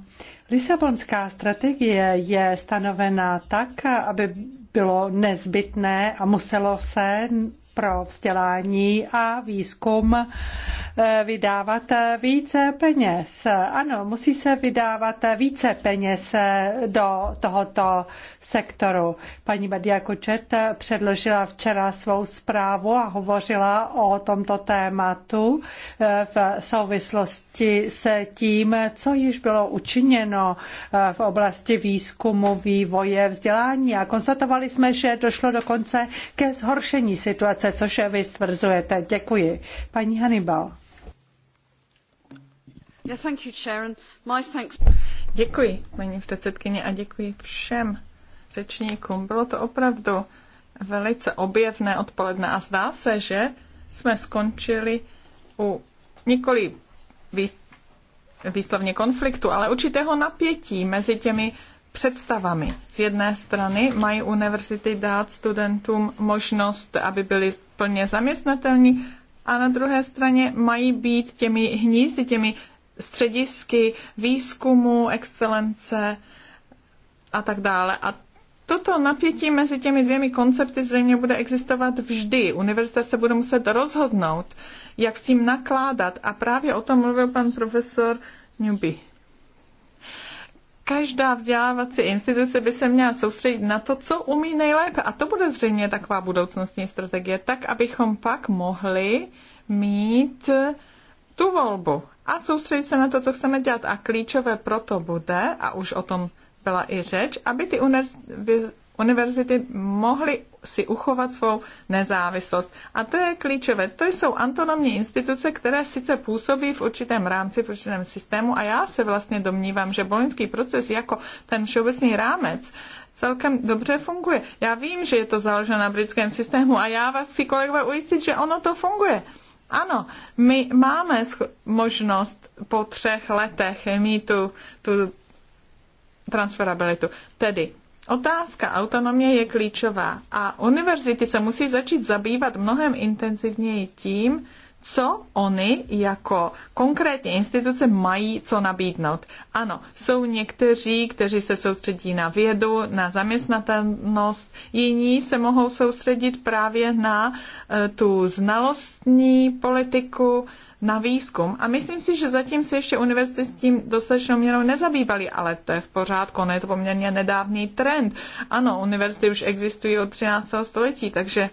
Lisabonská strategie je stanovena tak, aby bylo nezbytné a muselo se pro vzdělání a výzkum Eh, vydávat eh, více peněz. Ano, musí se vydávat eh, více peněz do tohoto sektoru. Paní Kočet předložila včera svou zprávu a hovořila o tomto tématu v souvislosti s tím, co již bylo učiněno v oblasti výzkumu, vývoje, vzdělání a konstatovali jsme, že došlo dokonce ke zhoršení situace, což vy stvrzujete. Děkuji. Paní Hannibal. Děkuji, paní předsedkyně, a děkuji všem řečníkům. Bylo to opravdu velice objevné odpoledne a zdá se, že jsme skončili u nikoli výslovně konfliktu, ale určitého napětí mezi těmi představami. Z jedné strany mají univerzity dát studentům možnost, aby byli plně zaměstnatelní, a na druhé straně mají být těmi hnízdy, těmi středisky výzkumu, excelence a tak dále. A Toto napětí mezi těmi dvěmi koncepty zřejmě bude existovat vždy. Univerzita se bude muset rozhodnout, jak s tím nakládat. A právě o tom mluvil pan profesor Newby. Každá vzdělávací instituce by se měla soustředit na to, co umí nejlépe. A to bude zřejmě taková budoucnostní strategie, tak abychom pak mohli mít tu volbu a soustředit se na to, co chceme dělat. A klíčové proto bude, a už o tom byla i řeč, aby ty univerzity mohly si uchovat svou nezávislost. A to je klíčové. To jsou autonomní instituce, které sice působí v určitém rámci, v určitém systému a já se vlastně domnívám, že boloňský proces jako ten všeobecný rámec celkem dobře funguje. Já vím, že je to založeno na britském systému a já vás si kolegové ujistit, že ono to funguje. Ano, my máme možnost po třech letech mít tu, tu transferabilitu. Tedy otázka autonomie je klíčová a univerzity se musí začít zabývat mnohem intenzivněji tím, co oni jako konkrétní instituce mají co nabídnout. Ano, jsou někteří, kteří se soustředí na vědu, na zaměstnatelnost, jiní se mohou soustředit právě na eh, tu znalostní politiku, na výzkum. A myslím si, že zatím se ještě univerzity s tím dostatečnou měrou nezabývaly, ale to je v pořádku, ono je to poměrně nedávný trend. Ano, univerzity už existují od 13. století, takže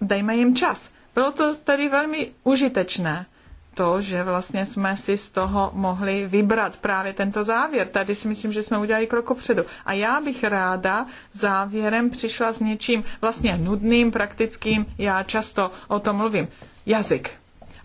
dejme jim čas. Bylo to tedy velmi užitečné, to, že vlastně jsme si z toho mohli vybrat právě tento závěr. Tady si myslím, že jsme udělali krok předu. A já bych ráda závěrem přišla s něčím vlastně nudným, praktickým. Já často o tom mluvím. Jazyk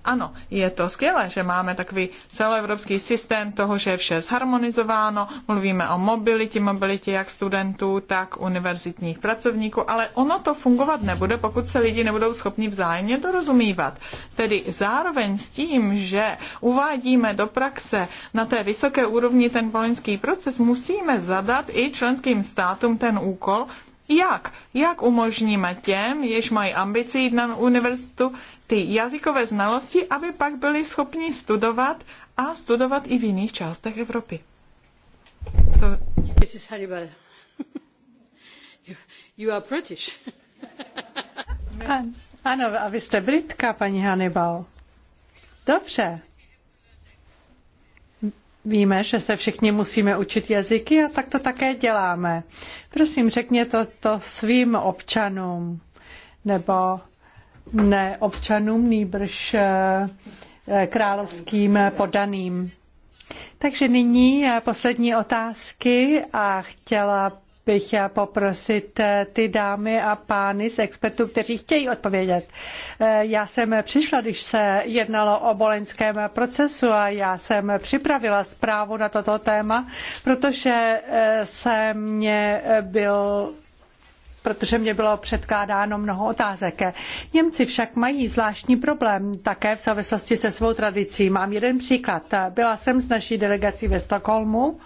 ano, je to skvělé, že máme takový celoevropský systém toho, že je vše zharmonizováno, mluvíme o mobilitě, mobilitě jak studentů, tak univerzitních pracovníků, ale ono to fungovat nebude, pokud se lidi nebudou schopni vzájemně dorozumívat. Tedy zároveň s tím, že uvádíme do praxe na té vysoké úrovni ten volinský proces, musíme zadat i členským státům ten úkol, jak? Jak umožníme těm, jež mají ambici jít na univerzitu, ty jazykové znalosti, aby pak byli schopni studovat a studovat i v jiných částech Evropy? To... Mrs. Hannibal, you are British. ano, a vy jste Britka, paní Hannibal. Dobře. Víme, že se všichni musíme učit jazyky a tak to také děláme. Prosím, řekněte to, to svým občanům nebo ne občanům, nýbrž eh, královským podaným. Takže nyní eh, poslední otázky a chtěla bych poprosit eh, ty dámy a pány z expertů, kteří chtějí odpovědět. Eh, já jsem přišla, když se jednalo o bolenském procesu a já jsem připravila zprávu na toto téma, protože eh, se mě byl protože mě bylo předkládáno mnoho otázek. Němci však mají zvláštní problém také v souvislosti se svou tradicí. Mám jeden příklad. Byla jsem s naší delegací ve Stockholmu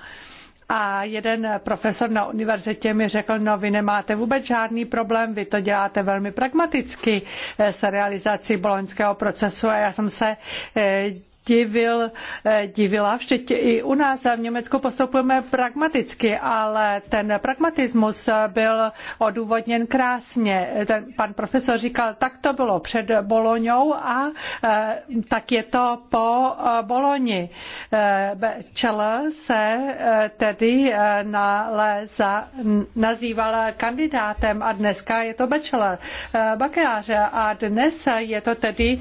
a jeden profesor na univerzitě mi řekl, no vy nemáte vůbec žádný problém, vy to děláte velmi pragmaticky eh, s realizací boloňského procesu a já jsem se eh, divil, eh, divila, vždyť i u nás v Německu postupujeme pragmaticky, ale ten pragmatismus byl odůvodněn krásně. Ten pan profesor říkal, tak to bylo před Boloňou a eh, tak je to po eh, Boloni. Čel se tedy Léza nazýval kandidátem a dneska je to bachelor, bakaláře a dnes je to tedy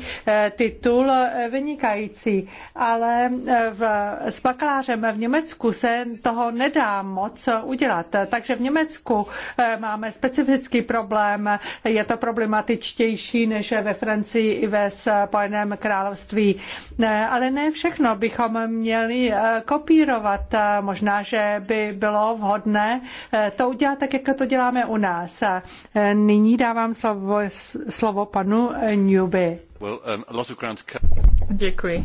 titul vynikající dobrý, ale e, v, s bakalářem v Německu se toho nedá moc udělat. Takže v Německu e, máme specifický problém, je to problematičtější než ve Francii i ve Spojeném království. E, ale ne všechno bychom měli kopírovat. Možná, že by bylo vhodné to udělat tak, jak to děláme u nás. Nyní dávám slovo, slovo panu Newby. Um, Děkuji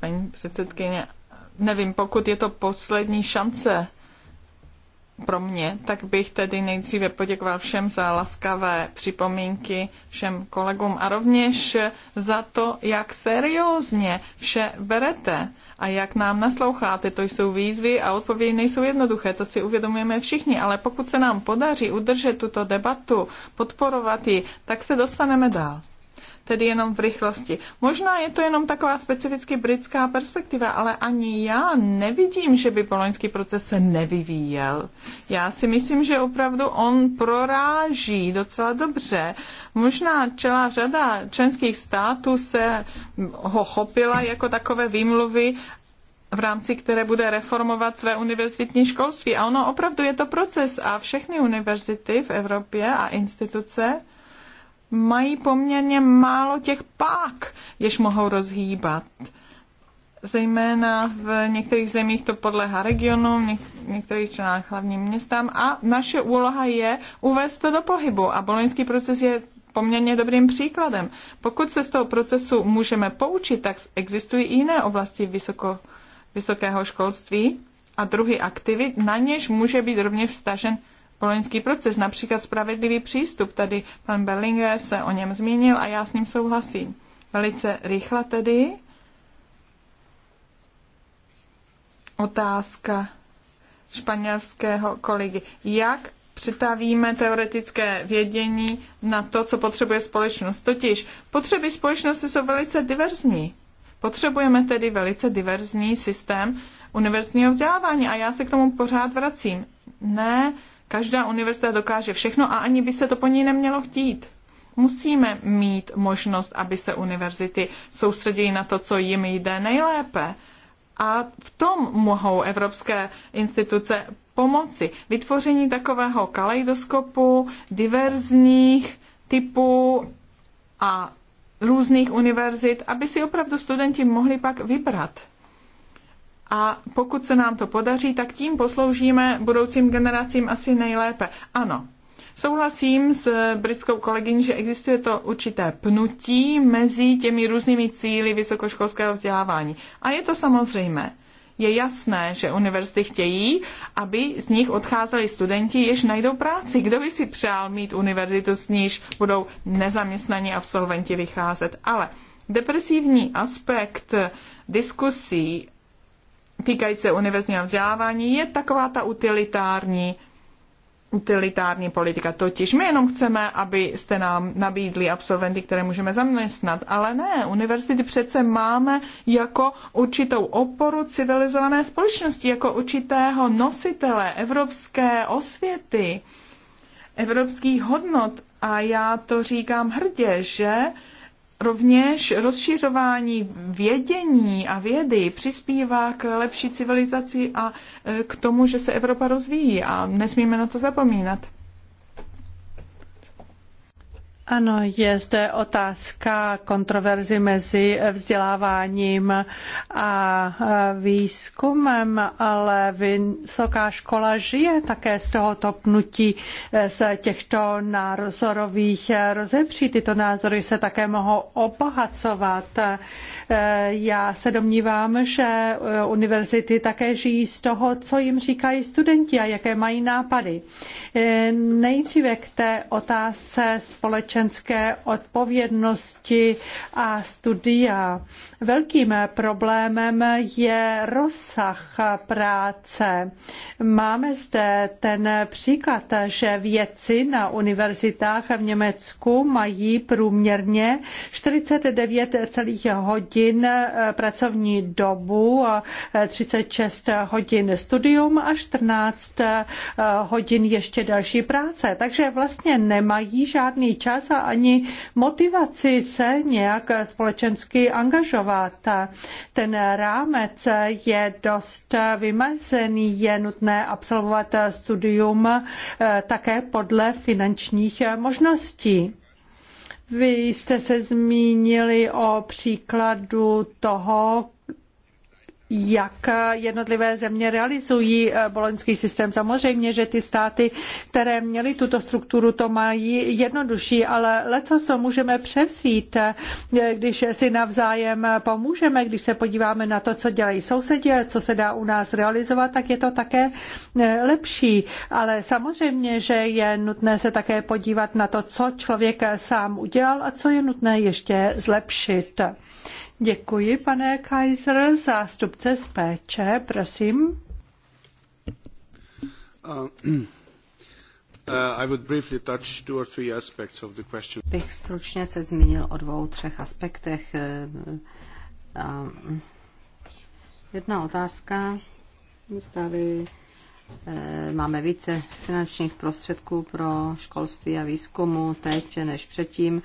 paní předsedkyně. Nevím, pokud je to poslední šance pro mě, tak bych tedy nejdříve poděkoval všem za laskavé připomínky, všem kolegům a rovněž za to, jak seriózně vše berete a jak nám nasloucháte. To jsou výzvy a odpovědi nejsou jednoduché, to si uvědomujeme všichni, ale pokud se nám podaří udržet tuto debatu, podporovat ji, tak se dostaneme dál tedy jenom v rychlosti. Možná je to jenom taková specificky britská perspektiva, ale ani já nevidím, že by boloňský proces se nevyvíjel. Já si myslím, že opravdu on proráží docela dobře. Možná celá řada členských států se ho chopila jako takové výmluvy, v rámci které bude reformovat své univerzitní školství. A ono opravdu je to proces a všechny univerzity v Evropě a instituce mají poměrně málo těch pák, jež mohou rozhýbat. Zejména v některých zemích to podlehá regionu, v některých členách hlavním městám a naše úloha je uvést to do pohybu a boloňský proces je poměrně dobrým příkladem. Pokud se z toho procesu můžeme poučit, tak existují i jiné oblasti vysoko, vysokého školství a druhy aktivit, na něž může být rovněž vstažen boloňský proces, například spravedlivý přístup. Tady pan Berlinger se o něm zmínil a já s ním souhlasím. Velice rychle tedy. Otázka španělského kolegy. Jak přitavíme teoretické vědění na to, co potřebuje společnost? Totiž potřeby společnosti jsou velice diverzní. Potřebujeme tedy velice diverzní systém univerzního vzdělávání a já se k tomu pořád vracím. Ne, Každá univerzita dokáže všechno a ani by se to po ní nemělo chtít. Musíme mít možnost, aby se univerzity soustředily na to, co jim jde nejlépe. A v tom mohou evropské instituce pomoci. Vytvoření takového kaleidoskopu, diverzních typů a různých univerzit, aby si opravdu studenti mohli pak vybrat. A pokud se nám to podaří, tak tím posloužíme budoucím generacím asi nejlépe. Ano, Souhlasím s britskou kolegyní, že existuje to určité pnutí mezi těmi různými cíly vysokoškolského vzdělávání. A je to samozřejmé. Je jasné, že univerzity chtějí, aby z nich odcházeli studenti, jež najdou práci. Kdo by si přál mít univerzitu, s níž budou nezaměstnaní absolventi vycházet? Ale depresivní aspekt diskusí týkají se univerzního vzdělávání, je taková ta utilitární, utilitární politika. Totiž my jenom chceme, abyste nám nabídli absolventy, které můžeme zaměstnat, ale ne, univerzity přece máme jako určitou oporu civilizované společnosti, jako určitého nositele evropské osvěty, evropských hodnot. A já to říkám hrdě, že Rovněž rozšiřování vědění a vědy přispívá k lepší civilizaci a e, k tomu, že se Evropa rozvíjí a nesmíme na to zapomínat. Ano, je zde otázka kontroverzi mezi vzděláváním a výzkumem, ale vysoká škola žije také z tohoto pnutí e, z těchto názorových e, rozepří. Tyto názory se také mohou obohacovat. E, já se domnívám, že univerzity také žijí z toho, co jim říkají studenti a jaké mají nápady. Nejdříve k té otázce společnosti společenské odpovědnosti a studia. Velkým problémem je rozsah práce. Máme zde ten příklad, že vědci na univerzitách v Německu mají průměrně 49 celých hodin eh, pracovní dobu, 36 eh, hodin studium a 14 eh, hodin ještě další práce. Takže vlastně nemají žádný čas čas a ani motivaci se nějak společensky angažovat. Ten rámec je dost vymezený, je nutné absolvovat studium eh, také podle finančních možností. Vy jste se zmínili o příkladu toho, jak jednotlivé země realizují eh, boloňský systém. Samozřejmě, že ty státy, které měly tuto strukturu, to mají jednodušší, ale letos můžeme převzít, eh, když si navzájem pomůžeme, když se podíváme na to, co dělají sousedí, co se dá u nás realizovat, tak je to také eh, lepší. Ale samozřejmě, že je nutné se také podívat na to, co člověk sám udělal a co je nutné ještě zlepšit. Děkuji, pane Kaiser. Zástupce z péče, prosím. Uh, uh, I would briefly touch two or three aspects of the question. Bych stručně se zmínil o dvou, třech aspektech. Eh, eh, um, jedna otázka, zdali eh, máme více finančních prostředků pro školství a výzkumu teď než předtím.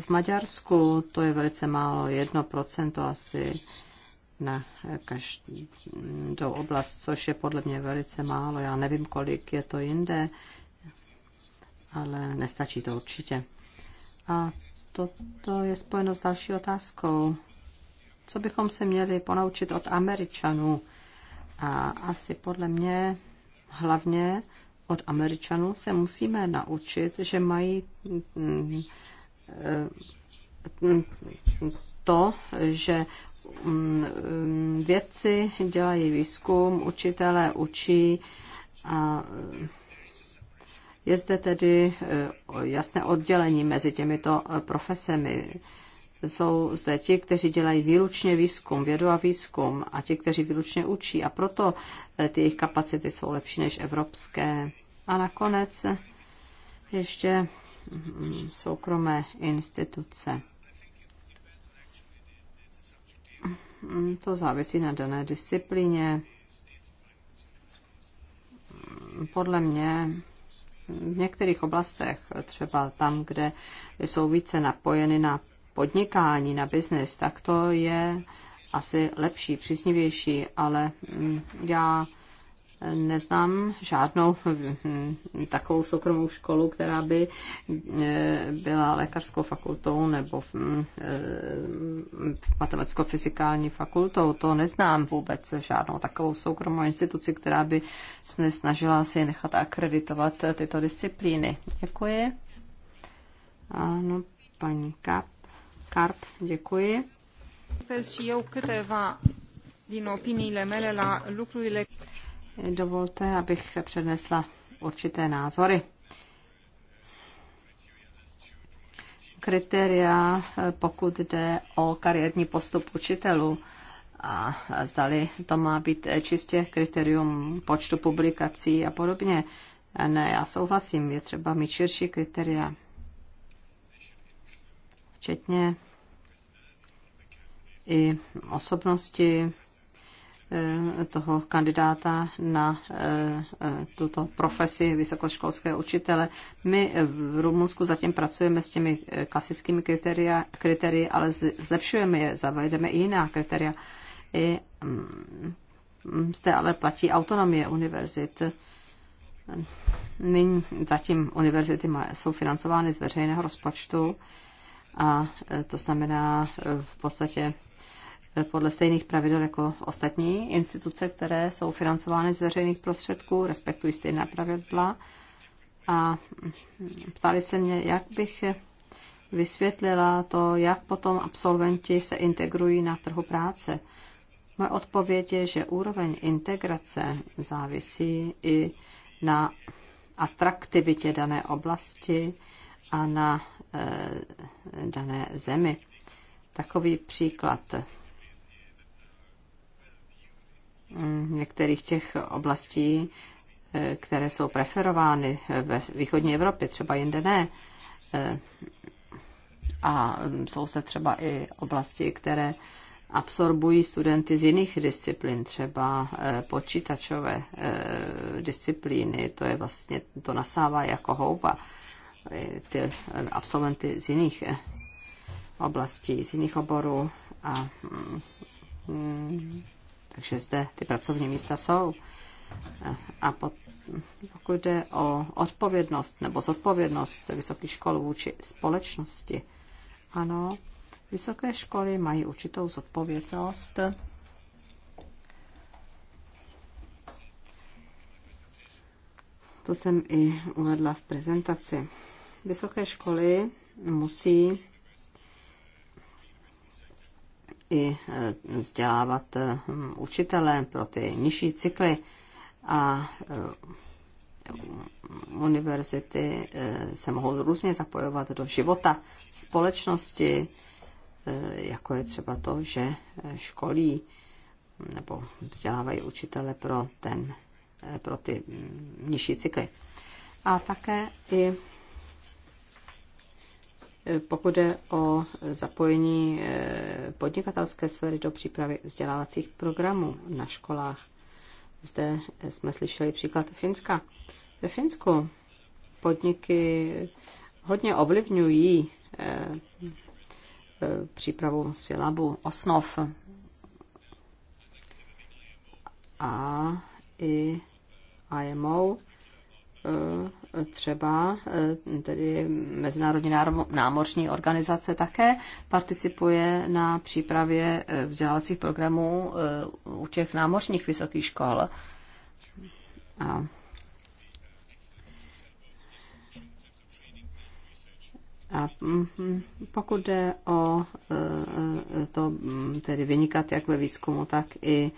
V Maďarsku to je velice málo, 1% asi na každou oblast, což je podle mě velice málo. Já nevím, kolik je to jinde, ale nestačí to určitě. A toto je spojeno s další otázkou. Co bychom se měli ponaučit od Američanů? A asi podle mě hlavně od Američanů se musíme naučit, že mají mm, to, že mm, mm, vědci dělají výzkum, učitelé učí a mm, je zde tedy e, jasné oddělení mezi těmito e, profesemi. Jsou zde ti, kteří dělají výlučně výzkum, vědu a výzkum a ti, kteří výlučně učí a proto e, ty jejich kapacity jsou lepší než evropské. A nakonec ještě Mm, soukromé instituce. Mm, to závisí na dané disciplíně. Mm, podle mě v některých oblastech, třeba tam, kde jsou více napojeny na podnikání, na biznis, tak to je asi lepší, příznivější, ale já neznám žádnou hm, takovou soukromou školu, která by eh, byla lékařskou fakultou nebo hm, eh, matematicko-fyzikální fakultou. To neznám vůbec žádnou takovou soukromou instituci, která by se snažila si nechat akreditovat tyto disciplíny. Děkuji. Ano, paní Karp, Karp děkuji. Vezi și din opiniile mele la lucrurile Dovolte, abych přednesla určité názory. Kritéria, pokud jde o kariérní postup učitelů, a zdali to má být čistě kritérium počtu publikací a podobně. Ne, já souhlasím, je třeba mít širší kritéria, včetně i osobnosti, Eh, toho kandidáta na eh, eh, tuto profesi vysokoškolského učitele. My v Rumunsku zatím pracujeme s těmi klasickými kritéria, kritérii, ale zlepšujeme je, zavedeme i jiná kritéria. I mm, mm, zde ale platí autonomie univerzit. Nyní zatím univerzity jsou financovány z veřejného rozpočtu a to znamená v podstatě podle stejných pravidel jako ostatní instituce, které jsou financovány z veřejných prostředků, respektují stejná pravidla. A ptali se mě, jak bych vysvětlila to, jak potom absolventi se integrují na trhu práce. Moje odpověď je, že úroveň integrace závisí i na atraktivitě dané oblasti a na e, dané zemi. Takový příklad některých těch oblastí, eh, které jsou preferovány ve východní Evropě, třeba jinde ne. Eh, a jsou se třeba i oblasti, které absorbují studenty z jiných disciplín, třeba eh, počítačové disciplíny, to je vlastně, to nasává jako houba ty absolventy z jiných oblastí, z jiných oborů a mm, takže zde ty pracovní místa jsou. A pokud jde o odpovědnost nebo zodpovědnost vysokých škol vůči společnosti, ano, vysoké školy mají určitou zodpovědnost To jsem i uvedla v prezentaci. Vysoké školy musí i e, vzdělávat e, učitele pro ty nižší cykly a e, univerzity se mohou různě zapojovat do života společnosti, jako je třeba to, že školí nebo vzdělávají učitele pro, ten, pro ty nižší cykly. A také i pokud jde o zapojení eh, podnikatelské sféry do přípravy vzdělávacích programů na školách. Zde jsme slyšeli příklad Finska. Ve Finsku podniky hodně ovlivňují eh, eh, přípravu silabu osnov a i IMO Eh, třeba eh, tedy Mezinárodní námořní organizace také participuje na přípravě eh, vzdělávacích programů u těch námořních vysokých škol. A A mm, mm, pokud jde o to mm, tedy vynikat jak ve výzkumu, tak i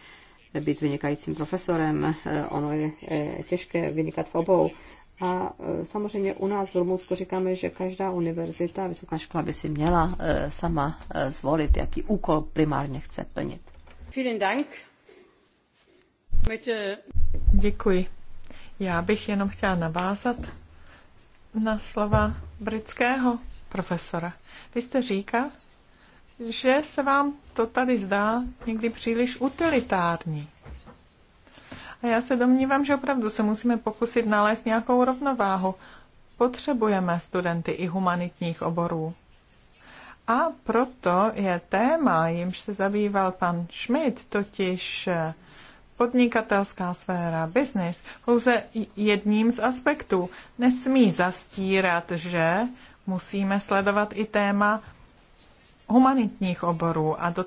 být vynikajícím profesorem. Eh, ono je eh, těžké vynikat v obou. A eh, samozřejmě u nás v Rumunsku říkáme, že každá univerzita, vysoká škola by si měla sama zvolit, jaký úkol primárně chce plnit. Vielen Dank. Děkuji. Já bych jenom chtěla navázat na slova britského profesora. Vy jste říkal, že se vám to tady zdá někdy příliš utilitární. A já se domnívám, že opravdu se musíme pokusit nalézt nějakou rovnováhu. Potřebujeme studenty i humanitních oborů. A proto je téma, jimž se zabýval pan Schmidt, totiž eh, podnikatelská sféra, biznis, pouze jedním z aspektů. Nesmí zastírat, že musíme sledovat i téma humanitních oborů a do,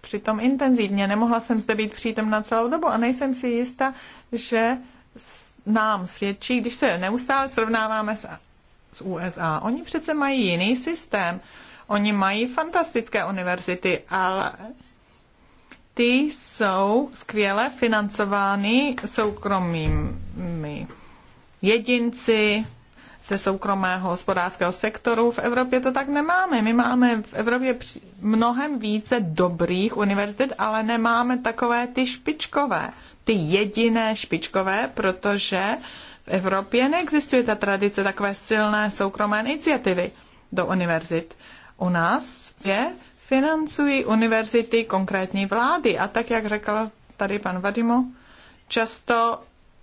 přitom intenzivně. Nemohla jsem zde být přítomna celou dobu a nejsem si jista, že nám svědčí, když se neustále srovnáváme s, s USA. Oni přece mají jiný systém. Oni mají fantastické univerzity, ale ty jsou skvěle financovány soukromými jedinci, ze soukromého hospodářského sektoru. V Evropě to tak nemáme. My máme v Evropě mnohem více dobrých univerzit, ale nemáme takové ty špičkové, ty jediné špičkové, protože v Evropě neexistuje ta tradice takové silné soukromé iniciativy do univerzit. U nás je financují univerzity konkrétní vlády. A tak, jak řekl tady pan Vadimo, často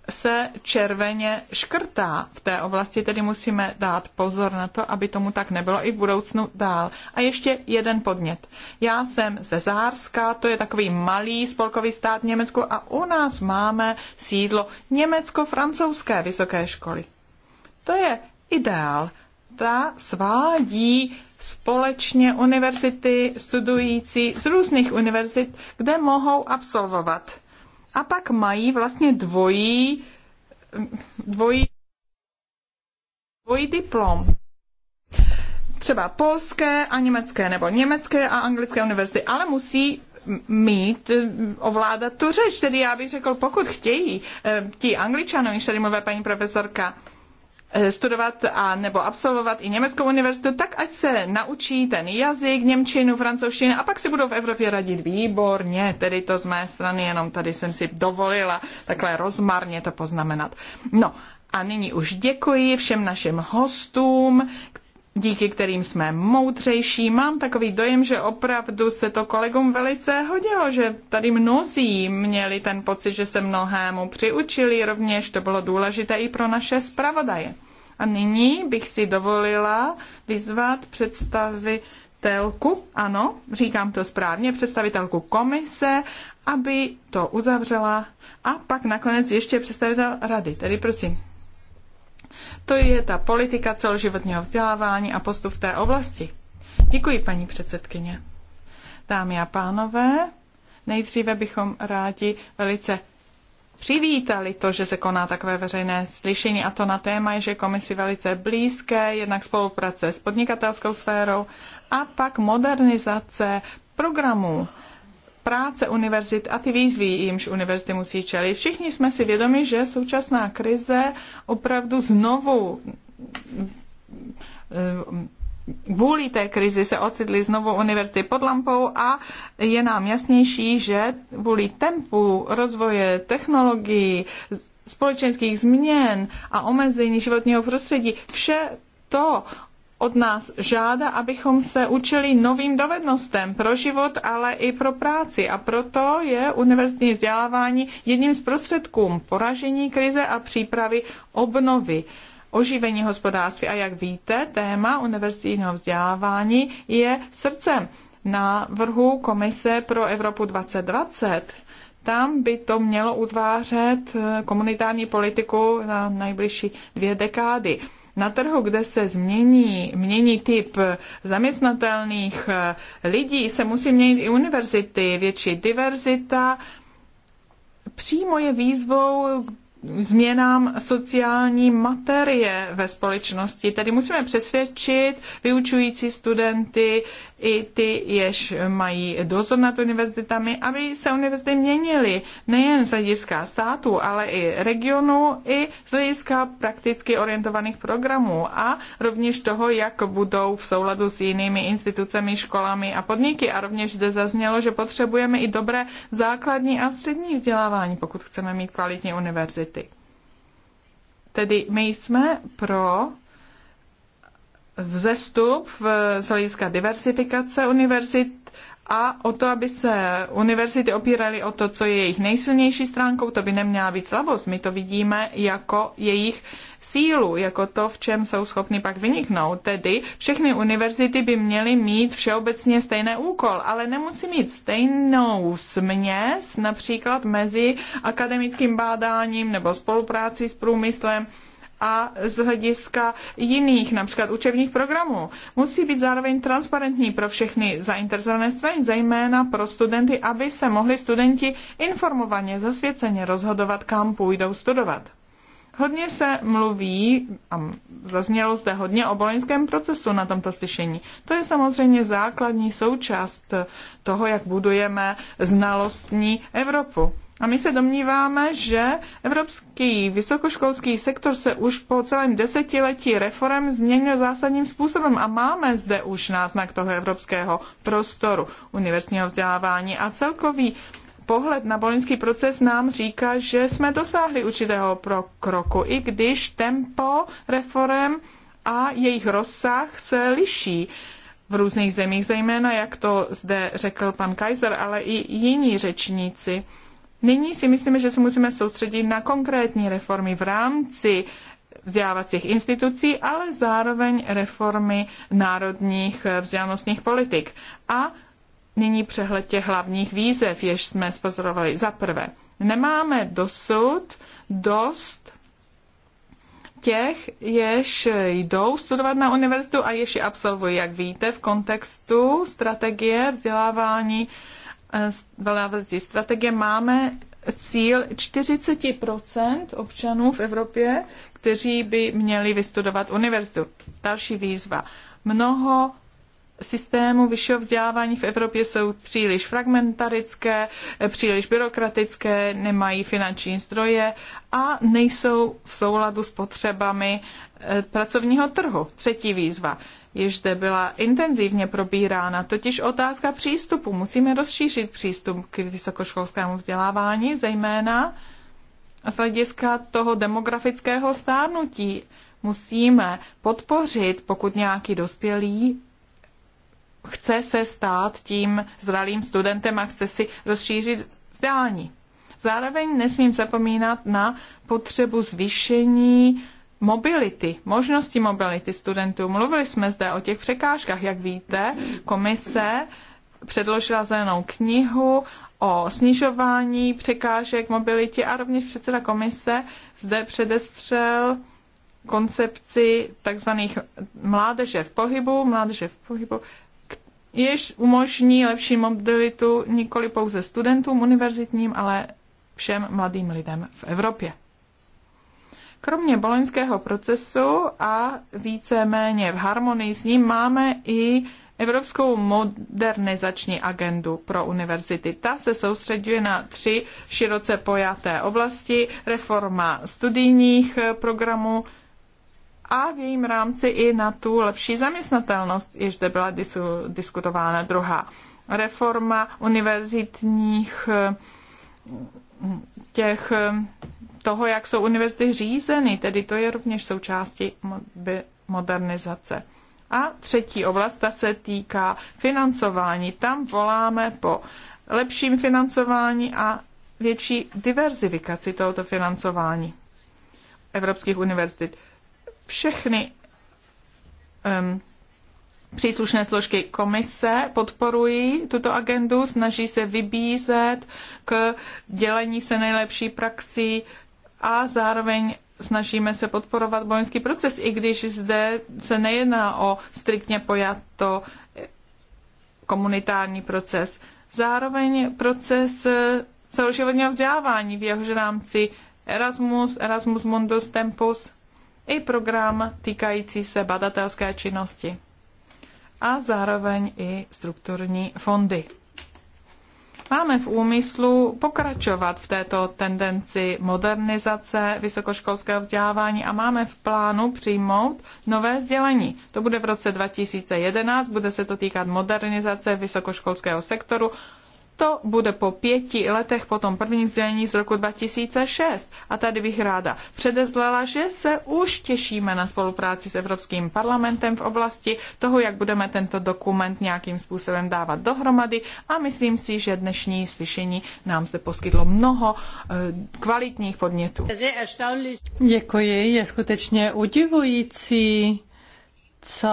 se červeně škrtá v té oblasti, tedy musíme dát pozor na to, aby tomu tak nebylo i v budoucnu dál. A ještě jeden podnět. Já jsem ze Zárska, to je takový malý spolkový stát v Německu a u nás máme sídlo německo-francouzské vysoké školy. To je ideál. Ta svádí společně univerzity studující z různých univerzit, kde mohou absolvovat a pak mají vlastně dvojí, dvojí, dvojí diplom. Třeba polské a německé, nebo německé a anglické univerzity, ale musí mít, ovládat tu řeč. Tedy já bych řekl, pokud chtějí eh, ti angličané, když tady mluví paní profesorka, Eh, studovat a nebo absolvovat i německou univerzitu, tak ať se naučí ten jazyk, němčinu, francouzštinu a pak si budou v Evropě radit výborně. Tedy to z mé strany, jenom tady jsem si dovolila takhle rozmarně to poznamenat. No a nyní už děkuji všem našim hostům, díky kterým jsme moudřejší. Mám takový dojem, že opravdu se to kolegům velice hodilo, že tady mnozí měli ten pocit, že se mnohému přiučili, rovněž to bylo důležité i pro naše zpravodaje. A nyní bych si dovolila vyzvat představitelku, ano, říkám to správně, představitelku komise, aby to uzavřela a pak nakonec ještě představitel rady. Tedy prosím. To je ta politika celoživotního vzdělávání a postup v té oblasti. Děkuji, paní předsedkyně. Dámy a pánové, nejdříve bychom rádi velice přivítali to, že se koná takové veřejné slyšení a to na téma je, že komisi velice blízké, jednak spolupráce s podnikatelskou sférou a pak modernizace programů práce univerzit a ty výzvy, jimž univerzity musí čelit. Všichni jsme si vědomi, že současná krize opravdu znovu kvůli té krizi se ocitly znovu univerzity pod lampou a je nám jasnější, že kvůli tempu rozvoje technologií, společenských změn a omezení životního prostředí, vše to od nás žádá, abychom se učili novým dovednostem pro život, ale i pro práci. A proto je univerzitní vzdělávání jedním z prostředků poražení krize a přípravy obnovy oživení hospodářství. A jak víte, téma univerzitního vzdělávání je srdcem na vrhu Komise pro Evropu 2020. Tam by to mělo utvářet eh, komunitární politiku na nejbližší dvě dekády na trhu, kde se změní, mění typ eh, zaměstnatelných eh, lidí, se musí měnit i univerzity, větší diverzita. Přímo je výzvou změnám sociální materie ve společnosti. Tedy musíme přesvědčit vyučující studenty, i ty, jež mají dozor nad univerzitami, aby se univerzity měnily nejen z hlediska státu, ale i regionu, i z hlediska prakticky orientovaných programů a rovněž toho, jak budou v souladu s jinými institucemi, školami a podniky. A rovněž zde zaznělo, že potřebujeme i dobré základní a střední vzdělávání, pokud chceme mít kvalitní univerzity. Tedy my jsme pro vzestup v, hlediska diversifikace univerzit a o to, aby se univerzity opíraly o to, co je jejich nejsilnější stránkou, to by neměla být slabost. My to vidíme jako jejich sílu, jako to, v čem jsou schopni pak vyniknout. Tedy všechny univerzity by měly mít všeobecně stejný úkol, ale nemusí mít stejnou směs, například mezi akademickým bádáním nebo spolupráci s průmyslem, a z hlediska jiných, například učebních programů. Musí být zároveň transparentní pro všechny zainteresované strany, zejména pro studenty, aby se mohli studenti informovaně, zasvěceně rozhodovat, kam půjdou studovat. Hodně se mluví, a zaznělo zde hodně o boloňském procesu na tomto slyšení. To je samozřejmě základní součást toho, jak budujeme znalostní Evropu. A my se domníváme, že evropský vysokoškolský sektor se už po celém desetiletí reform změnil zásadním způsobem a máme zde už náznak toho evropského prostoru univerzitního vzdělávání a celkový pohled na boloňský proces nám říká, že jsme dosáhli určitého kroku, i když tempo reform a jejich rozsah se liší v různých zemích, zejména jak to zde řekl pan Kaiser, ale i jiní řečníci Nyní si myslíme, že se musíme soustředit na konkrétní reformy v rámci vzdělávacích institucí, ale zároveň reformy národních eh, vzdělanostních politik. A nyní přehled těch hlavních výzev, jež jsme spozorovali. Za prvé, nemáme dosud dost těch, jež jdou studovat na univerzitu a jež ji absolvují, jak víte, v kontextu strategie vzdělávání vzdělávací strategie máme cíl 40 občanů v Evropě, kteří by měli vystudovat univerzitu. Další výzva. Mnoho systémů vyššího vzdělávání v Evropě jsou příliš fragmentarické, příliš byrokratické, nemají finanční zdroje a nejsou v souladu s potřebami eh, pracovního trhu. Třetí výzva již zde byla intenzivně probírána, totiž otázka přístupu. Musíme rozšířit přístup k vysokoškolskému vzdělávání, zejména z hlediska toho demografického stárnutí. Musíme podpořit, pokud nějaký dospělý chce se stát tím zralým studentem a chce si rozšířit vzdělání. Zároveň nesmím zapomínat na potřebu zvýšení mobility, možnosti mobility studentů. Mluvili jsme zde o těch překážkách, jak víte, komise předložila zelenou knihu o snižování překážek mobilitě a rovněž předseda komise zde předestřel koncepci tzv. mládeže v pohybu, mládeže v pohybu, jež umožní lepší mobilitu nikoli pouze studentům univerzitním, ale všem mladým lidem v Evropě. Kromě boloňského procesu a víceméně v harmonii s ním máme i Evropskou modernizační agendu pro univerzity. Ta se soustředuje na tři široce pojaté oblasti. Reforma studijních eh, programů a v jejím rámci i na tu lepší zaměstnatelnost, jež zde byla disu, diskutována druhá. Reforma univerzitních eh, těch eh, toho, jak jsou univerzity řízeny, tedy to je rovněž součástí modernizace. A třetí oblast, ta se týká financování. Tam voláme po lepším financování a větší diverzifikaci tohoto financování evropských univerzit. Všechny um, Příslušné složky komise podporují tuto agendu, snaží se vybízet k dělení se nejlepší praxí, a zároveň snažíme se podporovat bojenský proces, i když zde se nejedná o striktně pojato komunitární proces. Zároveň proces celoživotního vzdělávání v jehož rámci Erasmus, Erasmus Mundus Tempus i program týkající se badatelské činnosti a zároveň i strukturní fondy. Máme v úmyslu pokračovat v této tendenci modernizace vysokoškolského vzdělávání a máme v plánu přijmout nové sdělení. To bude v roce 2011, bude se to týkat modernizace vysokoškolského sektoru, to bude po pěti letech po tom prvním sdělení z roku 2006. A tady bych ráda předezlela, že se už těšíme na spolupráci s Evropským parlamentem v oblasti toho, jak budeme tento dokument nějakým způsobem dávat dohromady. A myslím si, že dnešní slyšení nám zde poskytlo mnoho eh, kvalitních podnětů. Děkuji, je skutečně udivující, co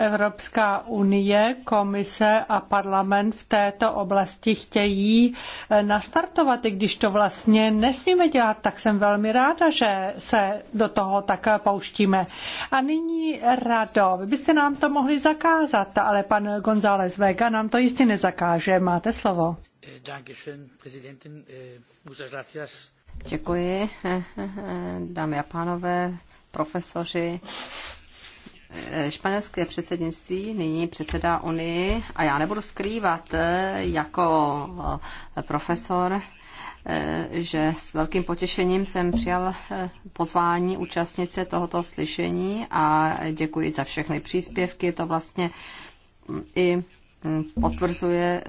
Evropská unie, komise a parlament v této oblasti chtějí eh, nastartovat, i když to vlastně nesmíme dělat, tak jsem velmi ráda, že se do toho tak pouštíme. A nyní Rado, vy byste nám to mohli zakázat, ale pan González Vega nám to jistě nezakáže. Máte slovo. Eh, eh, Děkuji, dámy a pánové, profesoři, Eh, španělské předsednictví nyní předsedá Unii a já nebudu skrývat eh, jako eh, profesor, že s velkým potěšením jsem přijal pozvání účastnice tohoto slyšení a děkuji za všechny příspěvky. to vlastně mm, i mm, potvrzuje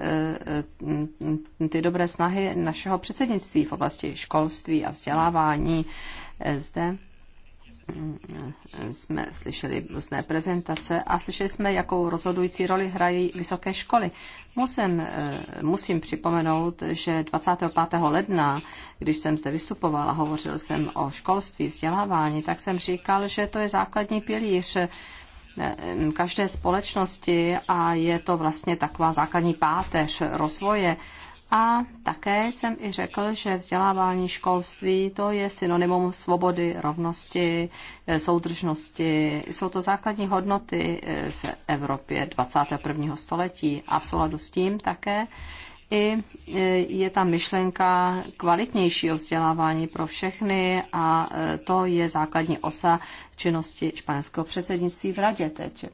ty dobré snahy našeho předsednictví v oblasti školství a vzdělávání zde Eh, jsme slyšeli různé prezentace a slyšeli jsme, jakou rozhodující roli hrají vysoké školy. Musím, eh, musím připomenout, že 25. ledna, když jsem zde vystupovala, hovořil jsem o školství, vzdělávání, tak jsem říkal, že to je základní pilíř eh, každé společnosti a je to vlastně taková základní páteř rozvoje a také jsem i řekl, že vzdělávání školství to je synonymum svobody, rovnosti, eh, soudržnosti. Jsou to základní hodnoty eh, v Evropě 21. století a v souladu s tím také i eh, je tam myšlenka kvalitnějšího vzdělávání pro všechny a to je základní osa činnosti španělského předsednictví v radě teď.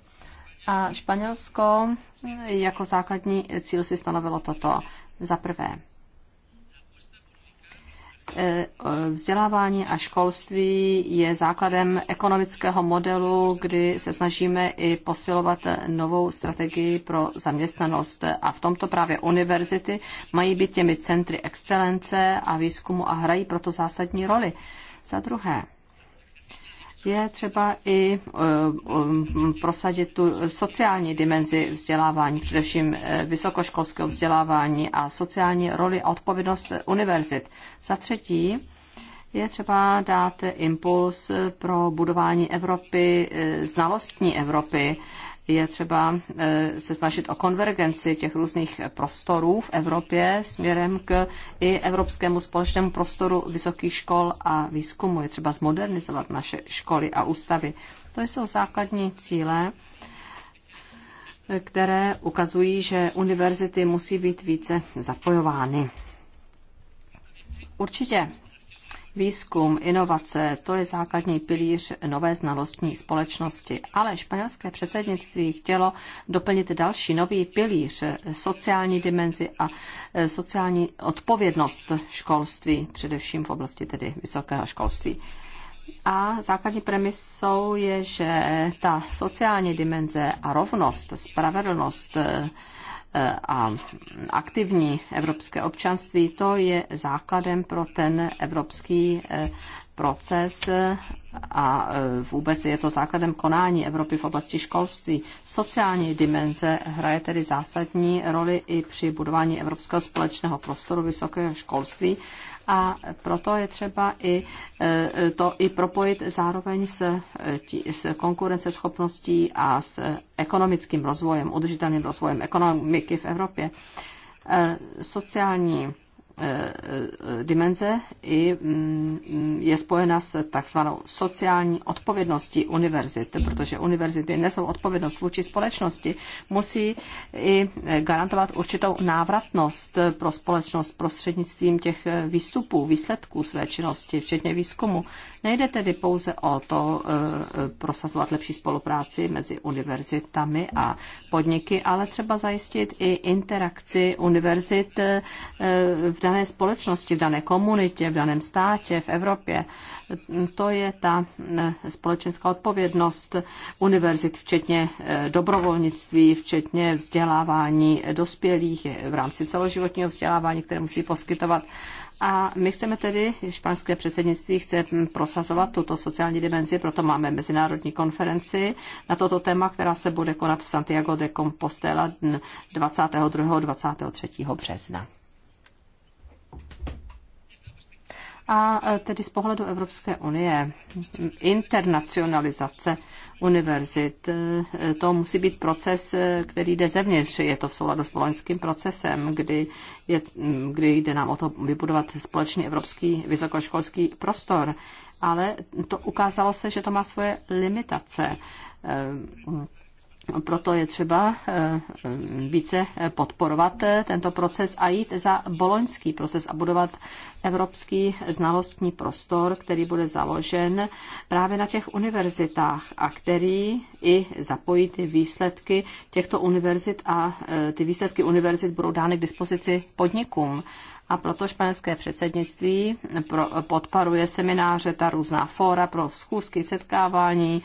A Španělsko jako základní cíl si stanovilo toto za prvé, e, vzdělávání a školství je základem ekonomického modelu, kdy se snažíme i posilovat novou strategii pro zaměstnanost. A v tomto právě univerzity mají být těmi centry excelence a výzkumu a hrají proto zásadní roli. Za druhé, je třeba i eh, um, prosadit tu sociální dimenzi vzdělávání, především eh, vysokoškolského vzdělávání a sociální roli a odpovědnost univerzit. Za třetí, je třeba dát impuls pro budování Evropy, eh, znalostní Evropy je třeba eh, se snažit o konvergenci těch různých prostorů v Evropě směrem k i evropskému společnému prostoru vysokých škol a výzkumu. Je třeba zmodernizovat naše školy a ústavy. To jsou základní cíle, které ukazují, že univerzity musí být více zapojovány. Určitě Výzkum, inovace, to je základní pilíř nové znalostní společnosti. Ale španělské předsednictví chtělo doplnit další nový pilíř, sociální dimenzi a e, sociální odpovědnost školství, především v oblasti tedy vysokého školství. A základní premisou je, že ta sociální dimenze a rovnost, spravedlnost, e, Eh, a aktivní evropské občanství, to je základem pro ten evropský eh, proces eh, a vůbec je to základem konání Evropy v oblasti školství. Sociální dimenze hraje tedy zásadní roli i při budování evropského společného prostoru vysokého školství a proto je třeba i e, to i propojit zároveň s, e, s konkurenceschopností a s ekonomickým rozvojem, udržitelným rozvojem ekonomiky v Evropě. E, sociální Eh, eh, dimenze i mm, je spojena s takzvanou sociální odpovědností univerzit, protože univerzity nesou odpovědnost vůči společnosti, musí i eh, garantovat určitou návratnost pro společnost prostřednictvím těch výstupů, výsledků své činnosti, včetně výzkumu. Nejde tedy pouze o to e, e, prosazovat lepší spolupráci mezi univerzitami a podniky, ale třeba zajistit i interakci univerzit e, v dané společnosti, v dané komunitě, v daném státě, v Evropě. To je ta společenská odpovědnost univerzit, včetně dobrovolnictví, včetně vzdělávání dospělých v rámci celoživotního vzdělávání, které musí poskytovat a my chceme tedy, španělské předsednictví chce hm, prosazovat tuto sociální dimenzi, proto máme mezinárodní konferenci na toto téma, která se bude konat v Santiago de Compostela 22. 23. března. A e, tedy z pohledu Evropské unie, internacionalizace univerzit, e, to musí být proces, e, který jde zevnitř. Je to v souladu s polonským procesem, kdy, je, kdy jde nám o to vybudovat společný evropský vysokoškolský prostor. Ale to ukázalo se, že to má svoje limitace proto je třeba eh, eh, více podporovat eh, tento proces a jít za boloňský proces a budovat evropský znalostní prostor, který bude založen právě na těch univerzitách a který i zapojí ty výsledky těchto univerzit a ty výsledky univerzit budou dány k dispozici podnikům. A proto španělské předsednictví podporuje semináře, ta různá fóra pro zkusky, setkávání,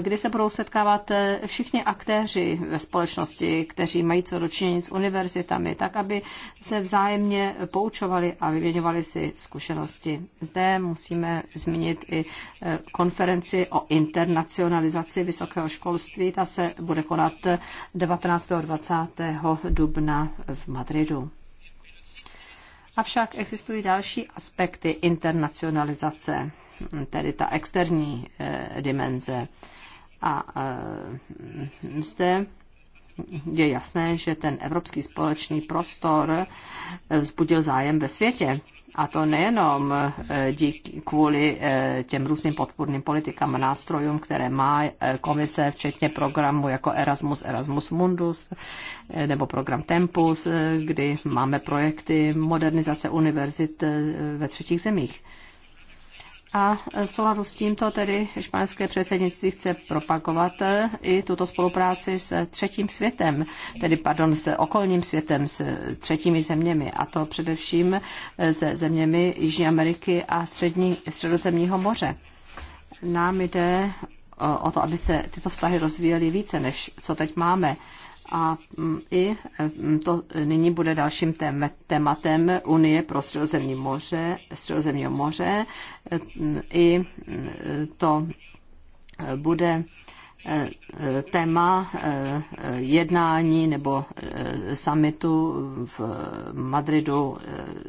kdy se budou setkávat eh, všichni aktéři ve společnosti, kteří mají co dočinění s univerzitami, tak aby se vzájemně poučovali a vyměňovali si zkušenosti. Zde musíme zmínit i eh, konferenci o internacionalizaci vysokého školství. Ta se bude konat eh, 19. a 20. dubna v Madridu. Avšak existují další aspekty internacionalizace, tedy ta externí eh, dimenze. A eh, zde je jasné, že ten evropský společný prostor eh, vzbudil zájem ve světě. A to nejenom eh, díky, kvůli eh, těm různým podpůrným politikám a nástrojům, které má eh, komise, včetně programu jako Erasmus, Erasmus Mundus nebo program Tempus, kdy máme projekty modernizace univerzit ve třetích zemích. A v souladu s tímto tedy španělské předsednictví chce propagovat eh, i tuto spolupráci s třetím světem, tedy pardon, s okolním světem, s třetími zeměmi, a to především eh, se zeměmi Jižní Ameriky a střední, středozemního moře. Nám jde eh, o to, aby se tyto vztahy rozvíjely více, než co teď máme. A mm, i mm, to nyní bude dalším tématem Unie pro středozemní moře, středozemního moře. E, I mm, to e, bude e, téma jednání nebo summitu v Madridu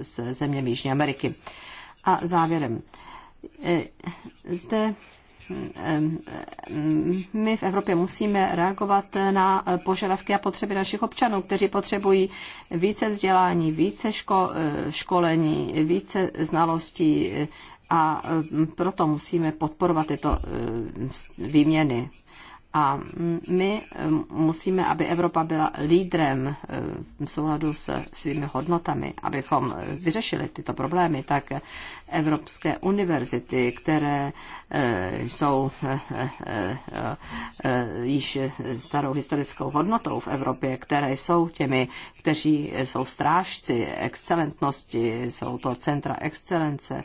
se zeměmi Jižní Ameriky. A závěrem. Zde my v Evropě musíme reagovat na požadavky a potřeby našich občanů, kteří potřebují více vzdělání, více ško, eh, školení, více znalostí eh, a proto musíme podporovat tyto eh, výměny. A my eh, musíme, aby Evropa byla lídrem eh, v souladu s svými hodnotami, abychom eh, vyřešili tyto problémy, tak evropské univerzity, které jsou již starou historickou hodnotou v Evropě, které jsou těmi, kteří jsou strážci excelentnosti, jsou to centra excelence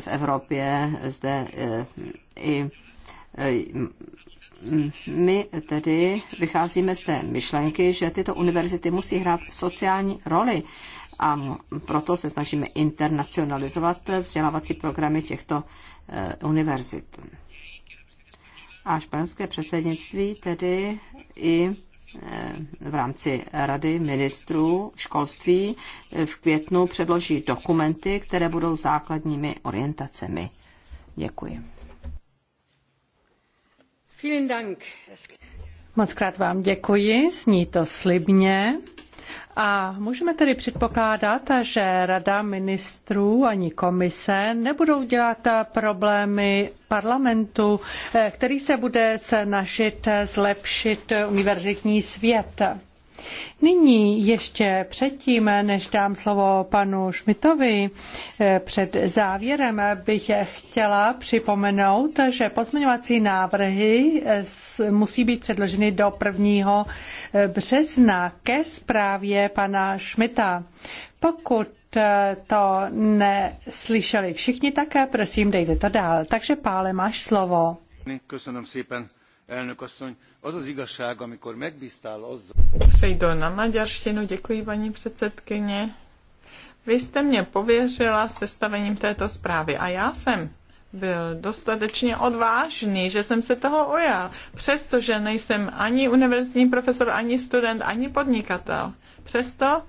v Evropě, zde i my tedy vycházíme z té myšlenky, že tyto univerzity musí hrát sociální roli a proto se snažíme internacionalizovat vzdělávací programy těchto eh, univerzit. A španělské předsednictví tedy i eh, v rámci Rady ministrů školství eh, v květnu předloží dokumenty, které budou základními orientacemi. Děkuji. Moc krát vám děkuji, zní to slibně. A můžeme tedy předpokládat, že Rada ministrů ani komise nebudou dělat problémy parlamentu, eh, který se bude snažit zlepšit univerzitní svět. Nyní ještě předtím, než dám slovo panu Šmitovi, eh, před závěrem bych chtěla připomenout, že pozměňovací návrhy eh, musí být předloženy do 1. Eh, března ke zprávě pana Šmita. Pokud to neslyšeli všichni také, prosím, dejte to dál. Takže Pále, máš slovo. Az az igazság, amikor megbíztál azzal... Přejdu na maďarštinu, děkuji paní předsedkyně. Vy jste mě pověřila sestavením této zprávy a já jsem byl dostatečně odvážný, že jsem se toho ujal, přestože nejsem ani univerzitní profesor, ani student, ani podnikatel. Přesto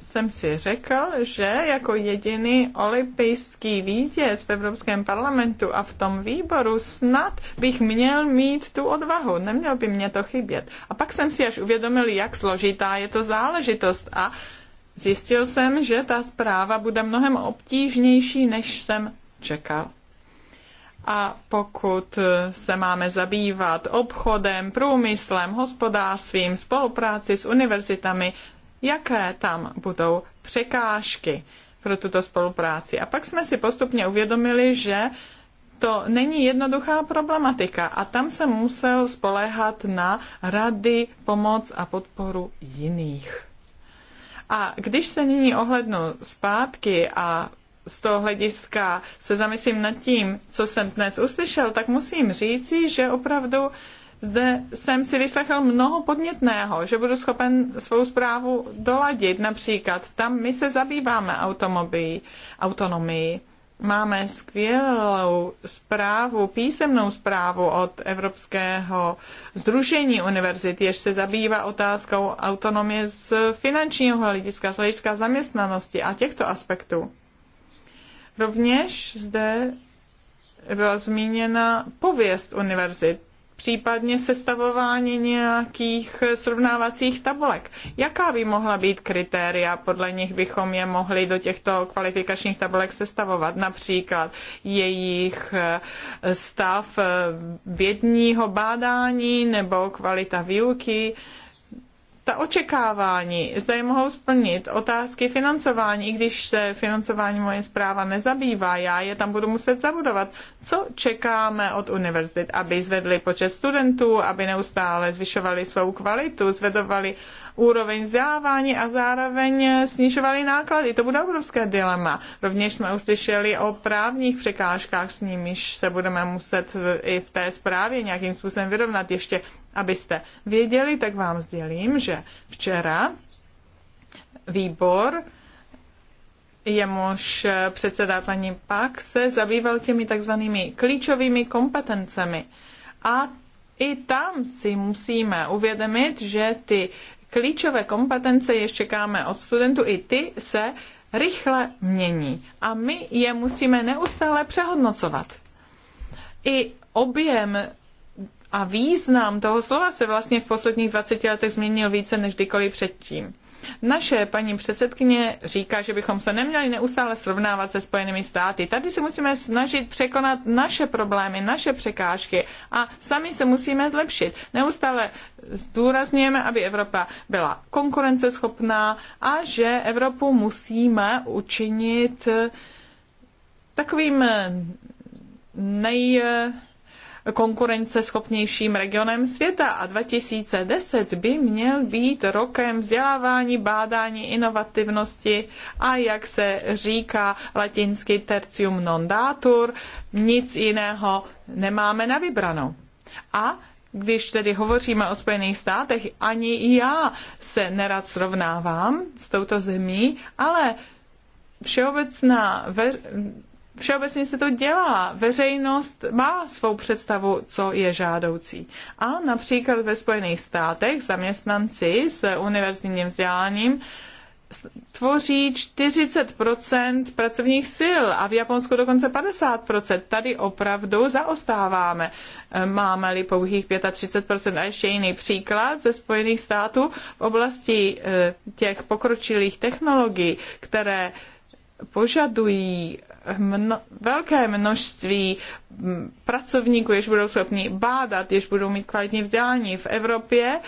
jsem si řekl, že jako jediný olympijský vítěz v Evropském parlamentu a v tom výboru snad bych měl mít tu odvahu, neměl by mě to chybět. A pak jsem si až uvědomil, jak složitá je to záležitost a zjistil jsem, že ta zpráva bude mnohem obtížnější, než jsem čekal. A pokud se máme zabývat obchodem, průmyslem, hospodářstvím, spolupráci s univerzitami, jaké tam budou překážky pro tuto spolupráci. A pak jsme si postupně uvědomili, že to není jednoduchá problematika a tam se musel spoléhat na rady, pomoc a podporu jiných. A když se nyní ohlednu zpátky a z toho hlediska se zamyslím nad tím, co jsem dnes uslyšel, tak musím říci, že opravdu zde jsem si vyslechl mnoho podnětného, že budu schopen svou zprávu doladit. Například tam my se zabýváme automobily, autonomii. Máme skvělou zprávu, písemnou zprávu od Evropského združení univerzit, jež se zabývá otázkou autonomie z finančního hlediska, z hlediska zaměstnanosti a těchto aspektů. Rovněž zde byla zmíněna pověst univerzit případně sestavování nějakých srovnávacích tabulek. Jaká by mohla být kritéria, podle nich bychom je mohli do těchto kvalifikačních tabulek sestavovat? Například jejich eh, stav eh, vědního bádání nebo kvalita výuky, ta očekávání, zda je mohou splnit, otázky financování, i když se financování moje zpráva nezabývá, já je tam budu muset zabudovat. Co čekáme od univerzit, aby zvedli počet studentů, aby neustále zvyšovali svou kvalitu, zvedovali úroveň vzdělávání a zároveň snižovali náklady. To bude obrovské dilema. Rovněž jsme uslyšeli o právních překážkách, s nimiž se budeme muset i v té zprávě nějakým způsobem vyrovnat. Ještě, abyste věděli, tak vám sdělím, že včera výbor jemuž předseda paní Pak se zabýval těmi takzvanými klíčovými kompetencemi. A i tam si musíme uvědomit, že ty klíčové kompetence jež čekáme od studentů, i ty se rychle mění a my je musíme neustále přehodnocovat. I objem a význam toho slova se vlastně v posledních 20 letech změnil více než kdykoliv předtím. Naše paní předsedkyně říká, že bychom se neměli neustále srovnávat se Spojenými státy. Tady se musíme snažit překonat naše problémy, naše překážky a sami se musíme zlepšit. Neustále zdůrazněme, aby Evropa byla konkurenceschopná a že Evropu musíme učinit takovým nej konkurenceschopnějším regionem světa a 2010 by měl být rokem vzdělávání, bádání, inovativnosti a jak se říká latinsky tertium non datur, nic jiného nemáme na vybranou. A když tedy hovoříme o Spojených státech, ani já se nerad srovnávám s touto zemí, ale všeobecná ver- Všeobecně se to dělá. Veřejnost má svou představu, co je žádoucí. A například ve Spojených státech zaměstnanci s univerzitním vzděláním tvoří 40 pracovních sil a v Japonsku dokonce 50 Tady opravdu zaostáváme. Máme-li pouhých 35 a ještě jiný příklad ze Spojených států v oblasti eh, těch pokročilých technologií, které požadují mno, velké množství pracovníků, jež budou schopni bádat, jež budou mít kvalitní vzdělání v Evropě,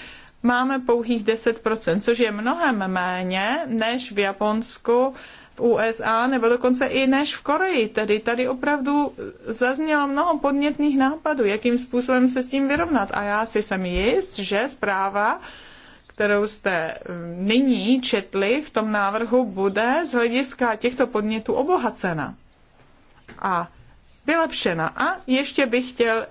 máme pouhých 10%, což je mnohem méně než v Japonsku, v USA nebo dokonce i než v Koreji. Tedy tady opravdu zaznělo mnoho podnětných nápadů, jakým způsobem se s tím vyrovnat. A já si jsem jist, že zpráva kterou jste nyní četli v tom návrhu, bude z hlediska těchto podnětů obohacena a vylepšena. A ještě bych chtěl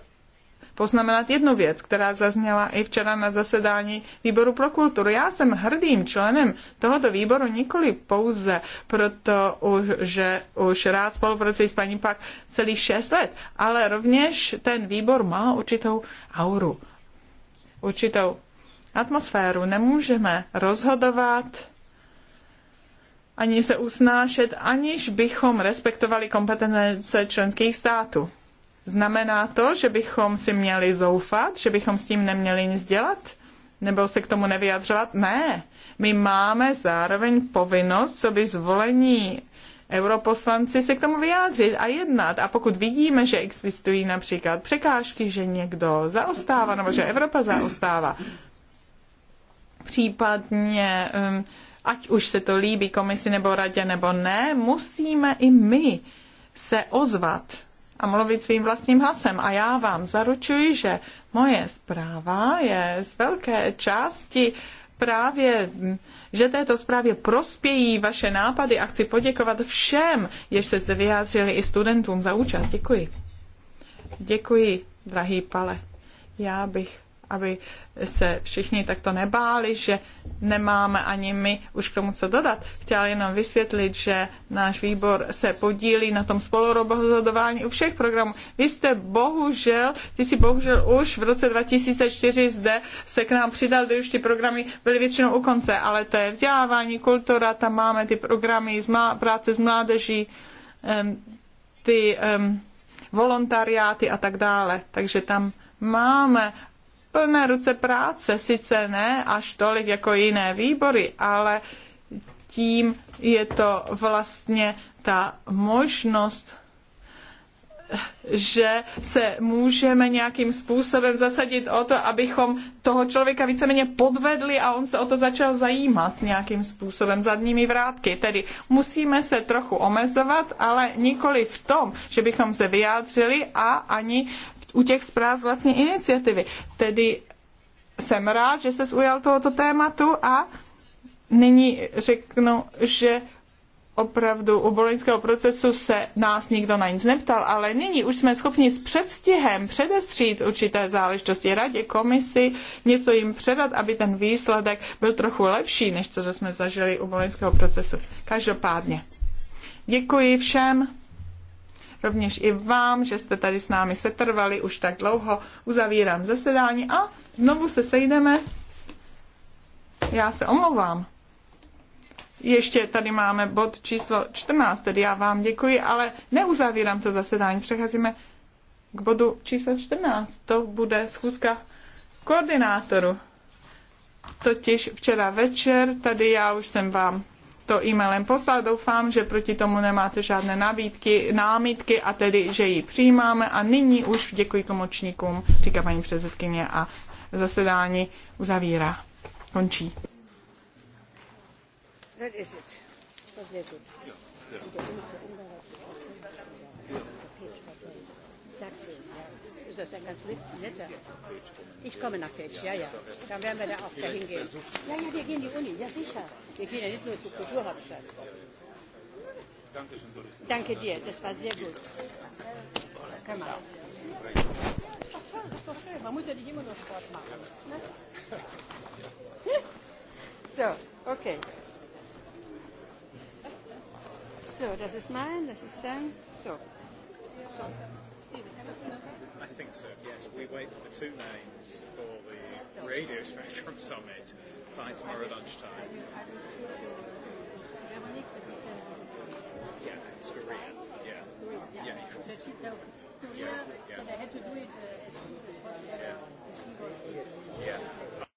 poznamenat jednu věc, která zazněla i včera na zasedání výboru pro kulturu. Já jsem hrdým členem tohoto výboru nikoli pouze, proto, už, že už rád spolupracuji s paní Pak celých šest let, ale rovněž ten výbor má určitou auru, určitou atmosféru. Nemůžeme rozhodovat ani se usnášet, aniž bychom respektovali kompetence členských států. Znamená to, že bychom si měli zoufat, že bychom s tím neměli nic dělat? Nebo se k tomu nevyjadřovat? Ne. My máme zároveň povinnost, co by zvolení europoslanci se k tomu vyjádřit a jednat. A pokud vidíme, že existují například překážky, že někdo zaostává nebo že Evropa zaostává, případně um, ať už se to líbí komisi nebo radě nebo ne, musíme i my se ozvat a mluvit svým vlastním hlasem. A já vám zaručuji, že moje zpráva je z velké části právě, že této zprávě prospějí vaše nápady a chci poděkovat všem, jež se zde vyjádřili i studentům za účast. Děkuji. Děkuji, drahý Pale. Já bych, aby se všichni takto nebáli, že nemáme ani my už k tomu co dodat. Chtěla jenom vysvětlit, že náš výbor se podílí na tom spolurozhodování u všech programů. Vy jste bohužel, ty si bohužel už v roce 2004 zde se k nám přidal, když ty programy byly většinou u konce, ale to je vzdělávání, kultura, tam máme ty programy z mlá, práce s mládeží, ty um, volontariáty a tak dále. Takže tam máme plné ruce práce, sice ne až tolik jako jiné výbory, ale tím je to vlastně ta možnost že se můžeme nějakým způsobem zasadit o to, abychom toho člověka víceméně podvedli a on se o to začal zajímat nějakým způsobem zadními vrátky. Tedy musíme se trochu omezovat, ale nikoli v tom, že bychom se vyjádřili a ani u těch zpráv z vlastní iniciativy. Tedy jsem rád, že se ujal tohoto tématu a nyní řeknu, že opravdu u boloňského procesu se nás nikdo na nic neptal, ale nyní už jsme schopni s předstihem předestřít určité záležitosti radě, komisi, něco jim předat, aby ten výsledek byl trochu lepší, než co jsme zažili u boloňského procesu. Každopádně. Děkuji všem rovněž i vám, že jste tady s námi setrvali už tak dlouho. Uzavírám zasedání a znovu se sejdeme. Já se omlouvám. Ještě tady máme bod číslo 14, tedy já vám děkuji, ale neuzavírám to zasedání. Přecházíme k bodu číslo 14. To bude schůzka koordinátoru. Totiž včera večer, tady já už jsem vám to e-mailem poslal. Doufám, že proti tomu nemáte žádné nabídky, námitky a tedy, že ji přijímáme. A nyní už děkuji tomočníkům, říká paní předsedkyně a zasedání uzavírá. Končí. That is it. That's very good. Yeah, yeah. That's it. Das ist ein ganz netter. Ich komme nach Fetsch, ja, ja. Dann werden wir da auch dahin gehen. Ja, ja, wir gehen die Uni, ja sicher. Wir gehen ja nicht nur zur Kulturhauptstadt. Danke dir, das war sehr gut. Kann man. Ach toll, das ist doch schön. Man muss ja nicht immer nur Sport machen. Ne? So, okay. So, das ist mein, das ist sein. So. so think so, yes. We wait for the two names for the Radio Spectrum Summit by tomorrow lunchtime. Yeah, it's Korea. Yeah. Yeah, yeah. yeah. yeah. yeah. yeah. yeah.